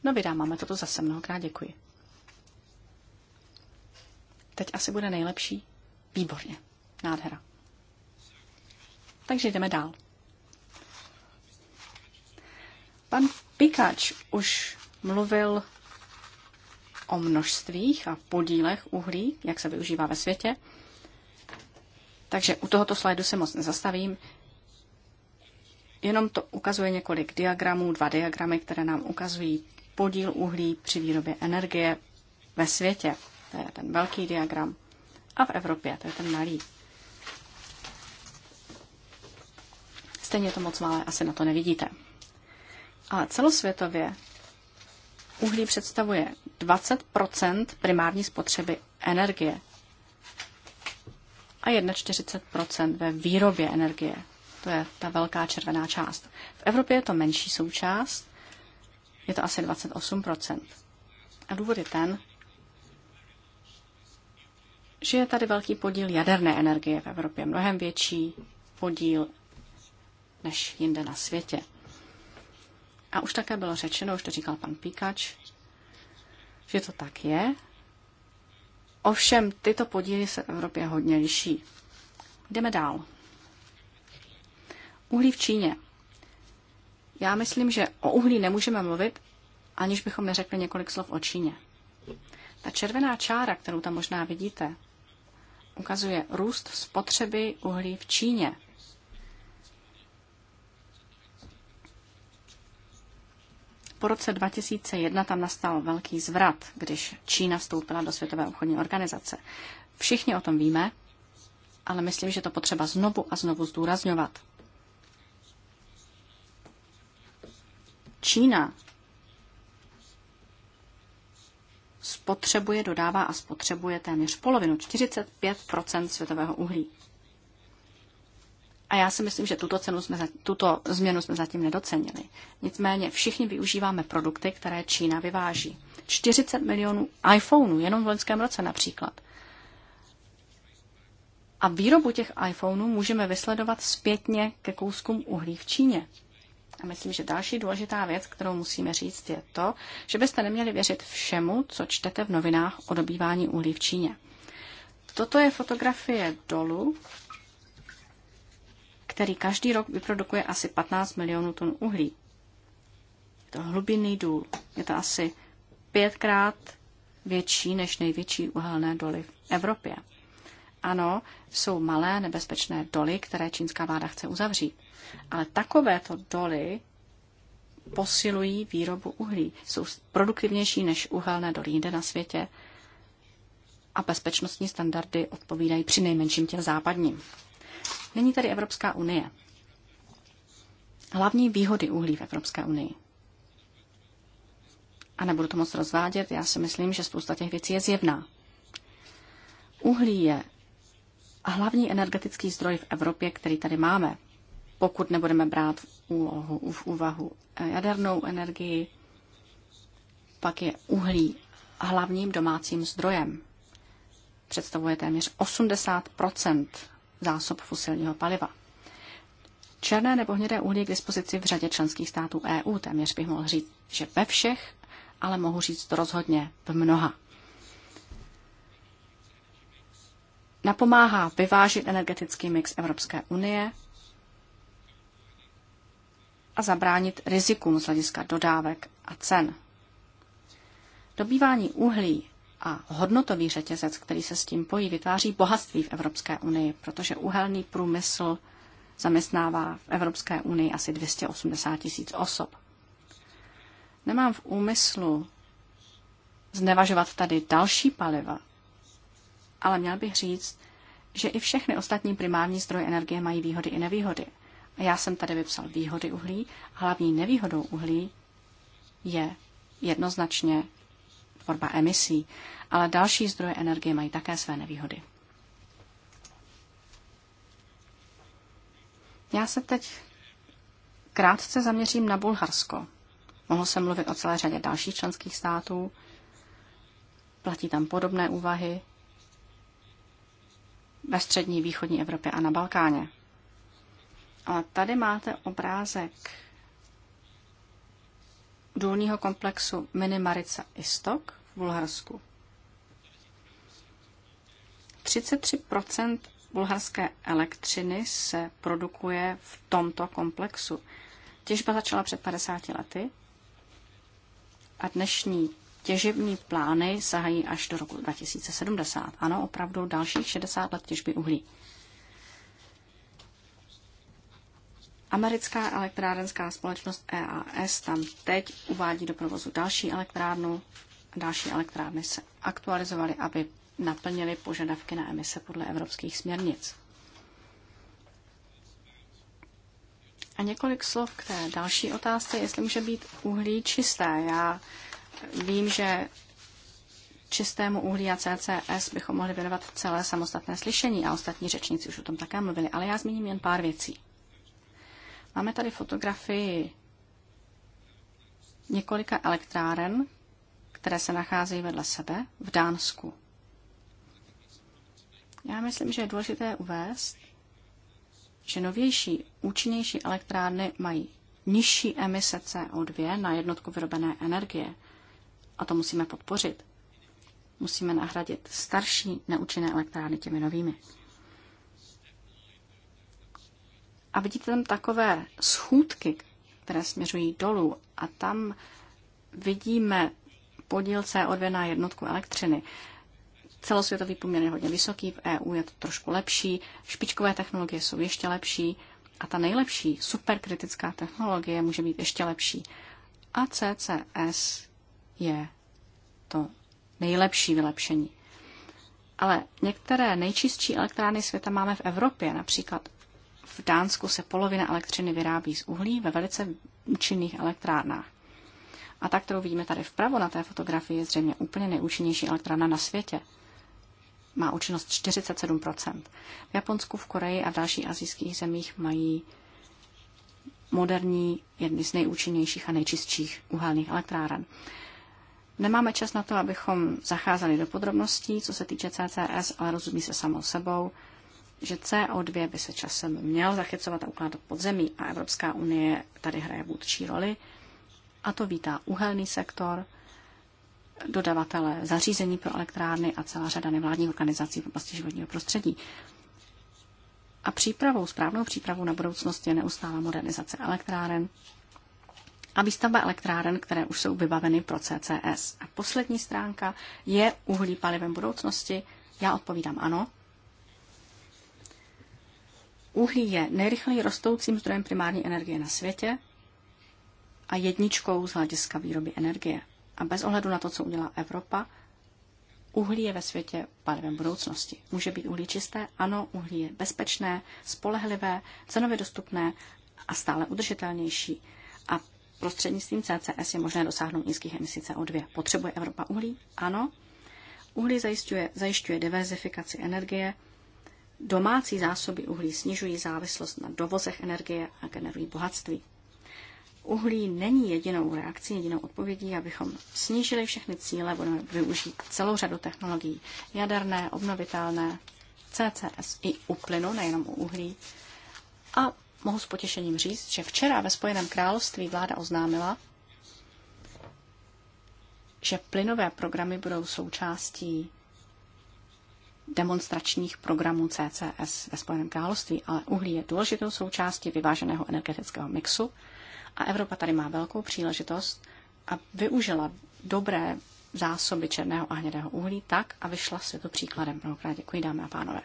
No vydá, máme toto zase mnohokrát děkuji. Teď asi bude nejlepší. Výborně. Nádhera. Takže jdeme dál. Pan Pikač už mluvil o množstvích a podílech uhlí, jak se využívá ve světě. Takže u tohoto slajdu se moc nezastavím. Jenom to ukazuje několik diagramů, dva diagramy, které nám ukazují podíl uhlí při výrobě energie ve světě. To je ten velký diagram. A v Evropě, to je ten malý. Stejně to moc malé, asi na to nevidíte. Ale celosvětově uhlí představuje 20 primární spotřeby energie a 41 ve výrobě energie. To je ta velká červená část. V Evropě je to menší součást, je to asi 28 A důvod je ten, že je tady velký podíl jaderné energie v Evropě, mnohem větší podíl než jinde na světě. A už také bylo řečeno, už to říkal pan Píkač, že to tak je. Ovšem, tyto podíly se v Evropě hodně liší. Jdeme dál. Uhlí v Číně. Já myslím, že o uhlí nemůžeme mluvit, aniž bychom neřekli několik slov o Číně. Ta červená čára, kterou tam možná vidíte, ukazuje růst spotřeby uhlí v Číně. Po roce 2001 tam nastal velký zvrat, když Čína vstoupila do Světové obchodní organizace. Všichni o tom víme, ale myslím, že to potřeba znovu a znovu zdůrazňovat. Čína spotřebuje, dodává a spotřebuje téměř polovinu, 45 světového uhlí. A já si myslím, že tuto, cenu jsme, tuto změnu jsme zatím nedocenili. Nicméně všichni využíváme produkty, které Čína vyváží. 40 milionů iPhoneů jenom v loňském roce například. A výrobu těch iPhoneů můžeme vysledovat zpětně ke kouskům uhlí v Číně. A myslím, že další důležitá věc, kterou musíme říct, je to, že byste neměli věřit všemu, co čtete v novinách o dobývání uhlí v Číně. Toto je fotografie dolu, který každý rok vyprodukuje asi 15 milionů tun uhlí. Je to hlubinný důl. Je to asi pětkrát větší než největší uhelné doly v Evropě. Ano, jsou malé nebezpečné doly, které čínská vláda chce uzavřít. Ale takovéto doly posilují výrobu uhlí. Jsou produktivnější než uhelné doly jinde na světě a bezpečnostní standardy odpovídají při nejmenším těm západním. Není tady Evropská unie. Hlavní výhody uhlí v Evropské unii. A nebudu to moc rozvádět, já si myslím, že spousta těch věcí je zjevná. Uhlí je a hlavní energetický zdroj v Evropě, který tady máme, pokud nebudeme brát v, úlohu, v úvahu jadernou energii, pak je uhlí hlavním domácím zdrojem. Představuje téměř 80 zásob fosilního paliva. Černé nebo hnědé uhlí je k dispozici v řadě členských států EU. Téměř bych mohl říct, že ve všech, ale mohu říct to rozhodně v mnoha. napomáhá vyvážit energetický mix Evropské unie a zabránit rizikům z hlediska dodávek a cen. Dobývání uhlí a hodnotový řetězec, který se s tím pojí, vytváří bohatství v Evropské unii, protože uhelný průmysl zaměstnává v Evropské unii asi 280 tisíc osob. Nemám v úmyslu znevažovat tady další paliva, ale měl bych říct, že i všechny ostatní primární zdroje energie mají výhody i nevýhody. A já jsem tady vypsal výhody uhlí. Hlavní nevýhodou uhlí je jednoznačně tvorba emisí, ale další zdroje energie mají také své nevýhody. Já se teď krátce zaměřím na Bulharsko. Mohl jsem mluvit o celé řadě dalších členských států. Platí tam podobné úvahy, ve střední východní Evropě a na Balkáně. A tady máte obrázek důlního komplexu Minimarica Istok v Bulharsku. 33 bulharské elektřiny se produkuje v tomto komplexu. Těžba začala před 50 lety a dnešní Těžební plány sahají až do roku 2070. Ano, opravdu dalších 60 let těžby uhlí. Americká elektrárenská společnost EAS tam teď uvádí do provozu další elektrárnu. Další elektrárny se aktualizovaly, aby naplnily požadavky na emise podle evropských směrnic. A několik slov k té další otázce, jestli může být uhlí čisté. Já Vím, že čistému uhlí a CCS bychom mohli věnovat celé samostatné slyšení a ostatní řečníci už o tom také mluvili, ale já zmíním jen pár věcí. Máme tady fotografii několika elektráren, které se nacházejí vedle sebe v Dánsku. Já myslím, že je důležité uvést, že novější, účinnější elektrárny mají nižší emise CO2 na jednotku vyrobené energie – a to musíme podpořit. Musíme nahradit starší neúčinné elektrárny těmi novými. A vidíte tam takové schůdky, které směřují dolů a tam vidíme podíl CO2 na jednotku elektřiny. Celosvětový poměr je hodně vysoký, v EU je to trošku lepší, špičkové technologie jsou ještě lepší a ta nejlepší superkritická technologie může být ještě lepší. A CCS je to nejlepší vylepšení. Ale některé nejčistší elektrárny světa máme v Evropě. Například v Dánsku se polovina elektřiny vyrábí z uhlí ve velice účinných elektrárnách. A ta, kterou vidíme tady vpravo na té fotografii, je zřejmě úplně nejúčinnější elektrárna na světě. Má účinnost 47%. V Japonsku, v Koreji a v dalších azijských zemích mají moderní, jedny z nejúčinnějších a nejčistších uhelných elektráren. Nemáme čas na to, abychom zacházeli do podrobností, co se týče CCS, ale rozumí se samou sebou, že CO2 by se časem měl zachycovat a ukládat pod zemí a Evropská unie tady hraje vůdčí roli a to vítá uhelný sektor, dodavatele zařízení pro elektrárny a celá řada nevládních organizací v oblasti životního prostředí. A přípravou, správnou přípravou na budoucnost je neustálá modernizace elektráren, a výstavba elektráren, které už jsou vybaveny pro CCS. A poslední stránka je uhlí palivem budoucnosti. Já odpovídám ano. Uhlí je nejrychleji rostoucím zdrojem primární energie na světě a jedničkou z hlediska výroby energie. A bez ohledu na to, co udělá Evropa, uhlí je ve světě palivem budoucnosti. Může být uhlí čisté? Ano, uhlí je bezpečné, spolehlivé, cenově dostupné a stále udržitelnější Prostřednictvím CCS je možné dosáhnout nízkých emisí CO2. Potřebuje Evropa uhlí? Ano. Uhlí zajišťuje, zajišťuje diverzifikaci energie. Domácí zásoby uhlí snižují závislost na dovozech energie a generují bohatství. Uhlí není jedinou reakcí, jedinou odpovědí. Abychom snížili všechny cíle, budeme využít celou řadu technologií jaderné, obnovitelné, CCS i u plynu, nejenom u uhlí. A mohu s potěšením říct, že včera ve Spojeném království vláda oznámila, že plynové programy budou součástí demonstračních programů CCS ve Spojeném království, ale uhlí je důležitou součástí vyváženého energetického mixu a Evropa tady má velkou příležitost a využila dobré zásoby černého a hnědého uhlí tak a vyšla světu příkladem. Mnohokrát děkuji, dámy a pánové.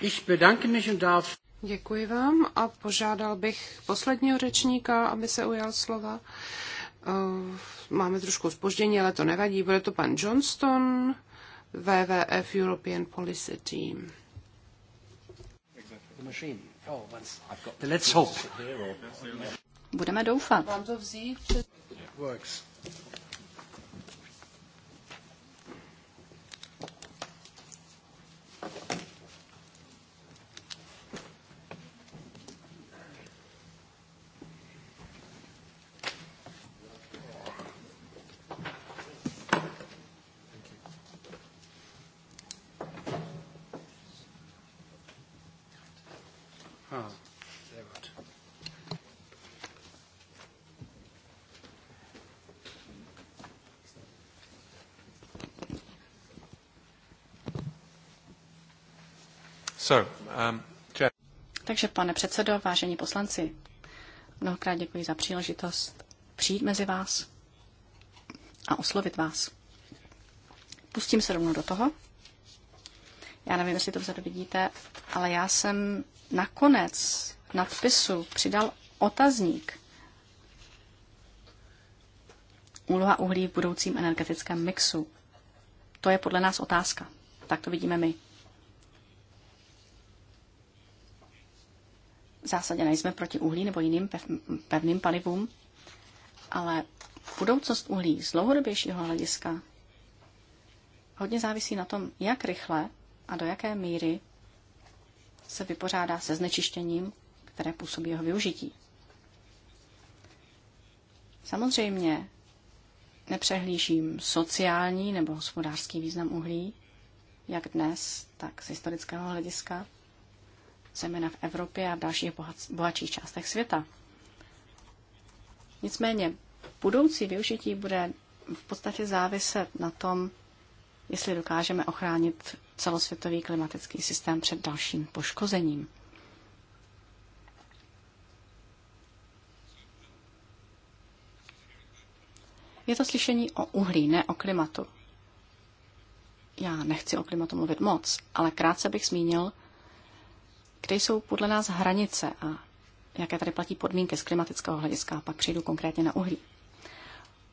Ich bedanke mich und darf... Děkuji vám a požádal bych posledního řečníka, aby se ujal slova. Eh, máme trošku zpoždění, ale to nevadí. Bude to pan Johnston, WWF European Policy Team. Oh, Budeme doufat. Vám to vzít Works. So, um, Jeff. Takže, pane předsedo, vážení poslanci, mnohokrát děkuji za příležitost přijít mezi vás a oslovit vás. Pustím se rovnou do toho. Já nevím, jestli to vzadu vidíte, ale já jsem nakonec nadpisu přidal otazník. Úloha uhlí v budoucím energetickém mixu. To je podle nás otázka. Tak to vidíme my. V zásadě nejsme proti uhlí nebo jiným pevným palivům, ale budoucnost uhlí z dlouhodobějšího hlediska hodně závisí na tom, jak rychle a do jaké míry se vypořádá se znečištěním, které působí jeho využití. Samozřejmě nepřehlížím sociální nebo hospodářský význam uhlí, jak dnes, tak z historického hlediska zejména v Evropě a v dalších bohatších částech světa. Nicméně budoucí využití bude v podstatě záviset na tom, jestli dokážeme ochránit celosvětový klimatický systém před dalším poškozením. Je to slyšení o uhlí, ne o klimatu. Já nechci o klimatu mluvit moc, ale krátce bych zmínil, kde jsou podle nás hranice a jaké tady platí podmínky z klimatického hlediska, a pak přijdu konkrétně na uhlí.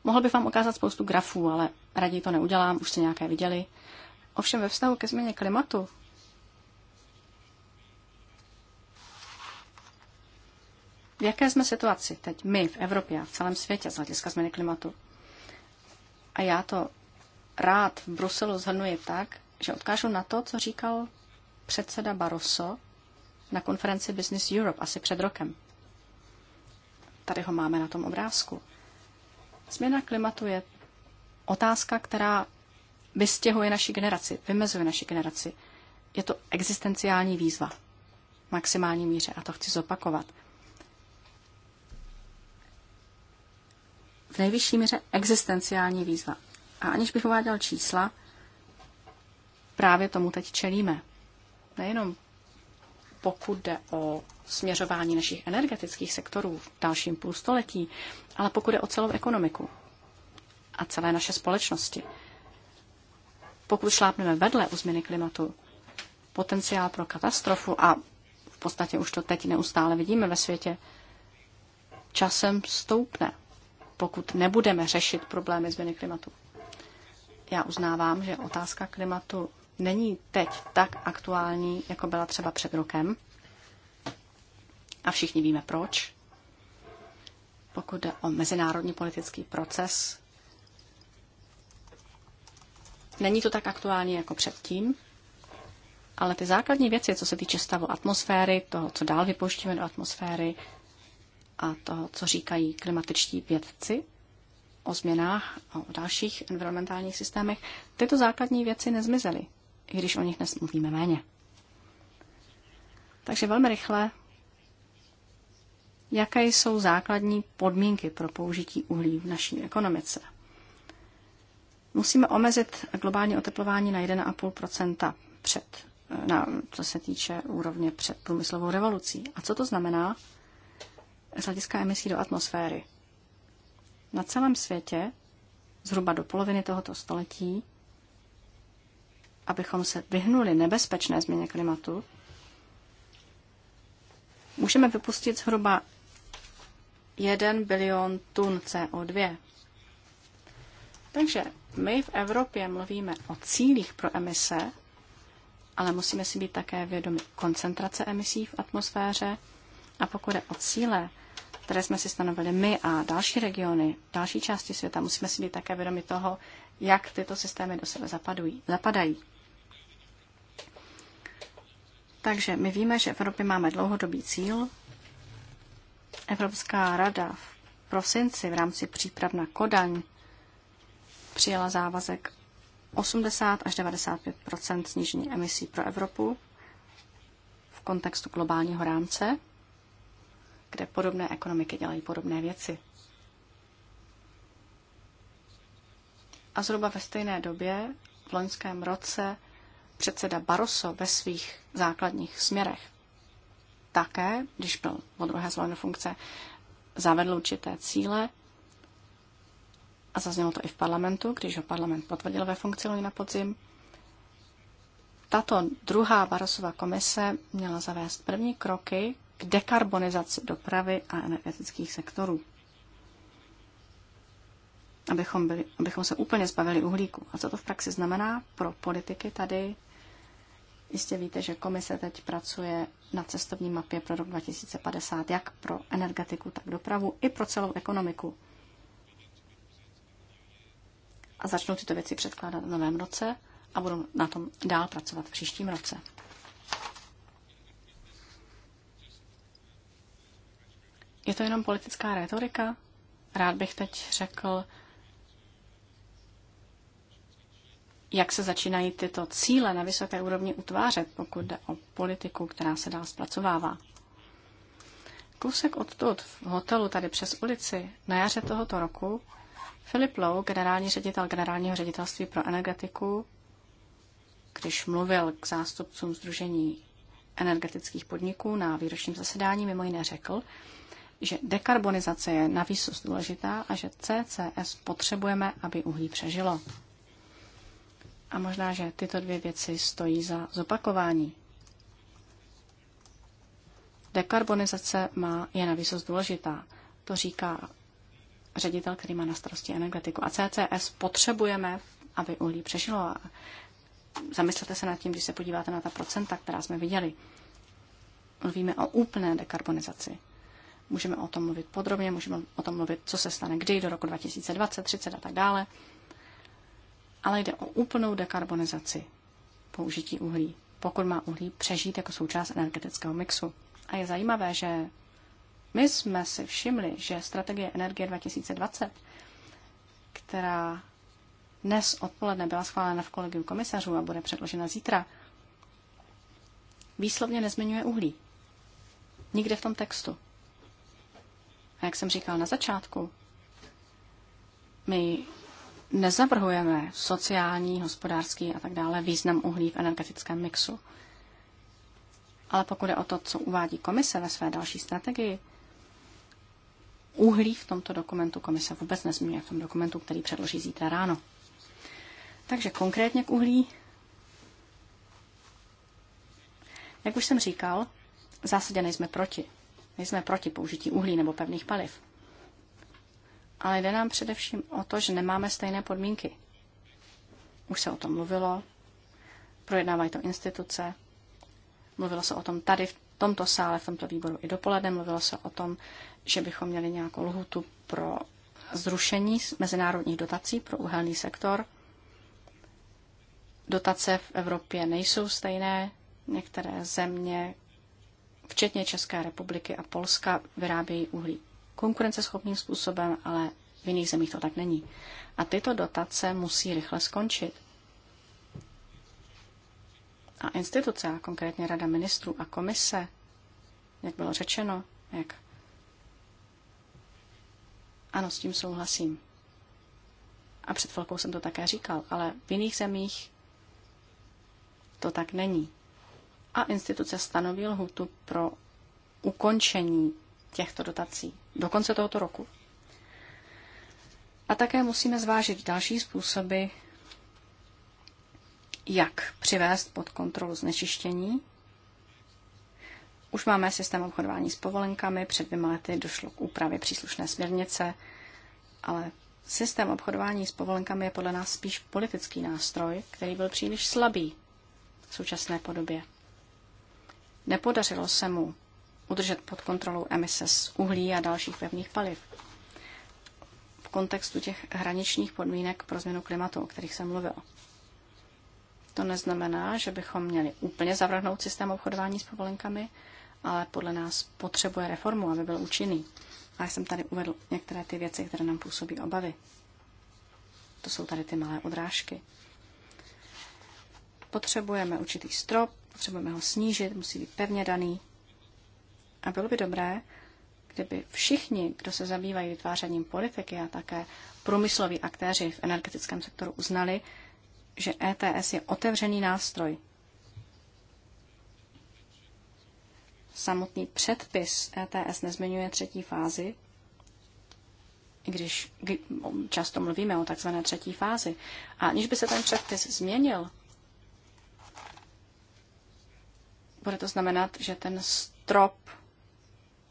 Mohl bych vám ukázat spoustu grafů, ale raději to neudělám, už jste nějaké viděli. Ovšem ve vztahu ke změně klimatu V jaké jsme situaci teď my v Evropě a v celém světě z hlediska změny klimatu? A já to rád v Bruselu zhrnuji tak, že odkážu na to, co říkal předseda Barroso na konferenci Business Europe asi před rokem. Tady ho máme na tom obrázku. Změna klimatu je otázka, která vystěhuje naši generaci, vymezuje naši generaci. Je to existenciální výzva v maximální míře a to chci zopakovat. V nejvyšší míře existenciální výzva. A aniž bych uváděl čísla, právě tomu teď čelíme. Nejenom pokud jde o směřování našich energetických sektorů v dalším půlstoletí, ale pokud jde o celou ekonomiku a celé naše společnosti. Pokud šlápneme vedle u změny klimatu, potenciál pro katastrofu a v podstatě už to teď neustále vidíme ve světě, časem stoupne, pokud nebudeme řešit problémy změny klimatu. Já uznávám, že otázka klimatu není teď tak aktuální, jako byla třeba před rokem. A všichni víme proč. Pokud jde o mezinárodní politický proces, není to tak aktuální jako předtím, ale ty základní věci, co se týče stavu atmosféry, toho, co dál vypouštíme do atmosféry a toho, co říkají klimatičtí vědci o změnách, o dalších environmentálních systémech, tyto základní věci nezmizely i když o nich dnes mluvíme méně. Takže velmi rychle, jaké jsou základní podmínky pro použití uhlí v naší ekonomice? Musíme omezit globální oteplování na 1,5 před, na, co se týče úrovně před průmyslovou revolucí. A co to znamená z hlediska emisí do atmosféry? Na celém světě zhruba do poloviny tohoto století abychom se vyhnuli nebezpečné změně klimatu, můžeme vypustit zhruba 1 bilion tun CO2. Takže my v Evropě mluvíme o cílích pro emise, ale musíme si být také vědomi koncentrace emisí v atmosféře a pokud je o cíle, které jsme si stanovili my a další regiony, další části světa, musíme si být také vědomi toho, jak tyto systémy do sebe zapadují, zapadají. Takže my víme, že v Evropě máme dlouhodobý cíl. Evropská rada v prosinci v rámci příprav na Kodaň přijela závazek 80 až 95 snížení emisí pro Evropu v kontextu globálního rámce, kde podobné ekonomiky dělají podobné věci. A zhruba ve stejné době, v loňském roce, předseda Barroso ve svých základních směrech také, když byl po druhé zvolen do funkce, zavedl určité cíle a zaznělo to i v parlamentu, když ho parlament potvrdil ve funkci loni na podzim. Tato druhá Barosova komise měla zavést první kroky k dekarbonizaci dopravy a energetických sektorů. Abychom, byli, abychom se úplně zbavili uhlíku. A co to v praxi znamená pro politiky tady Jistě víte, že komise teď pracuje na cestovní mapě pro rok 2050, jak pro energetiku, tak dopravu, i pro celou ekonomiku. A začnou tyto věci předkládat v novém roce a budou na tom dál pracovat v příštím roce. Je to jenom politická retorika? Rád bych teď řekl, jak se začínají tyto cíle na vysoké úrovni utvářet, pokud jde o politiku, která se dál zpracovává. Kousek odtud v hotelu tady přes ulici na jaře tohoto roku Filip Lou, generální ředitel generálního ředitelství pro energetiku, když mluvil k zástupcům Združení energetických podniků na výročním zasedání, mimo jiné řekl, že dekarbonizace je navíc důležitá a že CCS potřebujeme, aby uhlí přežilo. A možná, že tyto dvě věci stojí za zopakování. Dekarbonizace má, je na výsost důležitá. To říká ředitel, který má na starosti energetiku. A CCS potřebujeme, aby uhlí přežilo. Zamyslete se nad tím, když se podíváte na ta procenta, která jsme viděli. Mluvíme o úplné dekarbonizaci. Můžeme o tom mluvit podrobně, můžeme o tom mluvit, co se stane kdy do roku 2020, 30 a tak dále ale jde o úplnou dekarbonizaci použití uhlí, pokud má uhlí přežít jako součást energetického mixu. A je zajímavé, že my jsme si všimli, že strategie Energie 2020, která dnes odpoledne byla schválena v kolegiu komisařů a bude předložena zítra, výslovně nezmiňuje uhlí. Nikde v tom textu. A jak jsem říkal na začátku, my nezavrhujeme sociální, hospodářský a tak dále význam uhlí v energetickém mixu. Ale pokud je o to, co uvádí komise ve své další strategii, uhlí v tomto dokumentu komise vůbec nezmíní v tom dokumentu, který předloží zítra ráno. Takže konkrétně k uhlí. Jak už jsem říkal, v zásadě nejsme proti. Nejsme proti použití uhlí nebo pevných paliv ale jde nám především o to, že nemáme stejné podmínky. Už se o tom mluvilo, projednávají to instituce, mluvilo se o tom tady v tomto sále, v tomto výboru i dopoledne, mluvilo se o tom, že bychom měli nějakou lhutu pro zrušení mezinárodních dotací pro uhelný sektor. Dotace v Evropě nejsou stejné. Některé země, včetně České republiky a Polska, vyrábějí uhlí konkurenceschopným způsobem, ale v jiných zemích to tak není. A tyto dotace musí rychle skončit. A instituce, a konkrétně Rada ministrů a komise, jak bylo řečeno, jak? Ano, s tím souhlasím. A před chvilkou jsem to také říkal, ale v jiných zemích to tak není. A instituce stanoví lhutu pro ukončení těchto dotací do konce tohoto roku. A také musíme zvážit další způsoby, jak přivést pod kontrolu znečištění. Už máme systém obchodování s povolenkami, před dvěma lety došlo k úpravě příslušné směrnice, ale systém obchodování s povolenkami je podle nás spíš politický nástroj, který byl příliš slabý v současné podobě. Nepodařilo se mu udržet pod kontrolou emise z uhlí a dalších pevných paliv. V kontextu těch hraničních podmínek pro změnu klimatu, o kterých jsem mluvil. To neznamená, že bychom měli úplně zavrhnout systém obchodování s povolenkami, ale podle nás potřebuje reformu, aby byl účinný. A jsem tady uvedl některé ty věci, které nám působí obavy. To jsou tady ty malé odrážky. Potřebujeme určitý strop, potřebujeme ho snížit, musí být pevně daný, a bylo by dobré, kdyby všichni, kdo se zabývají vytvářením politiky a také průmysloví aktéři v energetickém sektoru uznali, že ETS je otevřený nástroj. Samotný předpis ETS nezmiňuje třetí fázi, i když často mluvíme o takzvané třetí fázi. A aniž by se ten předpis změnil, bude to znamenat, že ten strop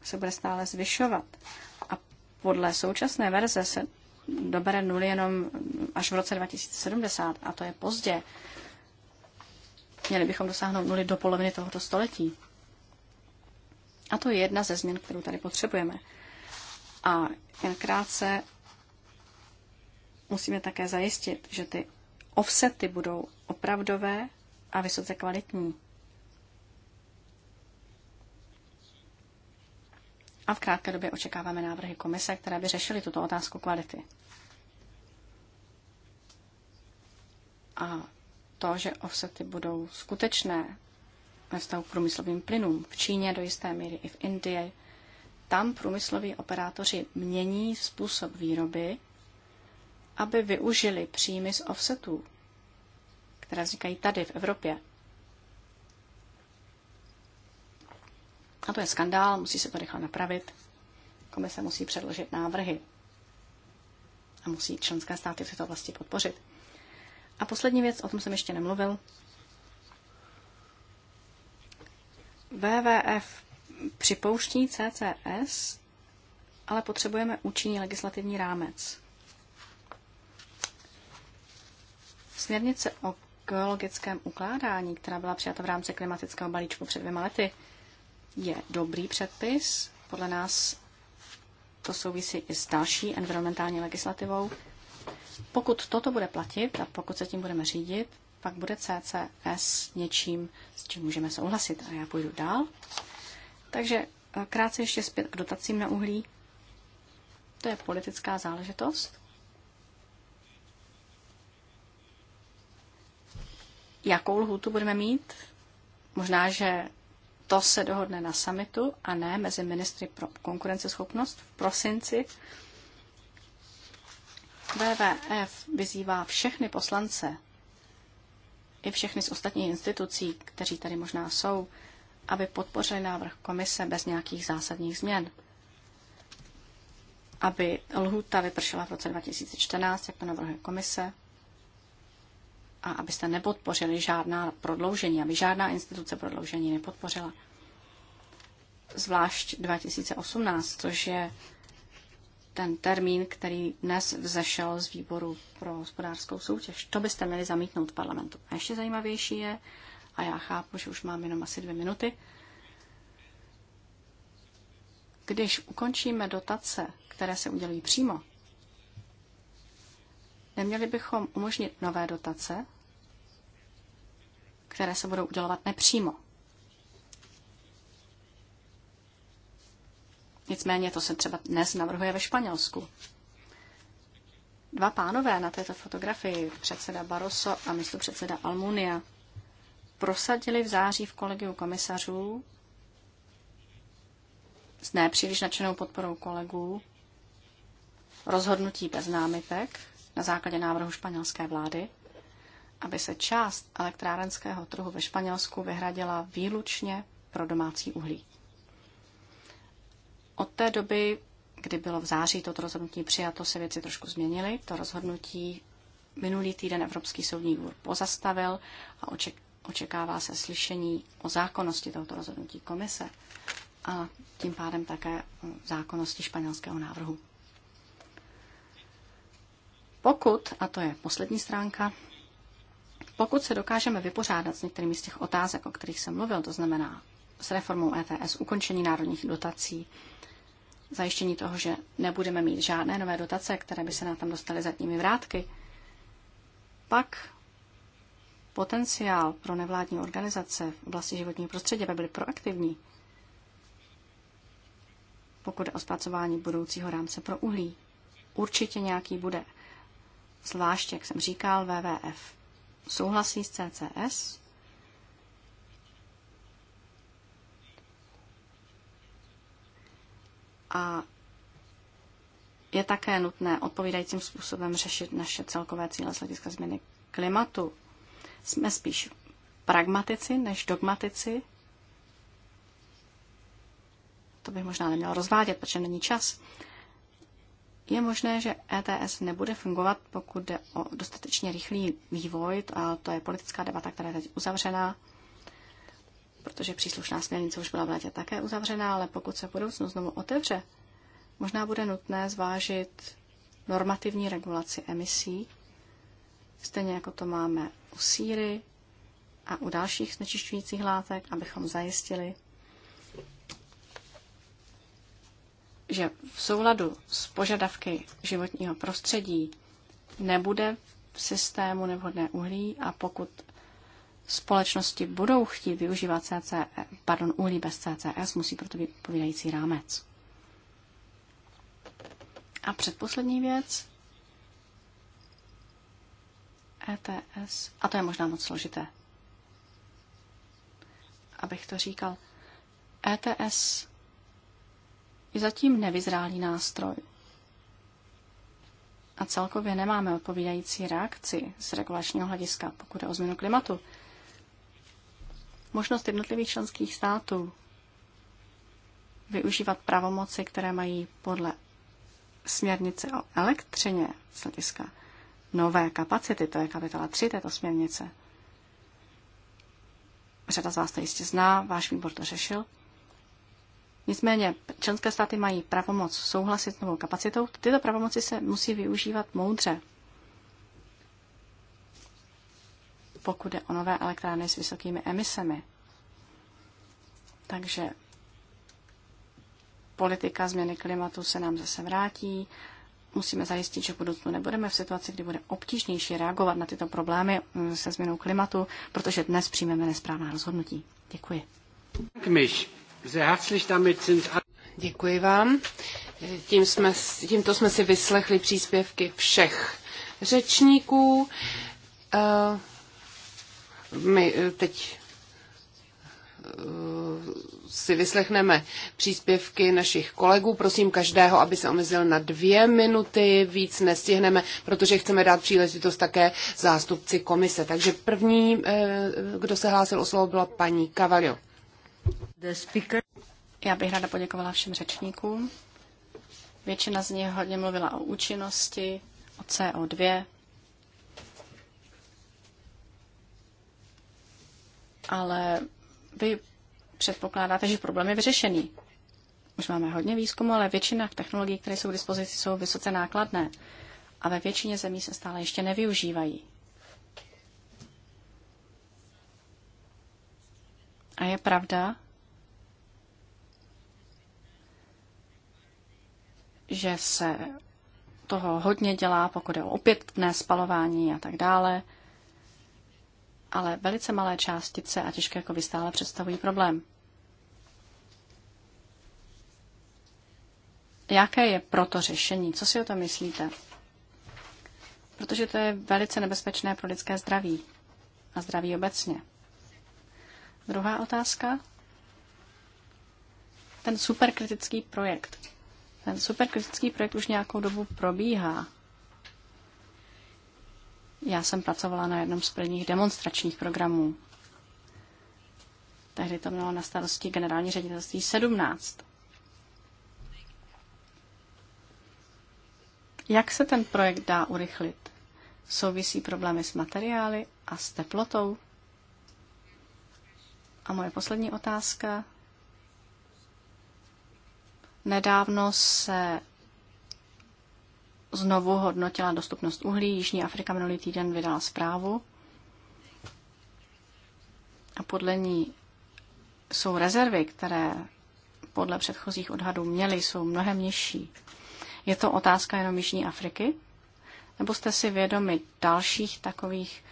se bude stále zvyšovat. A podle současné verze se dobere nuly jenom až v roce 2070 a to je pozdě. Měli bychom dosáhnout nuly do poloviny tohoto století. A to je jedna ze změn, kterou tady potřebujeme. A jen krátce musíme také zajistit, že ty offsety budou opravdové a vysoce kvalitní. A v krátké době očekáváme návrhy komise, které by řešily tuto otázku kvality. A to, že offsety budou skutečné ve vztahu k průmyslovým plynům v Číně do jisté míry i v Indii, tam průmysloví operátoři mění způsob výroby, aby využili příjmy z offsetů, které vznikají tady v Evropě A to je skandál, musí se to rychle napravit. Komise musí předložit návrhy a musí členské státy v této oblasti podpořit. A poslední věc, o tom jsem ještě nemluvil. WWF připouští CCS, ale potřebujeme účinný legislativní rámec. Směrnice o geologickém ukládání, která byla přijata v rámci klimatického balíčku před dvěma lety, je dobrý předpis. Podle nás to souvisí i s další environmentální legislativou. Pokud toto bude platit a pokud se tím budeme řídit, pak bude CCS něčím, s čím můžeme souhlasit. A já půjdu dál. Takže eh, krátce ještě zpět k dotacím na uhlí. To je politická záležitost. Jakou lhůtu budeme mít? Možná, že to se dohodne na summitu a ne mezi ministry pro konkurenceschopnost v prosinci. WWF vyzývá všechny poslance i všechny z ostatních institucí, kteří tady možná jsou, aby podpořili návrh komise bez nějakých zásadních změn. Aby lhuta vypršela v roce 2014, jak to navrhuje komise, a abyste nepodpořili žádná prodloužení, aby žádná instituce prodloužení nepodpořila. Zvlášť 2018, což je ten termín, který dnes vzešel z výboru pro hospodářskou soutěž. To byste měli zamítnout parlamentu. A ještě zajímavější je, a já chápu, že už mám jenom asi dvě minuty, když ukončíme dotace, které se udělují přímo, neměli bychom umožnit nové dotace, které se budou udělovat nepřímo. Nicméně to se třeba dnes navrhuje ve Španělsku. Dva pánové na této fotografii, předseda Barroso a místo předseda Almunia, prosadili v září v kolegiu komisařů s nepříliš nadšenou podporou kolegů rozhodnutí bez námitek na základě návrhu španělské vlády, aby se část elektrárenského trhu ve Španělsku vyhradila výlučně pro domácí uhlí. Od té doby, kdy bylo v září toto rozhodnutí přijato, se věci trošku změnily. To rozhodnutí minulý týden Evropský soudní dvůr pozastavil a očekává se slyšení o zákonnosti tohoto rozhodnutí komise a tím pádem také o zákonnosti španělského návrhu. Pokud, a to je poslední stránka, pokud se dokážeme vypořádat s některými z těch otázek, o kterých jsem mluvil, to znamená s reformou ETS, ukončení národních dotací, zajištění toho, že nebudeme mít žádné nové dotace, které by se nám tam dostaly zadními vrátky, pak potenciál pro nevládní organizace v oblasti životního prostředí, aby byly proaktivní, pokud je o zpracování budoucího rámce pro uhlí. Určitě nějaký bude. Zvlášť, jak jsem říkal, WWF souhlasí s CCS, a je také nutné odpovídajícím způsobem řešit naše celkové cíle z hlediska změny klimatu. Jsme spíš pragmatici než dogmatici. To bych možná neměla rozvádět, protože není čas. Je možné, že ETS nebude fungovat, pokud jde o dostatečně rychlý vývoj, a to je politická debata, která je teď uzavřená, protože příslušná směrnice už byla v létě také uzavřená, ale pokud se v budoucnu znovu otevře, možná bude nutné zvážit normativní regulaci emisí, stejně jako to máme u síry a u dalších znečišťujících látek, abychom zajistili, že v souladu s požadavky životního prostředí nebude v systému nevhodné uhlí a pokud společnosti budou chtít využívat CC, pardon, uhlí bez CCS, musí proto být odpovídající rámec. A předposlední věc. ETS. A to je možná moc složité. Abych to říkal. ETS je zatím nevyzrálý nástroj. A celkově nemáme odpovídající reakci z regulačního hlediska, pokud je o změnu klimatu. Možnost jednotlivých členských států využívat pravomoci, které mají podle směrnice o elektřině z hlediska nové kapacity, to je kapitola 3 této směrnice. Řada z vás to jistě zná, váš výbor to řešil. Nicméně členské státy mají pravomoc souhlasit s novou kapacitou. Tyto pravomoci se musí využívat moudře, pokud jde o nové elektrárny s vysokými emisemi. Takže politika změny klimatu se nám zase vrátí. Musíme zajistit, že v budoucnu nebudeme v situaci, kdy bude obtížnější reagovat na tyto problémy mm, se změnou klimatu, protože dnes přijmeme nesprávná rozhodnutí. Děkuji. Děkuji. Děkuji vám. Tím jsme, tímto jsme si vyslechli příspěvky všech řečníků. Eh, my eh, teď eh, si vyslechneme příspěvky našich kolegů. Prosím každého, aby se omezil na dvě minuty, víc nestihneme, protože chceme dát příležitost také zástupci komise. Takže první, kdo se hlásil o slovo, byla paní Kavalio. Já bych ráda poděkovala všem řečníkům. Většina z nich hodně mluvila o účinnosti, o CO2. Ale vy předpokládáte, že problém je vyřešený. Už máme hodně výzkumu, ale většina technologií, které jsou k dispozici, jsou vysoce nákladné a ve většině zemí se stále ještě nevyužívají. A je pravda, že se toho hodně dělá, pokud je o opětné spalování a tak dále, ale velice malé částice a těžké kovy stále představují problém. Jaké je proto řešení? Co si o tom myslíte? Protože to je velice nebezpečné pro lidské zdraví a zdraví obecně. Druhá otázka. Ten superkritický projekt. Ten superkritický projekt už nějakou dobu probíhá. Já jsem pracovala na jednom z prvních demonstračních programů. Tehdy to mělo na starosti generální ředitelství 17. Jak se ten projekt dá urychlit? Souvisí problémy s materiály a s teplotou? A moje poslední otázka. Nedávno se znovu hodnotila dostupnost uhlí. Jižní Afrika minulý týden vydala zprávu a podle ní jsou rezervy, které podle předchozích odhadů měly, jsou mnohem nižší. Je to otázka jenom Jižní Afriky? Nebo jste si vědomi dalších takových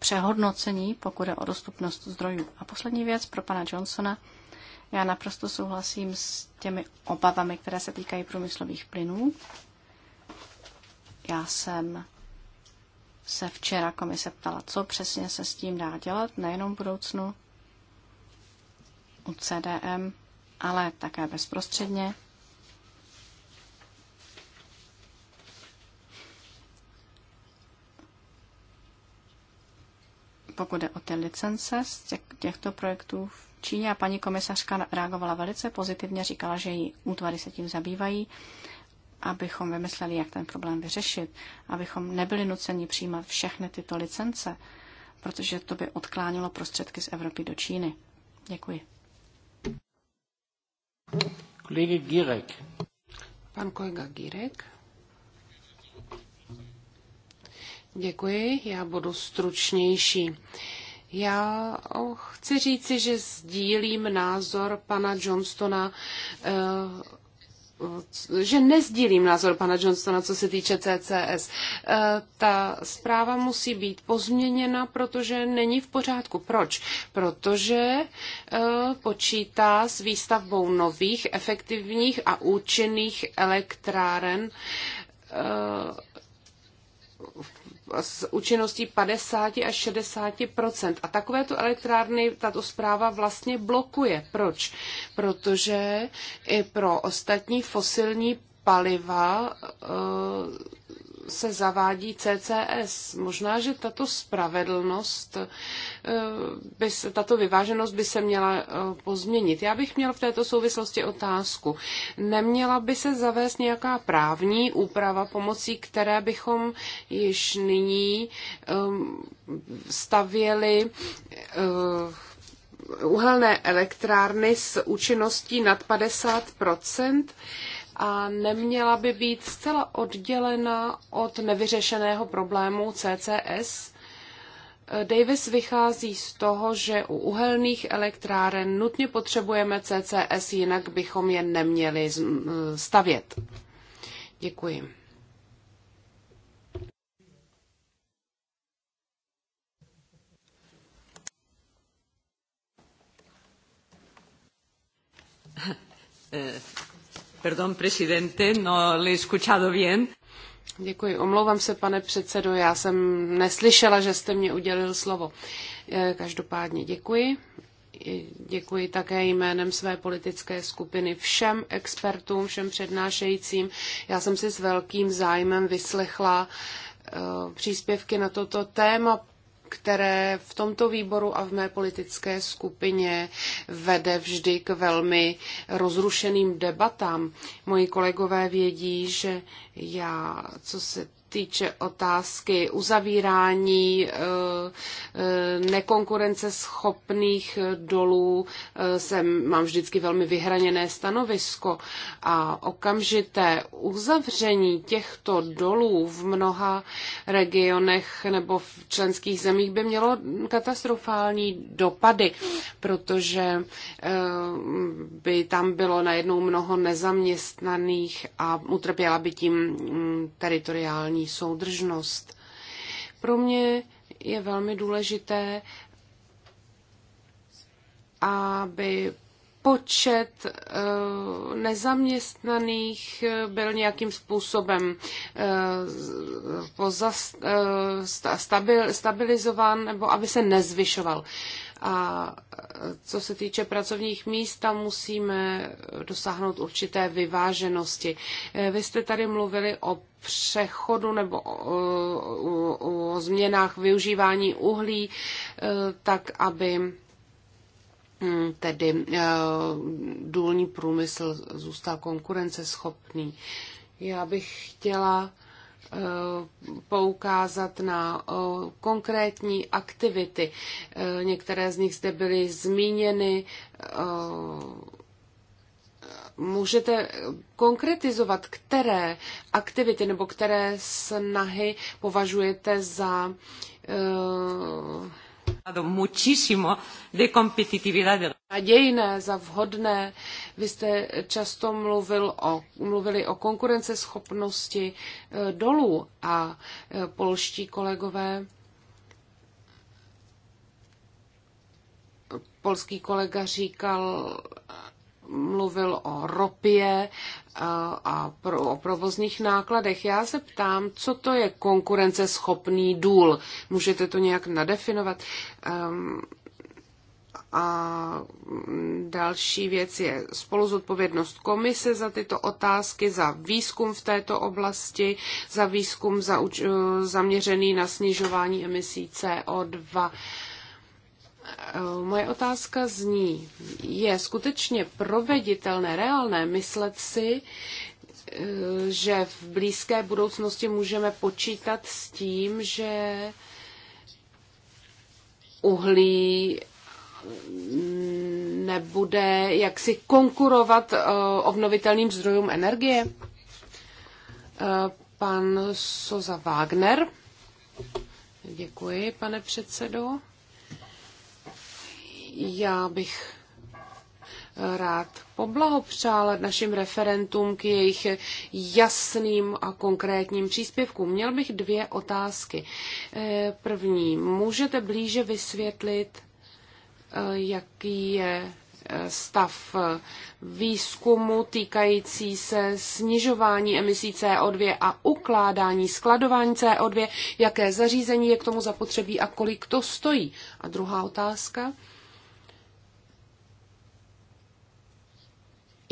přehodnocení, pokud je o dostupnost zdrojů. A poslední věc pro pana Johnsona. Já naprosto souhlasím s těmi obavami, které se týkají průmyslových plynů. Já jsem se včera komise ptala, co přesně se s tím dá dělat, nejenom v budoucnu u CDM, ale také bezprostředně. pokud je o ty licence z těch, těchto projektů v Číně a paní komisařka reagovala velice pozitivně, říkala, že její útvary se tím zabývají, abychom vymysleli, jak ten problém vyřešit, abychom nebyli nuceni přijímat všechny tyto licence, protože to by odklánilo prostředky z Evropy do Číny. Děkuji. Kolega Girek. Pan kolega Girek. Děkuji, já budu stručnější. Já chci říci, že sdílím názor pana Johnstona, eh, že nezdílím názor pana Johnstona, co se týče CCS. Eh, ta zpráva musí být pozměněna, protože není v pořádku. Proč? Protože eh, počítá s výstavbou nových, efektivních a účinných elektráren s účinností 50 až 60 A takovéto elektrárny tato zpráva vlastně blokuje. Proč? Protože i pro ostatní fosilní paliva se zavádí CCS. Možná, že tato spravedlnost, eh, by se, tato vyváženost by se měla eh, pozměnit. Já bych měl v této souvislosti otázku. Neměla by se zavést nějaká právní úprava, pomocí které bychom již nyní ehm, stavěli eh, uhelné elektrárny s účinností nad 50 a neměla by být zcela oddělena od nevyřešeného problému CCS. Davis vychází z toho, že u uhelných elektráren nutně potřebujeme CCS, jinak bychom je neměli stavět. Děkuji. Uh Perdón, presidente, no le escuchado bien. Děkuji, omlouvám se, pane předsedo, já jsem neslyšela, že jste mě udělil slovo. Eh, každopádně děkuji. Děkuji také jménem své politické skupiny všem expertům, všem přednášejícím. Já jsem si s velkým zájmem vyslechla eh, příspěvky na toto téma, které v tomto výboru a v mé politické skupině vede vždy k velmi rozrušeným debatám. Moji kolegové vědí, že já, co se týče otázky uzavírání eh, eh, nekonkurenceschopných dolů, jsem, eh, mám vždycky velmi vyhraněné stanovisko a okamžité uzavření těchto dolů v mnoha regionech nebo v členských zemích by mělo katastrofální dopady, protože by tam bylo najednou mnoho nezaměstnaných a utrpěla by tím mm, teritoriální sociální soudržnost. Pro mě je velmi důležité, aby počet eh, nezaměstnaných eh, byl nějakým způsobem eh, stabilizován nebo aby se nezvyšoval. A eh, co se týče pracovních míst, tam musíme dosáhnout určité vyváženosti. Eh, vy jste tady mluvili o přechodu nebo o, o, o změnách využívání uhlí, eh, tak aby hm, tedy důlní průmysl zůstal konkurenceschopný. Já bych chtěla Eh, poukázat na eh, konkrétní aktivity. Eh, některé z nich zde byly zmíněny. Můžete konkretizovat, které aktivity nebo které snahy považujete za muchísimo de competitividad nadějné, za vhodné. Vy jste často mluvil o, mluvili o konkurenceschopnosti eh, dolů a eh, polští kolegové polský kolega říkal, mluvil o ropě a, eh, a pro, o provozních nákladech. Já se ptám, co to je konkurenceschopný důl? Můžete to nějak nadefinovat? Um, a další věc je spoluzodpovědnost komise za tyto otázky, za výzkum v této oblasti, za výzkum za, zaměřený na snižování emisí CO2. E, moje otázka zní, je skutečně proveditelné, reálné myslet si, e, že v blízké budoucnosti můžeme počítat s tím, že uhlí nebude jaksi konkurovat eh, obnovitelným zdrojům energie? Eh, pan Soza Wagner. Děkuji, pane předsedo. Já bych rád poblahopřál našim referentům k jejich jasným a konkrétním příspěvkům. Měl bych dvě otázky. Eh, první, můžete blíže vysvětlit jaký je eh, stav eh, výzkumu týkající se snižování emisí CO2 a ukládání, skladování CO2, jaké zařízení je k tomu zapotřebí a kolik to stojí. A druhá otázka.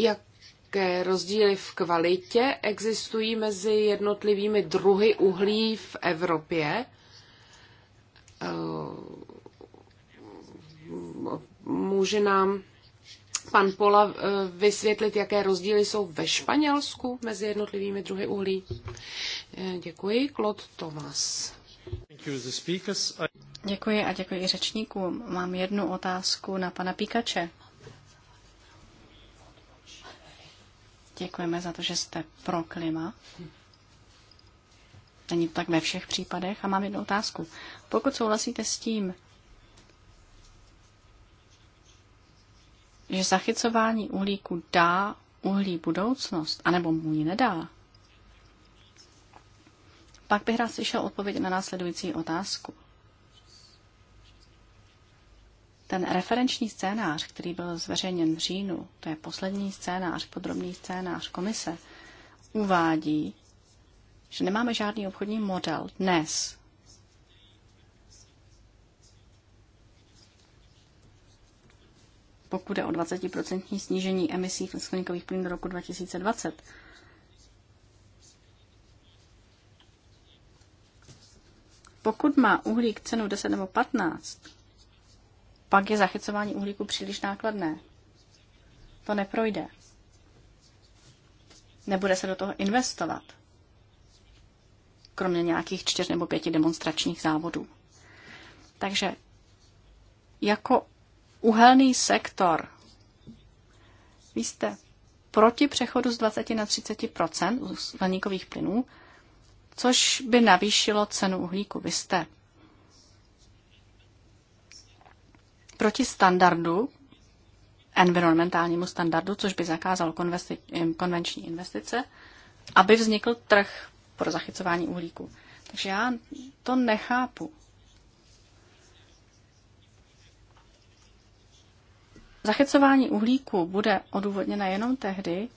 Jaké rozdíly v kvalitě existují mezi jednotlivými druhy uhlí v Evropě? Eh, může nám pan Pola eh, vysvětlit, jaké rozdíly jsou ve Španělsku mezi jednotlivými druhy uhlí? Eh, děkuji, Klod Tomas. Děkuji a děkuji řečníkům. Mám jednu otázku na pana Píkače. Děkujeme za to, že jste pro klima. Není to tak ve všech případech. A mám jednu otázku. Pokud souhlasíte s tím, že zachycování uhlíku dá uhlí budoucnost, anebo mu ji nedá? Pak bych rád slyšel odpověď na následující otázku. Ten referenční scénář, který byl zveřejněn v říjnu, to je poslední scénář, podrobný scénář komise, uvádí, že nemáme žádný obchodní model dnes, pokud je o 20% snížení emisí skleníkových plynů do roku 2020. Pokud má uhlík cenu 10 nebo 15, pak je zachycování uhlíku příliš nákladné. To neprojde. Nebude se do toho investovat, kromě nějakých čtyř nebo pěti demonstračních závodů. Takže jako uhelný sektor. Víste, proti přechodu z 20 na 30 u skleníkových plynů, což by navýšilo cenu uhlíku. Vy jste proti standardu, environmentálnímu standardu, což by zakázal konvenční investice, aby vznikl trh pro zachycování uhlíku. Takže já to nechápu. Zachycování uhlíku bude odůvodněné jenom tehdy,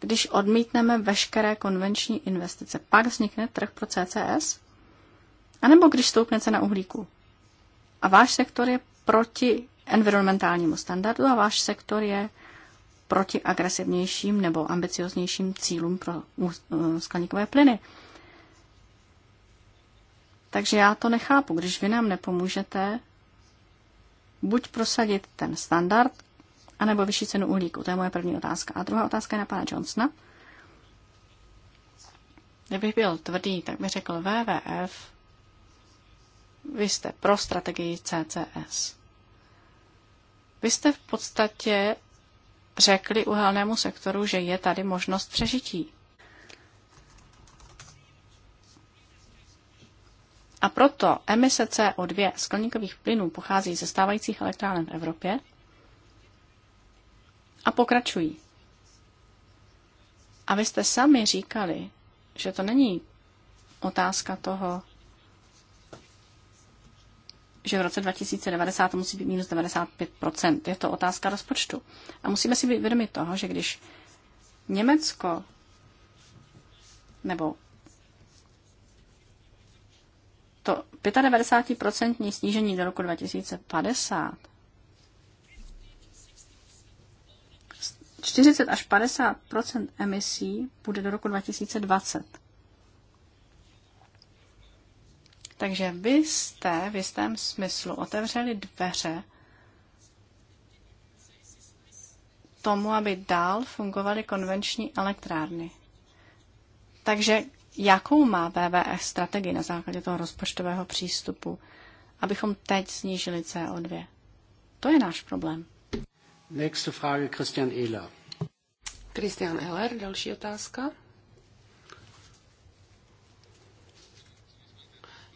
když odmítneme veškeré konvenční investice. Pak vznikne trh pro CCS, anebo když stoupne cena uhlíku. A váš sektor je proti environmentálnímu standardu a váš sektor je proti agresivnějším nebo ambicioznějším cílům pro e, skleníkové plyny. Takže já to nechápu, když vy nám nepomůžete, buď prosadit ten standard, anebo vyšší cenu uhlíku? To je moje první otázka. A druhá otázka je na pana Johnsona. Kdybych byl tvrdý, tak bych řekl WWF, vy jste pro strategii CCS. Vy jste v podstatě řekli uhelnému sektoru, že je tady možnost přežití. A proto emise CO2 skleníkových plynů pochází ze stávajících elektráren v Evropě a pokračují. A vy jste sami říkali, že to není otázka toho, že v roce 2090 musí být minus 95%. Je to otázka rozpočtu. A musíme si být vědomi toho, že když Německo nebo to 95% snížení do roku 2050 40 až 50 emisí bude do roku 2020. Takže vy jste v jistém smyslu otevřeli dveře tomu, aby dál fungovaly konvenční elektrárny. Takže Jakou má VVF strategii na základě toho rozpočtového přístupu, abychom teď snížili CO2? To je náš problém. Nächste Frage, Christian Ehler. Christian Ehler, další otázka.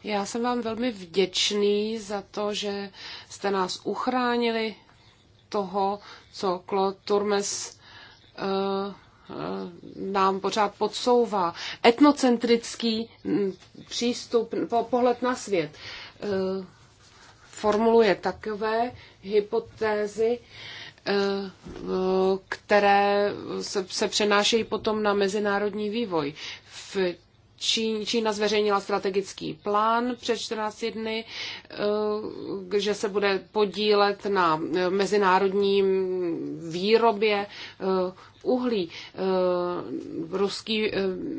Já jsem vám velmi vděčný za to, že jste nás uchránili toho, co Claude Turmes uh, Eh, nám pořád podsouvá. Etnocentrický mm, přístup, pohled na svět eh, formuluje takové hypotézy, eh, které se, se přenášejí potom na mezinárodní vývoj. V Čína zveřejnila strategický plán před 14 dny, eh, že se bude podílet na eh, mezinárodním výrobě eh, uhlí. Ruský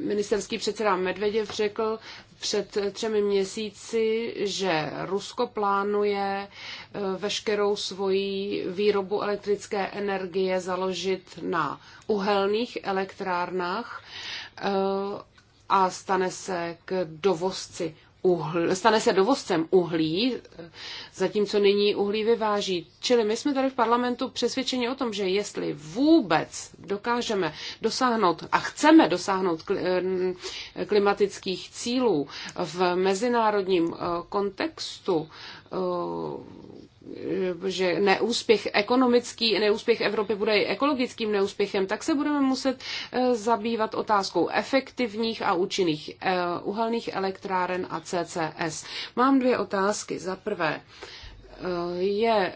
ministerský předseda Medveděv řekl před třemi měsíci, že Rusko plánuje veškerou svoji výrobu elektrické energie založit na uhelných elektrárnách a stane se k dovozci uhl, stane se dovozcem uhlí, zatímco nyní uhlí vyváží. Čili my jsme tady v parlamentu přesvědčeni o tom, že jestli vůbec dokážeme dosáhnout a chceme dosáhnout eh, klimatických cílů v mezinárodním eh, kontextu, eh, že neúspěch ekonomický, neúspěch Evropy bude i ekologickým neúspěchem, tak se budeme muset eh, zabývat otázkou efektivních a účinných eh, uhelných elektráren a CCS. Mám dvě otázky. Za prvé, je eh,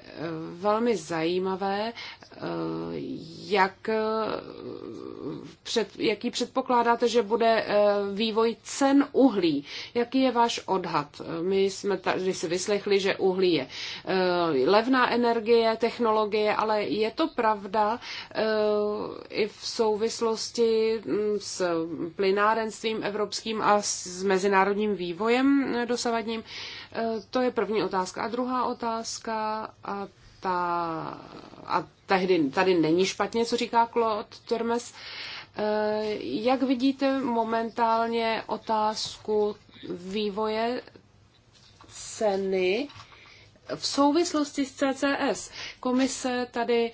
velmi zajímavé, eh, jak eh, před, jaký předpokládáte, že bude vývoj cen uhlí. Jaký je váš odhad? My jsme tady si vyslechli, že uhlí je levná energie, technologie, ale je to pravda i v souvislosti mm, s plynárenstvím evropským a s mezinárodním vývojem dosavadním. Eh, to je první otázka. A druhá otázka, a ta, a tehdy, tady není špatně, co říká Claude Termes, eh, jak vidíte momentálně otázku vývoje ceny v souvislosti s CCS. Komise tady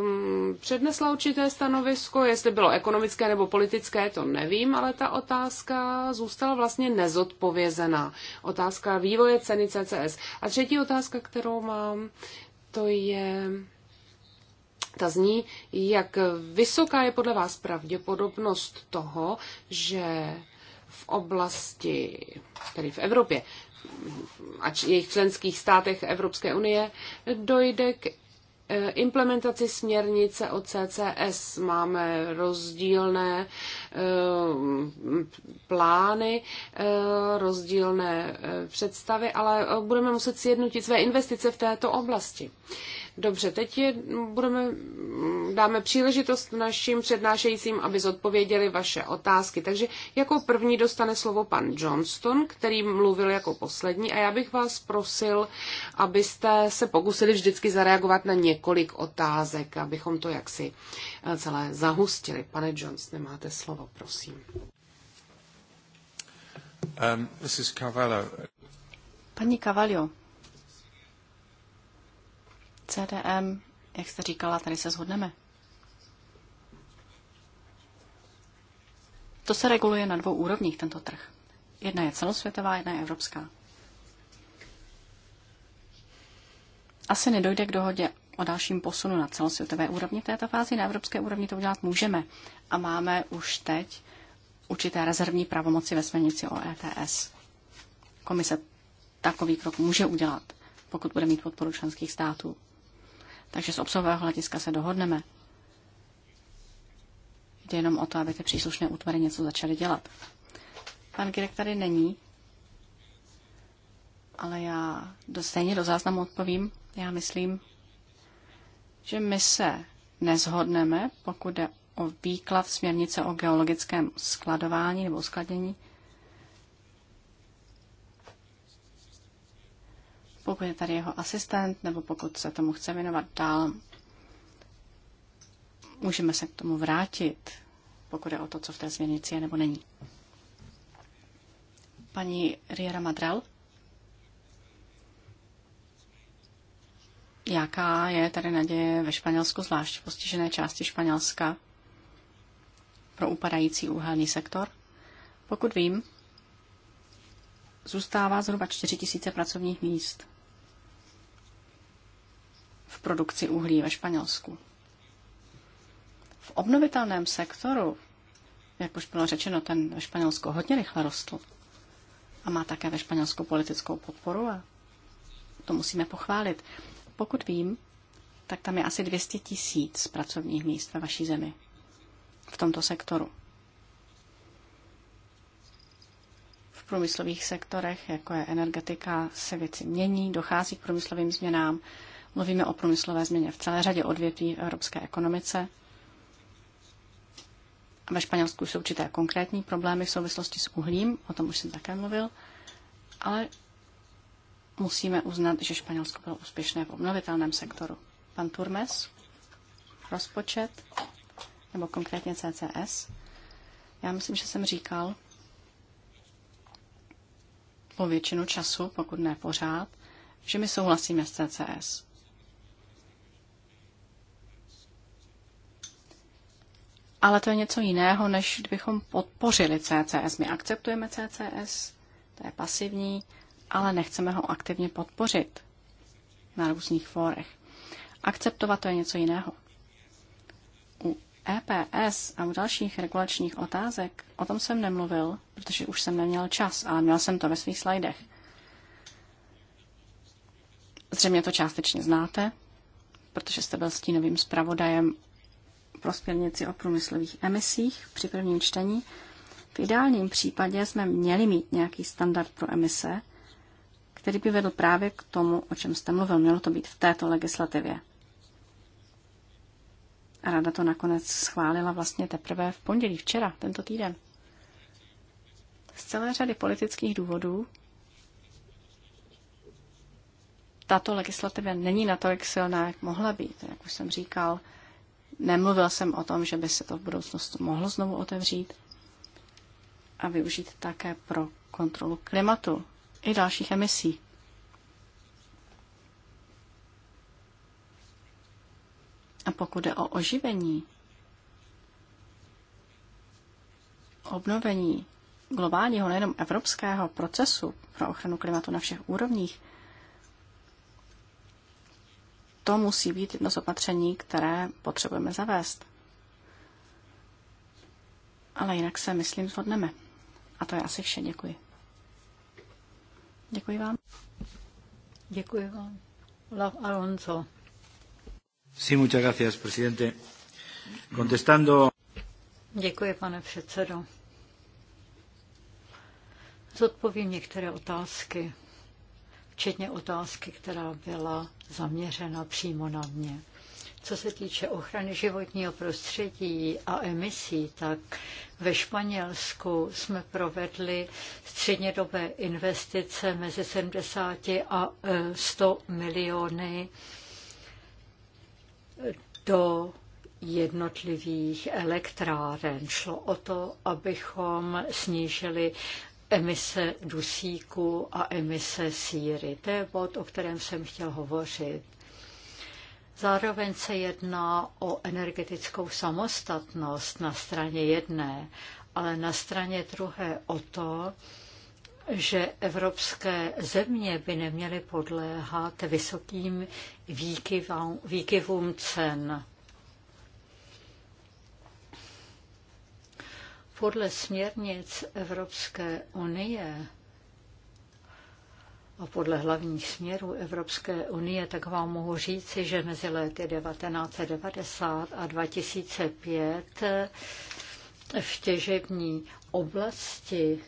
um, přednesla určité stanovisko, jestli bylo ekonomické nebo politické, to nevím, ale ta otázka zůstala vlastně nezodpovězená. Otázka vývoje ceny CCS. A třetí otázka, kterou mám, to je ta zní, jak vysoká je podle vás pravděpodobnost toho, že v oblasti, tedy v Evropě, a jejich členských státech Evropské unie dojde k e, implementaci směrnice o CCS. Máme rozdílné e, plány, e, rozdílné představy, ale budeme muset sjednotit své investice v této oblasti. Dobře, teď je, budeme, dáme příležitost našim přednášejícím, aby zodpověděli vaše otázky. Takže jako první dostane slovo pan Johnston, který mluvil jako poslední a já bych vás prosil, abyste se pokusili vždycky zareagovat na několik otázek, abychom to jaksi eh, celé zahustili. Pane Johnston, máte slovo, prosím. Um, Mrs. Paní Cavallo, CDM, jak jste říkala, tady se shodneme. To se reguluje na dvou úrovních, tento trh. Jedna je celosvětová, jedna je evropská. Asi nedojde k dohodě o dalším posunu na celosvětové úrovni v této fázi. Na evropské úrovni to udělat můžeme. A máme už teď určité rezervní pravomoci ve směrnici o ETS. Komise takový krok může udělat, pokud bude mít podporu členských států. Takže z obsahového hlediska se dohodneme. Jde jenom o to, aby ty příslušné útvary něco začaly dělat. Pan Girek tady není, ale já do, stejně do záznamu odpovím. Já myslím, že my se nezhodneme, pokud jde o výklad směrnice o geologickém skladování nebo uskladnění. pokud je tady jeho asistent, nebo pokud se tomu chce věnovat dál, můžeme se k tomu vrátit, pokud je o to, co v té změnici je nebo není. Paní Riera Madral? Jaká je tady naděje ve Španělsku, zvlášť v postižené části Španělska pro upadající uhelný sektor? Pokud vím, zůstává zhruba 4 000 pracovních míst v produkci uhlí ve Španělsku. V obnovitelném sektoru, jak už bylo řečeno, ten ve Španělsku hodně rychle rostl a má také ve Španělsku politickou podporu a to musíme pochválit. Pokud vím, tak tam je asi 200 tisíc pracovních míst ve vaší zemi v tomto sektoru. V průmyslových sektorech, jako je energetika, se věci mění, dochází k průmyslovým změnám Mluvíme o průmyslové změně v celé řadě odvětví v evropské ekonomice. A ve Španělsku jsou určité konkrétní problémy v souvislosti s uhlím, o tom už jsem také mluvil, ale musíme uznat, že Španělsko bylo úspěšné v obnovitelném sektoru. Pan Turmes, rozpočet, nebo konkrétně CCS. Já myslím, že jsem říkal po většinu času, pokud ne pořád, že my souhlasíme s CCS. ale to je něco jiného, než kdybychom podpořili CCS. My akceptujeme CCS, to je pasivní, ale nechceme ho aktivně podpořit na různých fórech. Akceptovat to je něco jiného. U EPS a u dalších regulačních otázek o tom jsem nemluvil, protože už jsem neměl čas, ale měl jsem to ve svých slajdech. Zřejmě to částečně znáte, protože jste byl stínovým zpravodajem pro směrnici o průmyslových emisích při prvním čtení, v ideálním případě jsme měli mít nějaký standard pro emise, který by vedl právě k tomu, o čem jste mluvil. Mělo to být v této legislativě. A rada to nakonec schválila vlastně teprve v pondělí, včera, tento týden. Z celé řady politických důvodů tato legislativa není natolik silná, jak mohla být. Jak už jsem říkal, Nemluvil jsem o tom, že by se to v budoucnosti mohlo znovu otevřít a využít také pro kontrolu klimatu i dalších emisí. A pokud jde o oživení, obnovení globálního, nejenom evropského procesu pro ochranu klimatu na všech úrovních, to musí být jedno z opatření, které potřebujeme zavést. Ale jinak se, myslím, zhodneme. A to je asi vše. Děkuji. Děkuji vám. Děkuji vám. Love Alonso. Sí, muchas gracias, presidente. Contestando... Děkuji, pane předsedo. Zodpovím některé otázky včetně otázky, která byla zaměřena přímo na mě. Co se týče ochrany životního prostředí a emisí, tak ve Španělsku jsme provedli střednědobé investice mezi 70 a 100 e, miliony do jednotlivých elektráren. Šlo o to, abychom snížili emise dusíku a emise síry. To je bod, o kterém jsem chtěl hovořit. Zároveň se jedná o energetickou samostatnost na straně jedné, ale na straně druhé o to, že evropské země by neměly podléhat vysokým výkyvům cen. Podle směrnic Evropské unie a podle hlavních směrů Evropské unie, tak vám mohu říci, že mezi lety 1990 a 2005 v těžební oblasti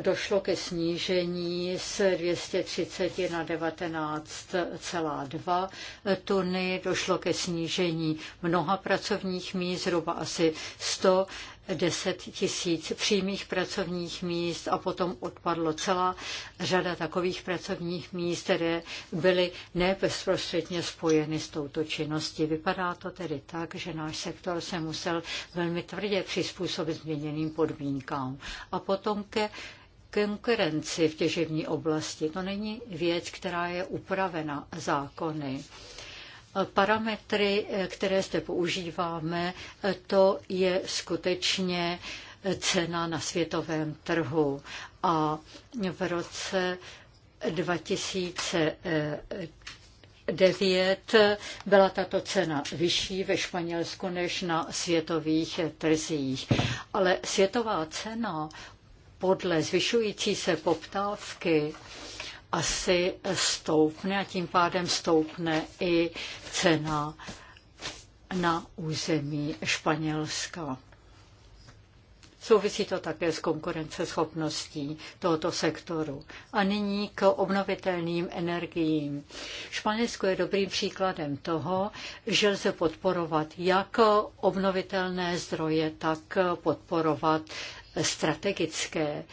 došlo ke snížení z 230 na 19,2 tuny, došlo ke snížení mnoha pracovních míst, zhruba asi 100 10 tisíc přímých pracovních míst a potom odpadlo celá řada takových pracovních míst, které byly nebezprostředně spojeny s touto činností. Vypadá to tedy tak, že náš sektor se musel velmi tvrdě přizpůsobit změněným podmínkám. A potom ke konkurenci v těžební oblasti. To není věc, která je upravena zákony. Parametry, které zde používáme, to je skutečně cena na světovém trhu. A v roce 2009 byla tato cena vyšší ve Španělsku než na světových trzích. Ale světová cena podle zvyšující se poptávky asi stoupne a tím pádem stoupne i cena na území Španělska. Souvisí to také s konkurenceschopností tohoto sektoru. A nyní k obnovitelným energiím. Španělsko je dobrým příkladem toho, že lze podporovat jak obnovitelné zdroje, tak podporovat strategické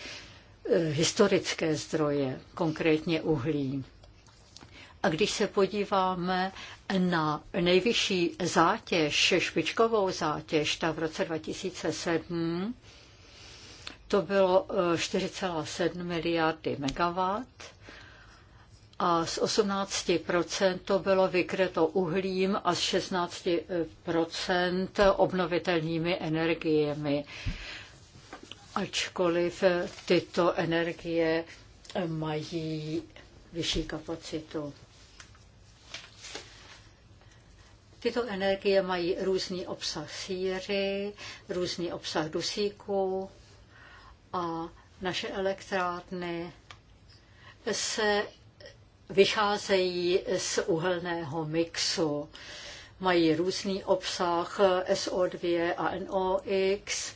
Eh, historické zdroje, konkrétně uhlí. A když se podíváme na nejvyšší zátěž, špičkovou zátěž, ta v roce 2007, to bylo 4,7 eh, miliardy megawatt a z 18% to bylo vykryto uhlím a z 16% obnovitelnými energiemi ačkoliv tyto energie mají vyšší kapacitu. Tyto energie mají různý obsah síry, různý obsah dusíku a naše elektrárny se vycházejí z uhelného mixu. Mají různý obsah SO2 a NOx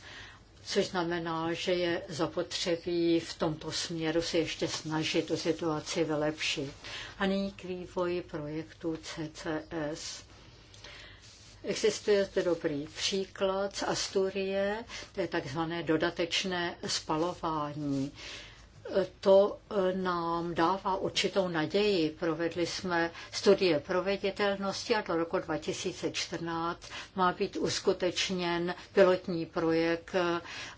což znamená, že je zapotřebí v tomto směru se ještě snažit tu situaci vylepšit. A nyní k vývoji projektu CCS. Existuje zde dobrý příklad z Asturie, to je takzvané dodatečné spalování to e, nám dává určitou naději. Provedli jsme studie proveditelnosti a do roku 2014 má být uskutečněn pilotní projekt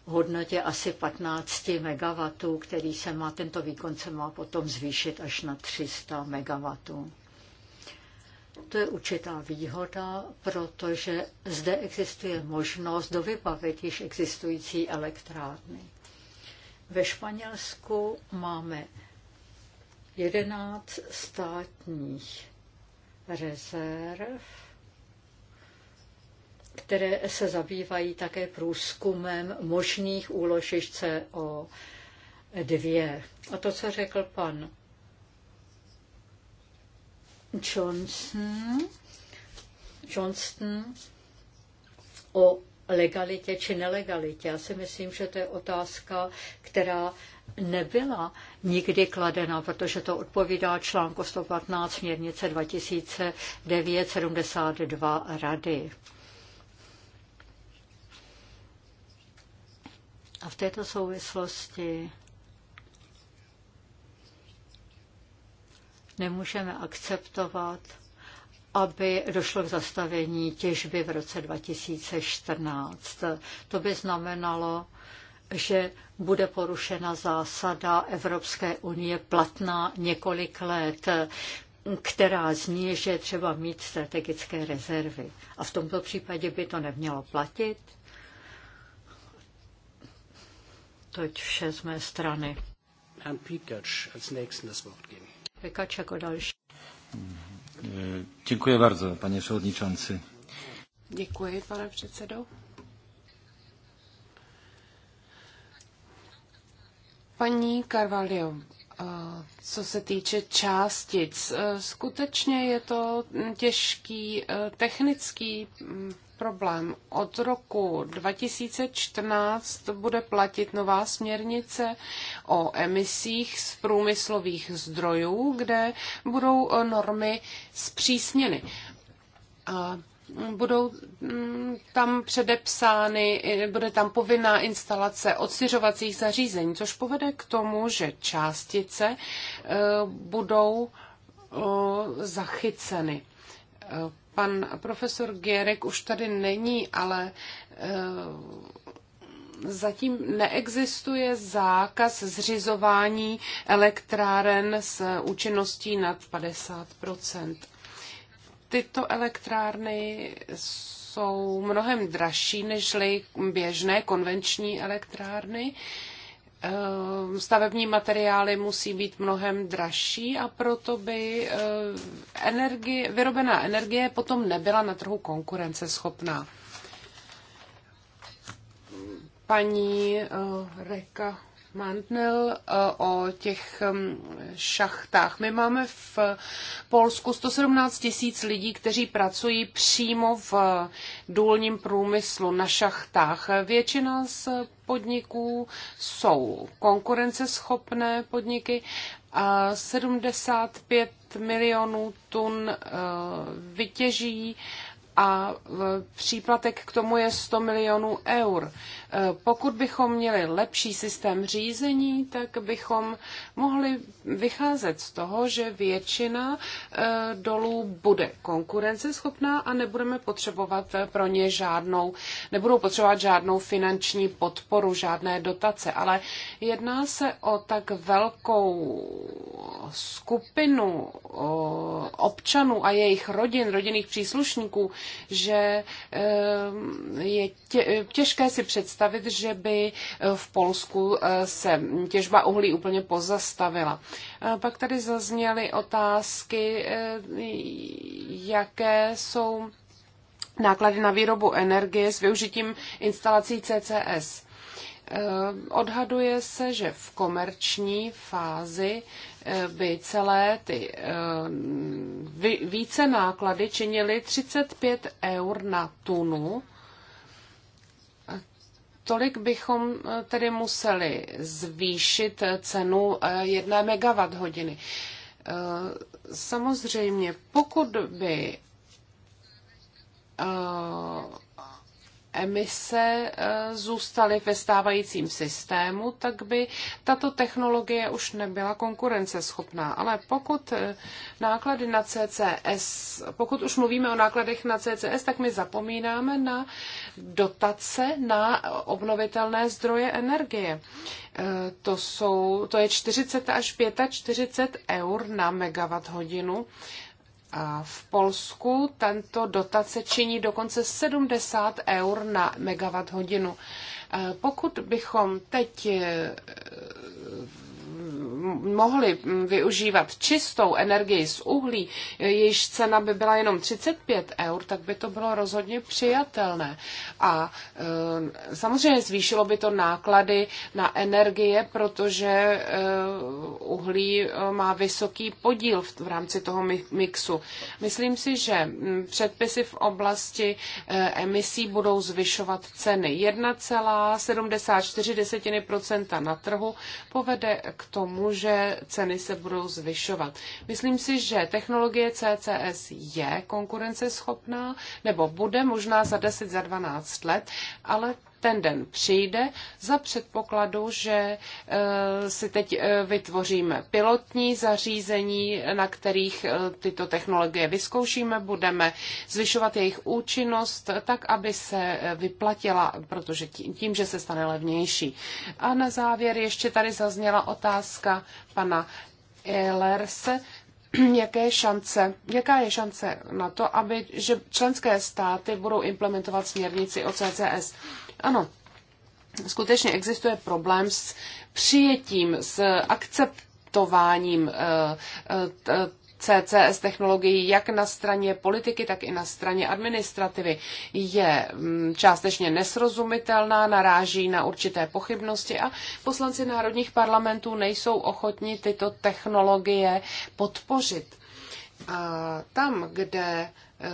v hodnotě asi 15 MW, který se má, tento výkon se má potom zvýšit až na 300 MW. To je určitá výhoda, protože zde existuje možnost dovybavit již existující elektrárny. Ve Španělsku máme 11 státních rezerv, které se zabývají také průzkumem možných úložišť CO dvě. A to, co řekl pan Johnson, Johnston o legalitě či nelegalitě. Já si myslím, že to je otázka, která nebyla nikdy kladena, protože to odpovídá článku 115 směrnice 2009-72 Rady. A v této souvislosti nemůžeme akceptovat aby došlo k zastavení těžby v roce 2014. To by znamenalo, že bude porušena zásada Evropské unie platná několik let, která zní, že je třeba mít strategické rezervy. A v tomto případě by to nemělo platit. Toť vše z mé strany. Herrn als Wort Pikač jako další. Hmm. Děkuji bardzo, pane předsedající. Děkuji, pane předsedo. Paní Carvalho, co se týče částic. E, skutečně je to těžký e, technický mm, problém. Od roku 2014 bude platit nová směrnice o emisích z průmyslových zdrojů, kde budou e, normy zpřísněny. A budou mm, tam předepsány, bude tam povinná instalace odsiřovacích zařízení, což povede k tomu, že částice e, budou e, zachyceny. E, pan profesor Gierek už tady není, ale zatím neexistuje zákaz zřizování elektráren s účinností nad 50 tyto elektrárny jsou mnohem dražší než běžné konvenční elektrárny. Ehm, stavební materiály musí být mnohem dražší a proto by ehm, energie, vyrobená energie potom nebyla na trhu konkurenceschopná. Paní ehm, Reka Mantnel eh, o těch mm, šachtách. My máme v Polsku 117 tisíc lidí, kteří pracují přímo v eh, důlním průmyslu na šachtách. Většina z podniků jsou konkurenceschopné podniky a 75 milionů tun eh, vytěží a příplatek k tomu je 100 milionů eur. E, pokud bychom měli lepší systém řízení, tak bychom mohli vycházet z toho, že většina e, dolů bude konkurenceschopná a nebudeme potřebovat pro ně žádnou, nebudou potřebovat žádnou finanční podporu, žádné dotace, ale jedná se o tak velkou skupinu občanů a jejich rodin, rodinných příslušníků, že eh, je těžké si představit, že by eh, v Polsku eh, se těžba uhlí úplně pozastavila. Pak tady zazněly otázky, jaké jsou náklady na výrobu energie s využitím instalací CCS. Eh, odhaduje se, že v komerční fázi eh, by celé ty eh, více náklady činily 35 eur na tunu. Tolik bychom tedy museli zvýšit cenu jedné megawatt hodiny. Samozřejmě, pokud by emise eh, zůstaly ve stávajícím systému, tak by tato technologie už nebyla konkurenceschopná. Ale pokud eh, náklady na CCS, pokud už mluvíme o nákladech na CCS, tak my zapomínáme na dotace na obnovitelné zdroje energie. Eh, to, jsou, to je 40 až 45 eur na megawatt hodinu a v Polsku tento dotace činí dokonce 70 eur na megawatt hodinu. Eh, pokud bychom teď eh, mohli využívat čistou energii z uhlí, jejíž cena by byla jenom 35 eur, tak by to bylo rozhodně přijatelné. A e, samozřejmě zvýšilo by to náklady na energie, protože e, uhlí e, má vysoký podíl v rámci toho mixu. Myslím si, že předpisy v oblasti emisí budou zvyšovat ceny. 1,74% na trhu povede k tomu, že ceny se budou zvyšovat. Myslím si, že technologie CCS je konkurenceschopná, nebo bude možná za 10, za 12 let, ale ten den přijde za předpokladu, že e, si teď e, vytvoříme pilotní zařízení, na kterých e, tyto technologie vyzkoušíme, budeme zvyšovat jejich účinnost tak, aby se vyplatila, protože tím, že se stane levnější. A na závěr ještě tady zazněla otázka pana Ehlerse, jaké šance, jaká je šance na to, aby, že členské státy budou implementovat směrnici o CCS. Ano, skutečně existuje problém s přijetím, s akceptováním eh, eh, CCS technologií jak na straně politiky, tak i na straně administrativy je mm, částečně nesrozumitelná, naráží na určité pochybnosti a poslanci národních parlamentů nejsou ochotni tyto technologie podpořit. A tam, kde eh,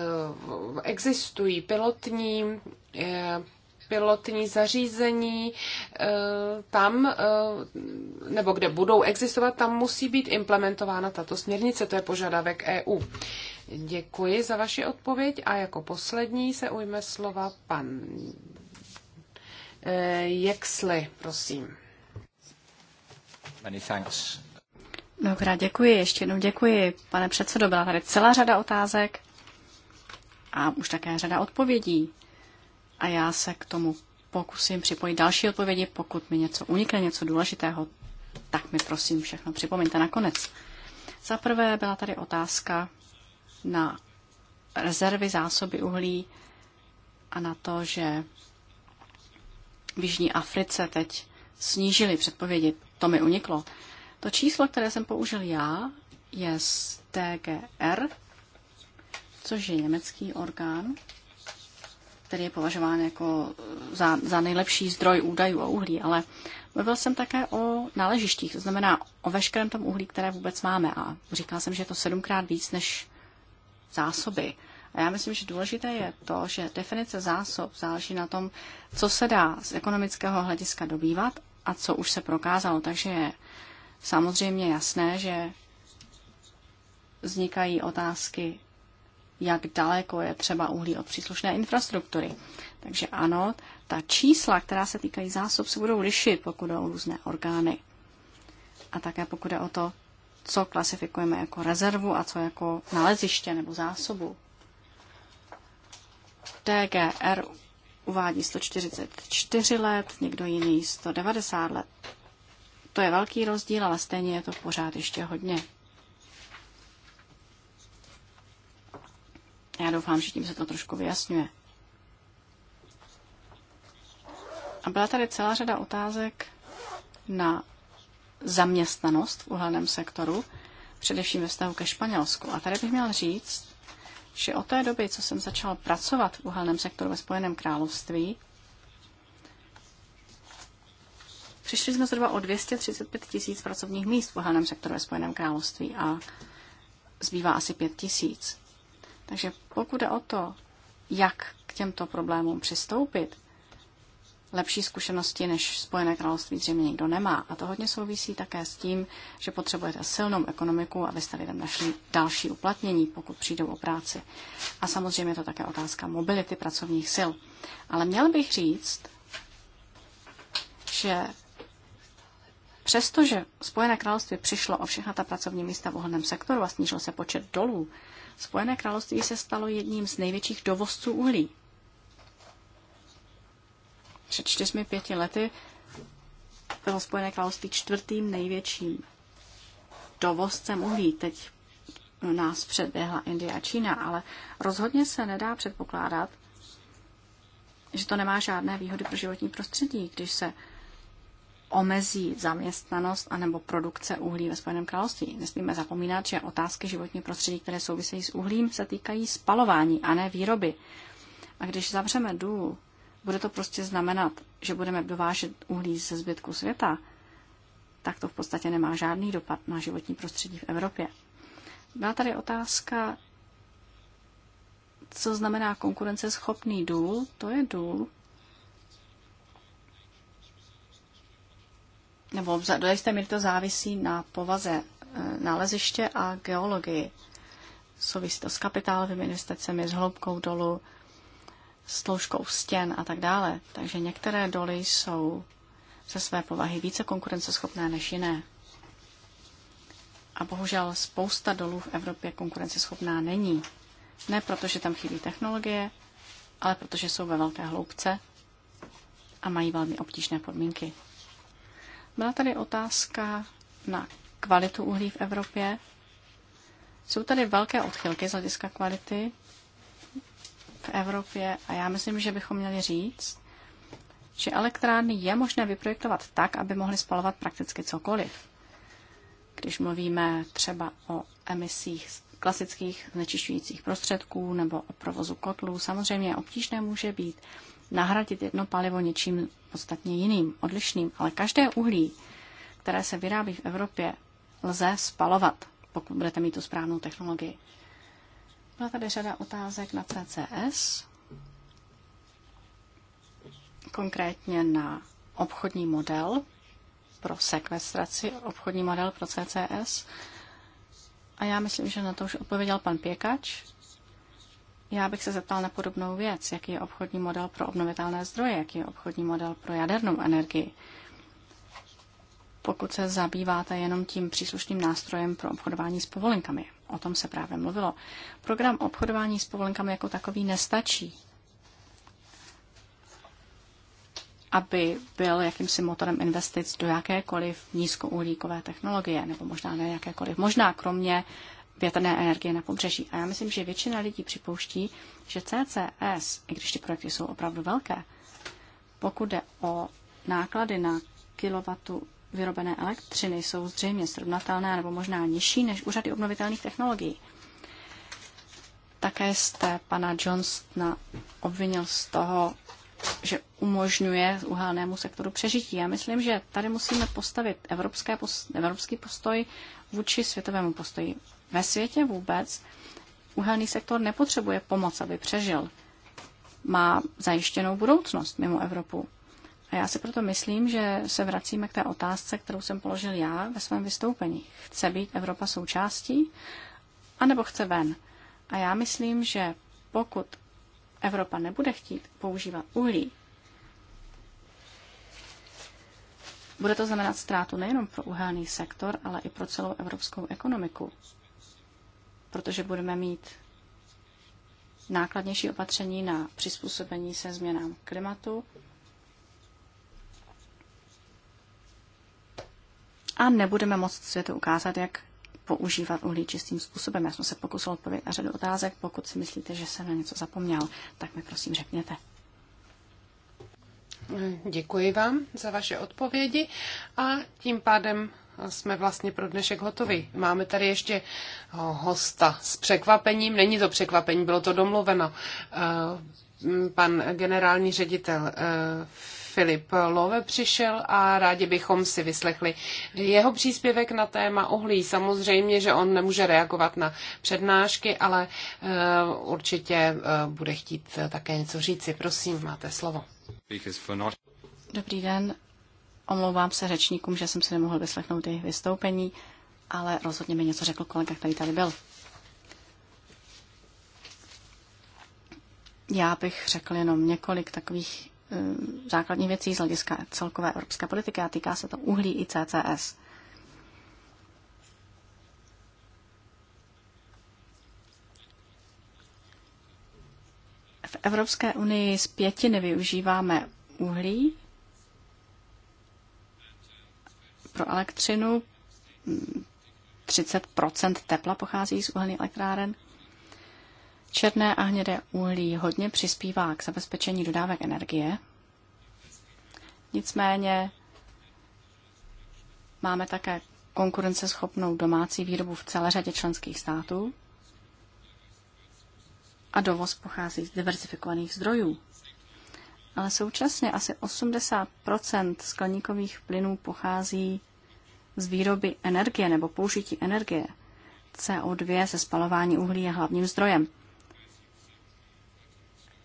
existují pilotní pilotní zařízení, eh, tam, eh, nebo kde budou existovat, tam musí být implementována tato směrnice, to je požadavek EU. Děkuji za vaši odpověď a jako poslední se ujme slova pan eh, Jexli, prosím. Many thanks. Dobrá, děkuji, ještě jednou děkuji. Pane předsedo, byla tady celá řada otázek a už také řada odpovědí a já se k tomu pokusím připojit další odpovědi. Pokud mi něco unikne, něco důležitého, tak mi prosím všechno připomeňte nakonec. Za prvé byla tady otázka na rezervy zásoby uhlí a na to, že v Jižní Africe teď snížili předpovědi. To mi uniklo. To číslo, které jsem použil já, je z TGR, což je německý orgán, který je považován jako eh, za, za nejlepší zdroj údajů o uhlí, ale mluvil jsem také o náležištích, to znamená o veškerém tom uhlí, které vůbec máme. A říkal jsem, že je to sedmkrát víc než zásoby. A já myslím, že důležité je to, že definice zásob záleží na tom, co se dá z ekonomického hlediska dobývat a co už se prokázalo. Takže je samozřejmě jasné, že vznikají otázky jak daleko je třeba uhlí od příslušné infrastruktury. Takže ano, ta čísla, která se týkají zásob, se budou lišit, pokud jde o různé orgány. A také pokud jde o to, co klasifikujeme jako rezervu a co jako naleziště nebo zásobu. TGR uvádí 144 let, někdo jiný 190 let. To je velký rozdíl, ale stejně je to pořád ještě hodně. já doufám, že tím se to trošku vyjasňuje. A byla tady celá řada otázek na zaměstnanost v uhelném sektoru, především ve vztahu ke Španělsku. A tady bych měl říct, že od té doby, co jsem začal pracovat v uhelném sektoru ve Spojeném království, přišli jsme zhruba o 235 tisíc pracovních míst v uhelném sektoru ve Spojeném království a zbývá asi 5 tisíc. Takže pokud jde o to, jak k těmto problémům přistoupit, lepší zkušenosti než Spojené království zřejmě nikdo nemá. A to hodně souvisí také s tím, že potřebujete silnou ekonomiku, abyste lidem našli další uplatnění, pokud přijdou o práci. A samozřejmě je to také otázka mobility pracovních sil. Ale měl bych říct, že přestože Spojené království přišlo o všechna ta pracovní místa v ohodném sektoru a snížil se počet dolů, Spojené království se stalo jedním z největších dovozců uhlí. Před čtyřmi pěti lety bylo Spojené království čtvrtým největším dovozcem uhlí. Teď nás předběhla Indie a Čína, ale rozhodně se nedá předpokládat, že to nemá žádné výhody pro životní prostředí, když se omezí zaměstnanost anebo produkce uhlí ve Spojeném království. Nesmíme zapomínat, že otázky životní prostředí, které souvisejí s uhlím, se týkají spalování a ne výroby. A když zavřeme důl, bude to prostě znamenat, že budeme dovážet uhlí ze zbytku světa, tak to v podstatě nemá žádný dopad na životní prostředí v Evropě. Byla tady otázka, co znamená konkurenceschopný důl. To je důl, nebo do jisté míry to závisí na povaze e, náleziště a geologii. Souvisí to s kapitálovými investicemi, s hloubkou dolu, s tloušťkou stěn a tak dále. Takže některé doly jsou ze své povahy více konkurenceschopné než jiné. A bohužel spousta dolů v Evropě konkurenceschopná není. Ne proto, že tam chybí technologie, ale protože jsou ve velké hloubce a mají velmi obtížné podmínky. Byla tady otázka na kvalitu uhlí v Evropě. Jsou tady velké odchylky z hlediska kvality v Evropě a já myslím, že bychom měli říct, že elektrárny je možné vyprojektovat tak, aby mohly spalovat prakticky cokoliv. Když mluvíme třeba o emisích klasických znečišťujících prostředků nebo o provozu kotlů, samozřejmě obtížné může být, nahradit jedno palivo něčím podstatně jiným, odlišným, ale každé uhlí, které se vyrábí v Evropě, lze spalovat, pokud budete mít tu správnou technologii. Byla tady řada otázek na CCS, konkrétně na obchodní model pro sekvestraci, obchodní model pro CCS. A já myslím, že na to už odpověděl pan Pěkač. Já bych se zeptal na podobnou věc, jaký je obchodní model pro obnovitelné zdroje, jaký je obchodní model pro jadernou energii. Pokud se zabýváte jenom tím příslušným nástrojem pro obchodování s povolenkami, o tom se právě mluvilo, program obchodování s povolenkami jako takový nestačí, aby byl jakýmsi motorem investic do jakékoliv nízkouhlíkové technologie, nebo možná ne jakékoliv, možná kromě uh, větrné energie na pobřeží. A já myslím, že většina lidí připouští, že CCS, i když ty projekty jsou opravdu velké, pokud jde o náklady na kilowattu vyrobené elektřiny, jsou zřejmě srovnatelné nebo možná nižší než u řady obnovitelných technologií. Také jste pana Johnstona obvinil z toho, že umožňuje uhelnému sektoru přežití. Já myslím, že tady musíme postavit evropské, evropský postoj vůči světovému postoji. Ve světě vůbec uhelný sektor nepotřebuje pomoc, aby přežil. Má zajištěnou budoucnost mimo Evropu. A já si proto myslím, že se vracíme k té otázce, kterou jsem položil já ve svém vystoupení. Chce být Evropa součástí, anebo chce ven? A já myslím, že pokud Evropa nebude chtít používat uhlí, bude to znamenat ztrátu nejenom pro uhelný sektor, ale i pro celou evropskou ekonomiku protože budeme mít nákladnější opatření na přizpůsobení se změnám klimatu a nebudeme moc světu ukázat, jak používat uhlí čistým způsobem. Já jsem se pokusil odpovědět na řadu otázek. Pokud si myslíte, že jsem na něco zapomněl, tak mi prosím řekněte. Děkuji vám za vaše odpovědi a tím pádem jsme vlastně pro dnešek hotovi. Máme tady ještě hosta s překvapením. Není to překvapení, bylo to domluveno. Eh, pan generální ředitel eh, Filip Love přišel a rádi bychom si vyslechli jeho příspěvek na téma uhlí. Samozřejmě, že on nemůže reagovat na přednášky, ale eh, určitě bude chtít také něco říci. Prosím, máte slovo. Dobrý den, Omlouvám se řečníkům, že jsem si nemohl vyslechnout jejich vystoupení, ale rozhodně mi něco řekl kolega, který tady byl. Já bych řekl jenom několik takových um, základních věcí z hlediska celkové evropské politiky a týká se to uhlí i CCS. V Evropské unii z pěti nevyužíváme uhlí, pro elektřinu, 30 tepla pochází z uhelných elektráren. Černé a hnědé uhlí hodně přispívá k zabezpečení dodávek energie. Nicméně máme také konkurenceschopnou domácí výrobu v celé řadě členských států a dovoz pochází z diversifikovaných zdrojů ale současně asi 80 skleníkových plynů pochází z výroby energie nebo použití energie. CO2 ze spalování uhlí je hlavním zdrojem.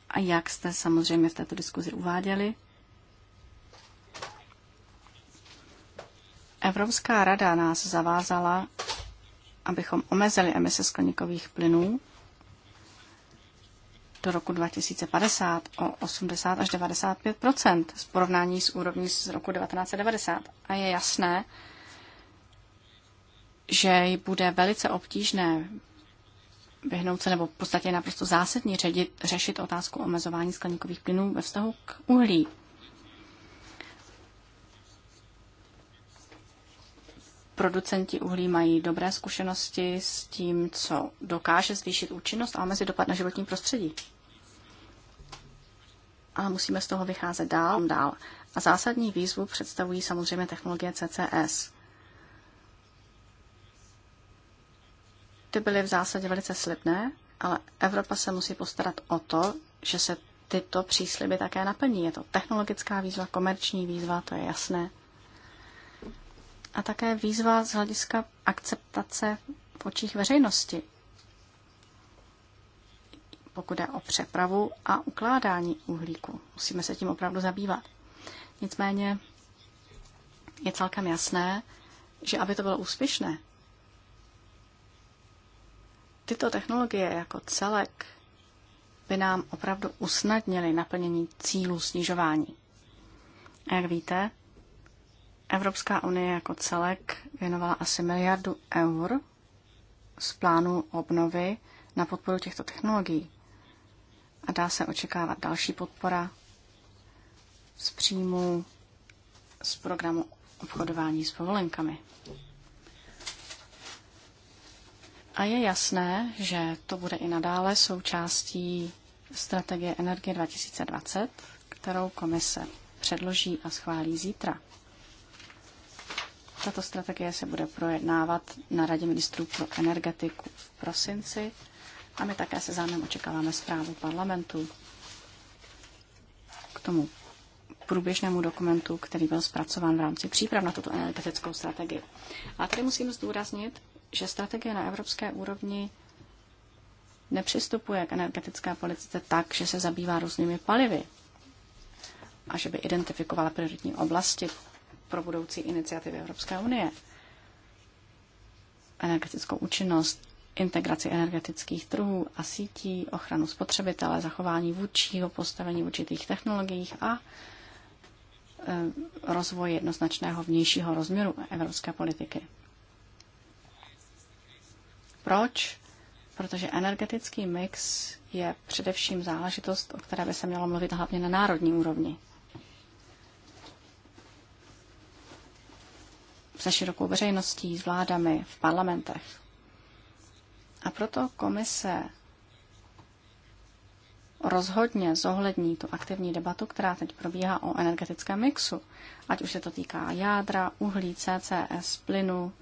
A jak jste samozřejmě v této diskuzi uváděli, Evropská rada nás zavázala, abychom omezili emise skleníkových plynů do roku 2050 o 80 až 95 v porovnání s úrovní z roku 1990. A je jasné, že bude velice obtížné vyhnout se nebo v podstatě naprosto zásadně ředit, řešit otázku omezování skleníkových plynů ve vztahu k uhlí. producenti uhlí mají dobré zkušenosti s tím, co dokáže zvýšit účinnost a mezi dopad na životní prostředí. Ale musíme z toho vycházet dál, dál. A zásadní výzvu představují samozřejmě technologie CCS. Ty byly v zásadě velice slibné, ale Evropa se musí postarat o to, že se tyto přísliby také naplní. Je to technologická výzva, komerční výzva, to je jasné a také výzva z hlediska akceptace v očích veřejnosti, pokud je o přepravu a ukládání uhlíku. Musíme se tím opravdu zabývat. Nicméně je celkem jasné, že aby to bylo úspěšné, tyto technologie jako celek by nám opravdu usnadnily naplnění cílů snižování. A jak víte, Evropská unie jako celek věnovala asi miliardu eur z plánu obnovy na podporu těchto technologií. A dá se očekávat další podpora z příjmu z programu obchodování s povolenkami. A je jasné, že to bude i nadále součástí strategie Energie 2020, kterou komise předloží a schválí zítra. Tato strategie se bude projednávat na Radě ministrů pro energetiku v prosinci a my také se zájmem očekáváme zprávu parlamentu k tomu průběžnému dokumentu, který byl zpracován v rámci příprav na tuto energetickou strategii. A tady musím zdůraznit, že strategie na evropské úrovni nepřistupuje k energetické politice tak, že se zabývá různými palivy a že by identifikovala prioritní oblasti pro budoucí iniciativy Evropské unie. Energetickou účinnost, integraci energetických trhů a sítí, ochranu spotřebitele, zachování vůdčího postavení v určitých technologiích a eh, rozvoj jednoznačného vnějšího rozměru evropské politiky. Proč? Protože energetický mix je především záležitost, o které by se mělo mluvit hlavně na národní úrovni. se širokou veřejností, s vládami, v parlamentech. A proto komise rozhodně zohlední tu aktivní debatu, která teď probíhá o energetickém mixu, ať už se to týká jádra, uhlí, CCS, plynu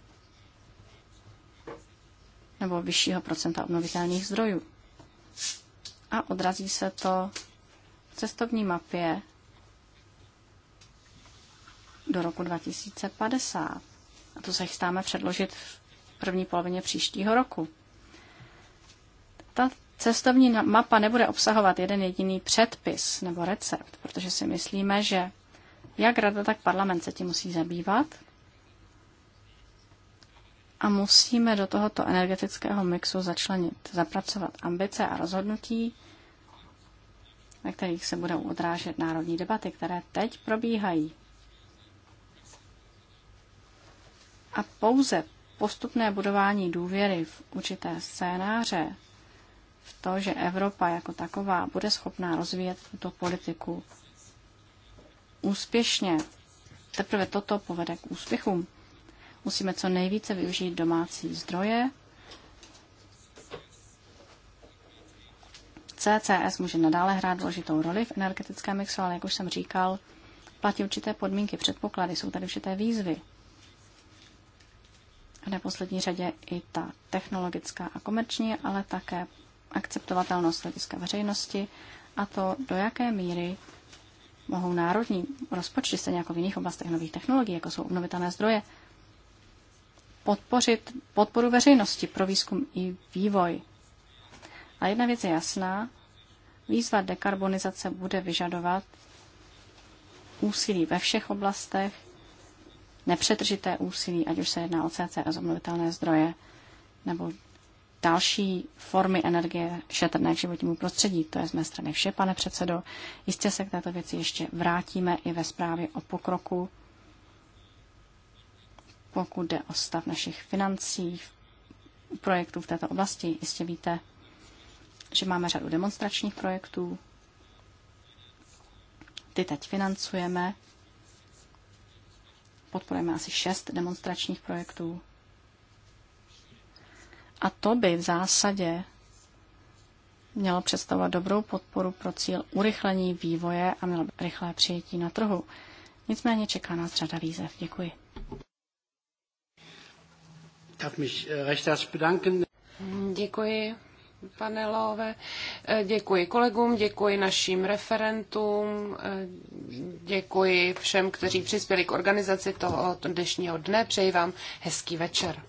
nebo vyššího procenta obnovitelných zdrojů. A odrazí se to v cestovní mapě do roku 2050. A to se chystáme předložit v první polovině příštího roku. Ta cestovní mapa nebude obsahovat jeden jediný předpis nebo recept, protože si myslíme, že jak rada, tak parlament se tím musí zabývat a musíme do tohoto energetického mixu začlenit, zapracovat ambice a rozhodnutí, ve kterých se budou odrážet národní debaty, které teď probíhají A pouze postupné budování důvěry v určité scénáře, v to, že Evropa jako taková bude schopná rozvíjet tuto politiku úspěšně, teprve toto povede k úspěchům. Musíme co nejvíce využít domácí zdroje. CCS může nadále hrát důležitou roli v energetickém mixu, ale jak už jsem říkal, platí určité podmínky, předpoklady, jsou tady určité výzvy v neposlední řadě i ta technologická a komerční, ale také akceptovatelnost hlediska veřejnosti a to, do jaké míry mohou národní rozpočty, se nějakou v jiných oblastech nových technologií, jako jsou obnovitelné zdroje, podpořit podporu veřejnosti pro výzkum i vývoj. A jedna věc je jasná, výzva dekarbonizace bude vyžadovat úsilí ve všech oblastech, nepřetržité úsilí, ať už se jedná o CCS, obnovitelné zdroje nebo další formy energie šetrné k životnímu prostředí. To je z mé strany vše, pane předsedo. Jistě se k této věci ještě vrátíme i ve zprávě o pokroku, pokud jde o stav našich financí, projektů v této oblasti. Jistě víte, že máme řadu demonstračních projektů, ty teď financujeme podporujeme asi šest demonstračních projektů. A to by v zásadě mělo představovat dobrou podporu pro cíl urychlení vývoje a mělo by rychlé přijetí na trhu. Nicméně čeká nás řada výzev. Děkuji. Äh, Děkuji. Panelové, eh, Děkuji kolegům, děkuji našim referentům, eh, děkuji všem, kteří přispěli k organizaci toho dnešního dne. Přeji vám hezký večer.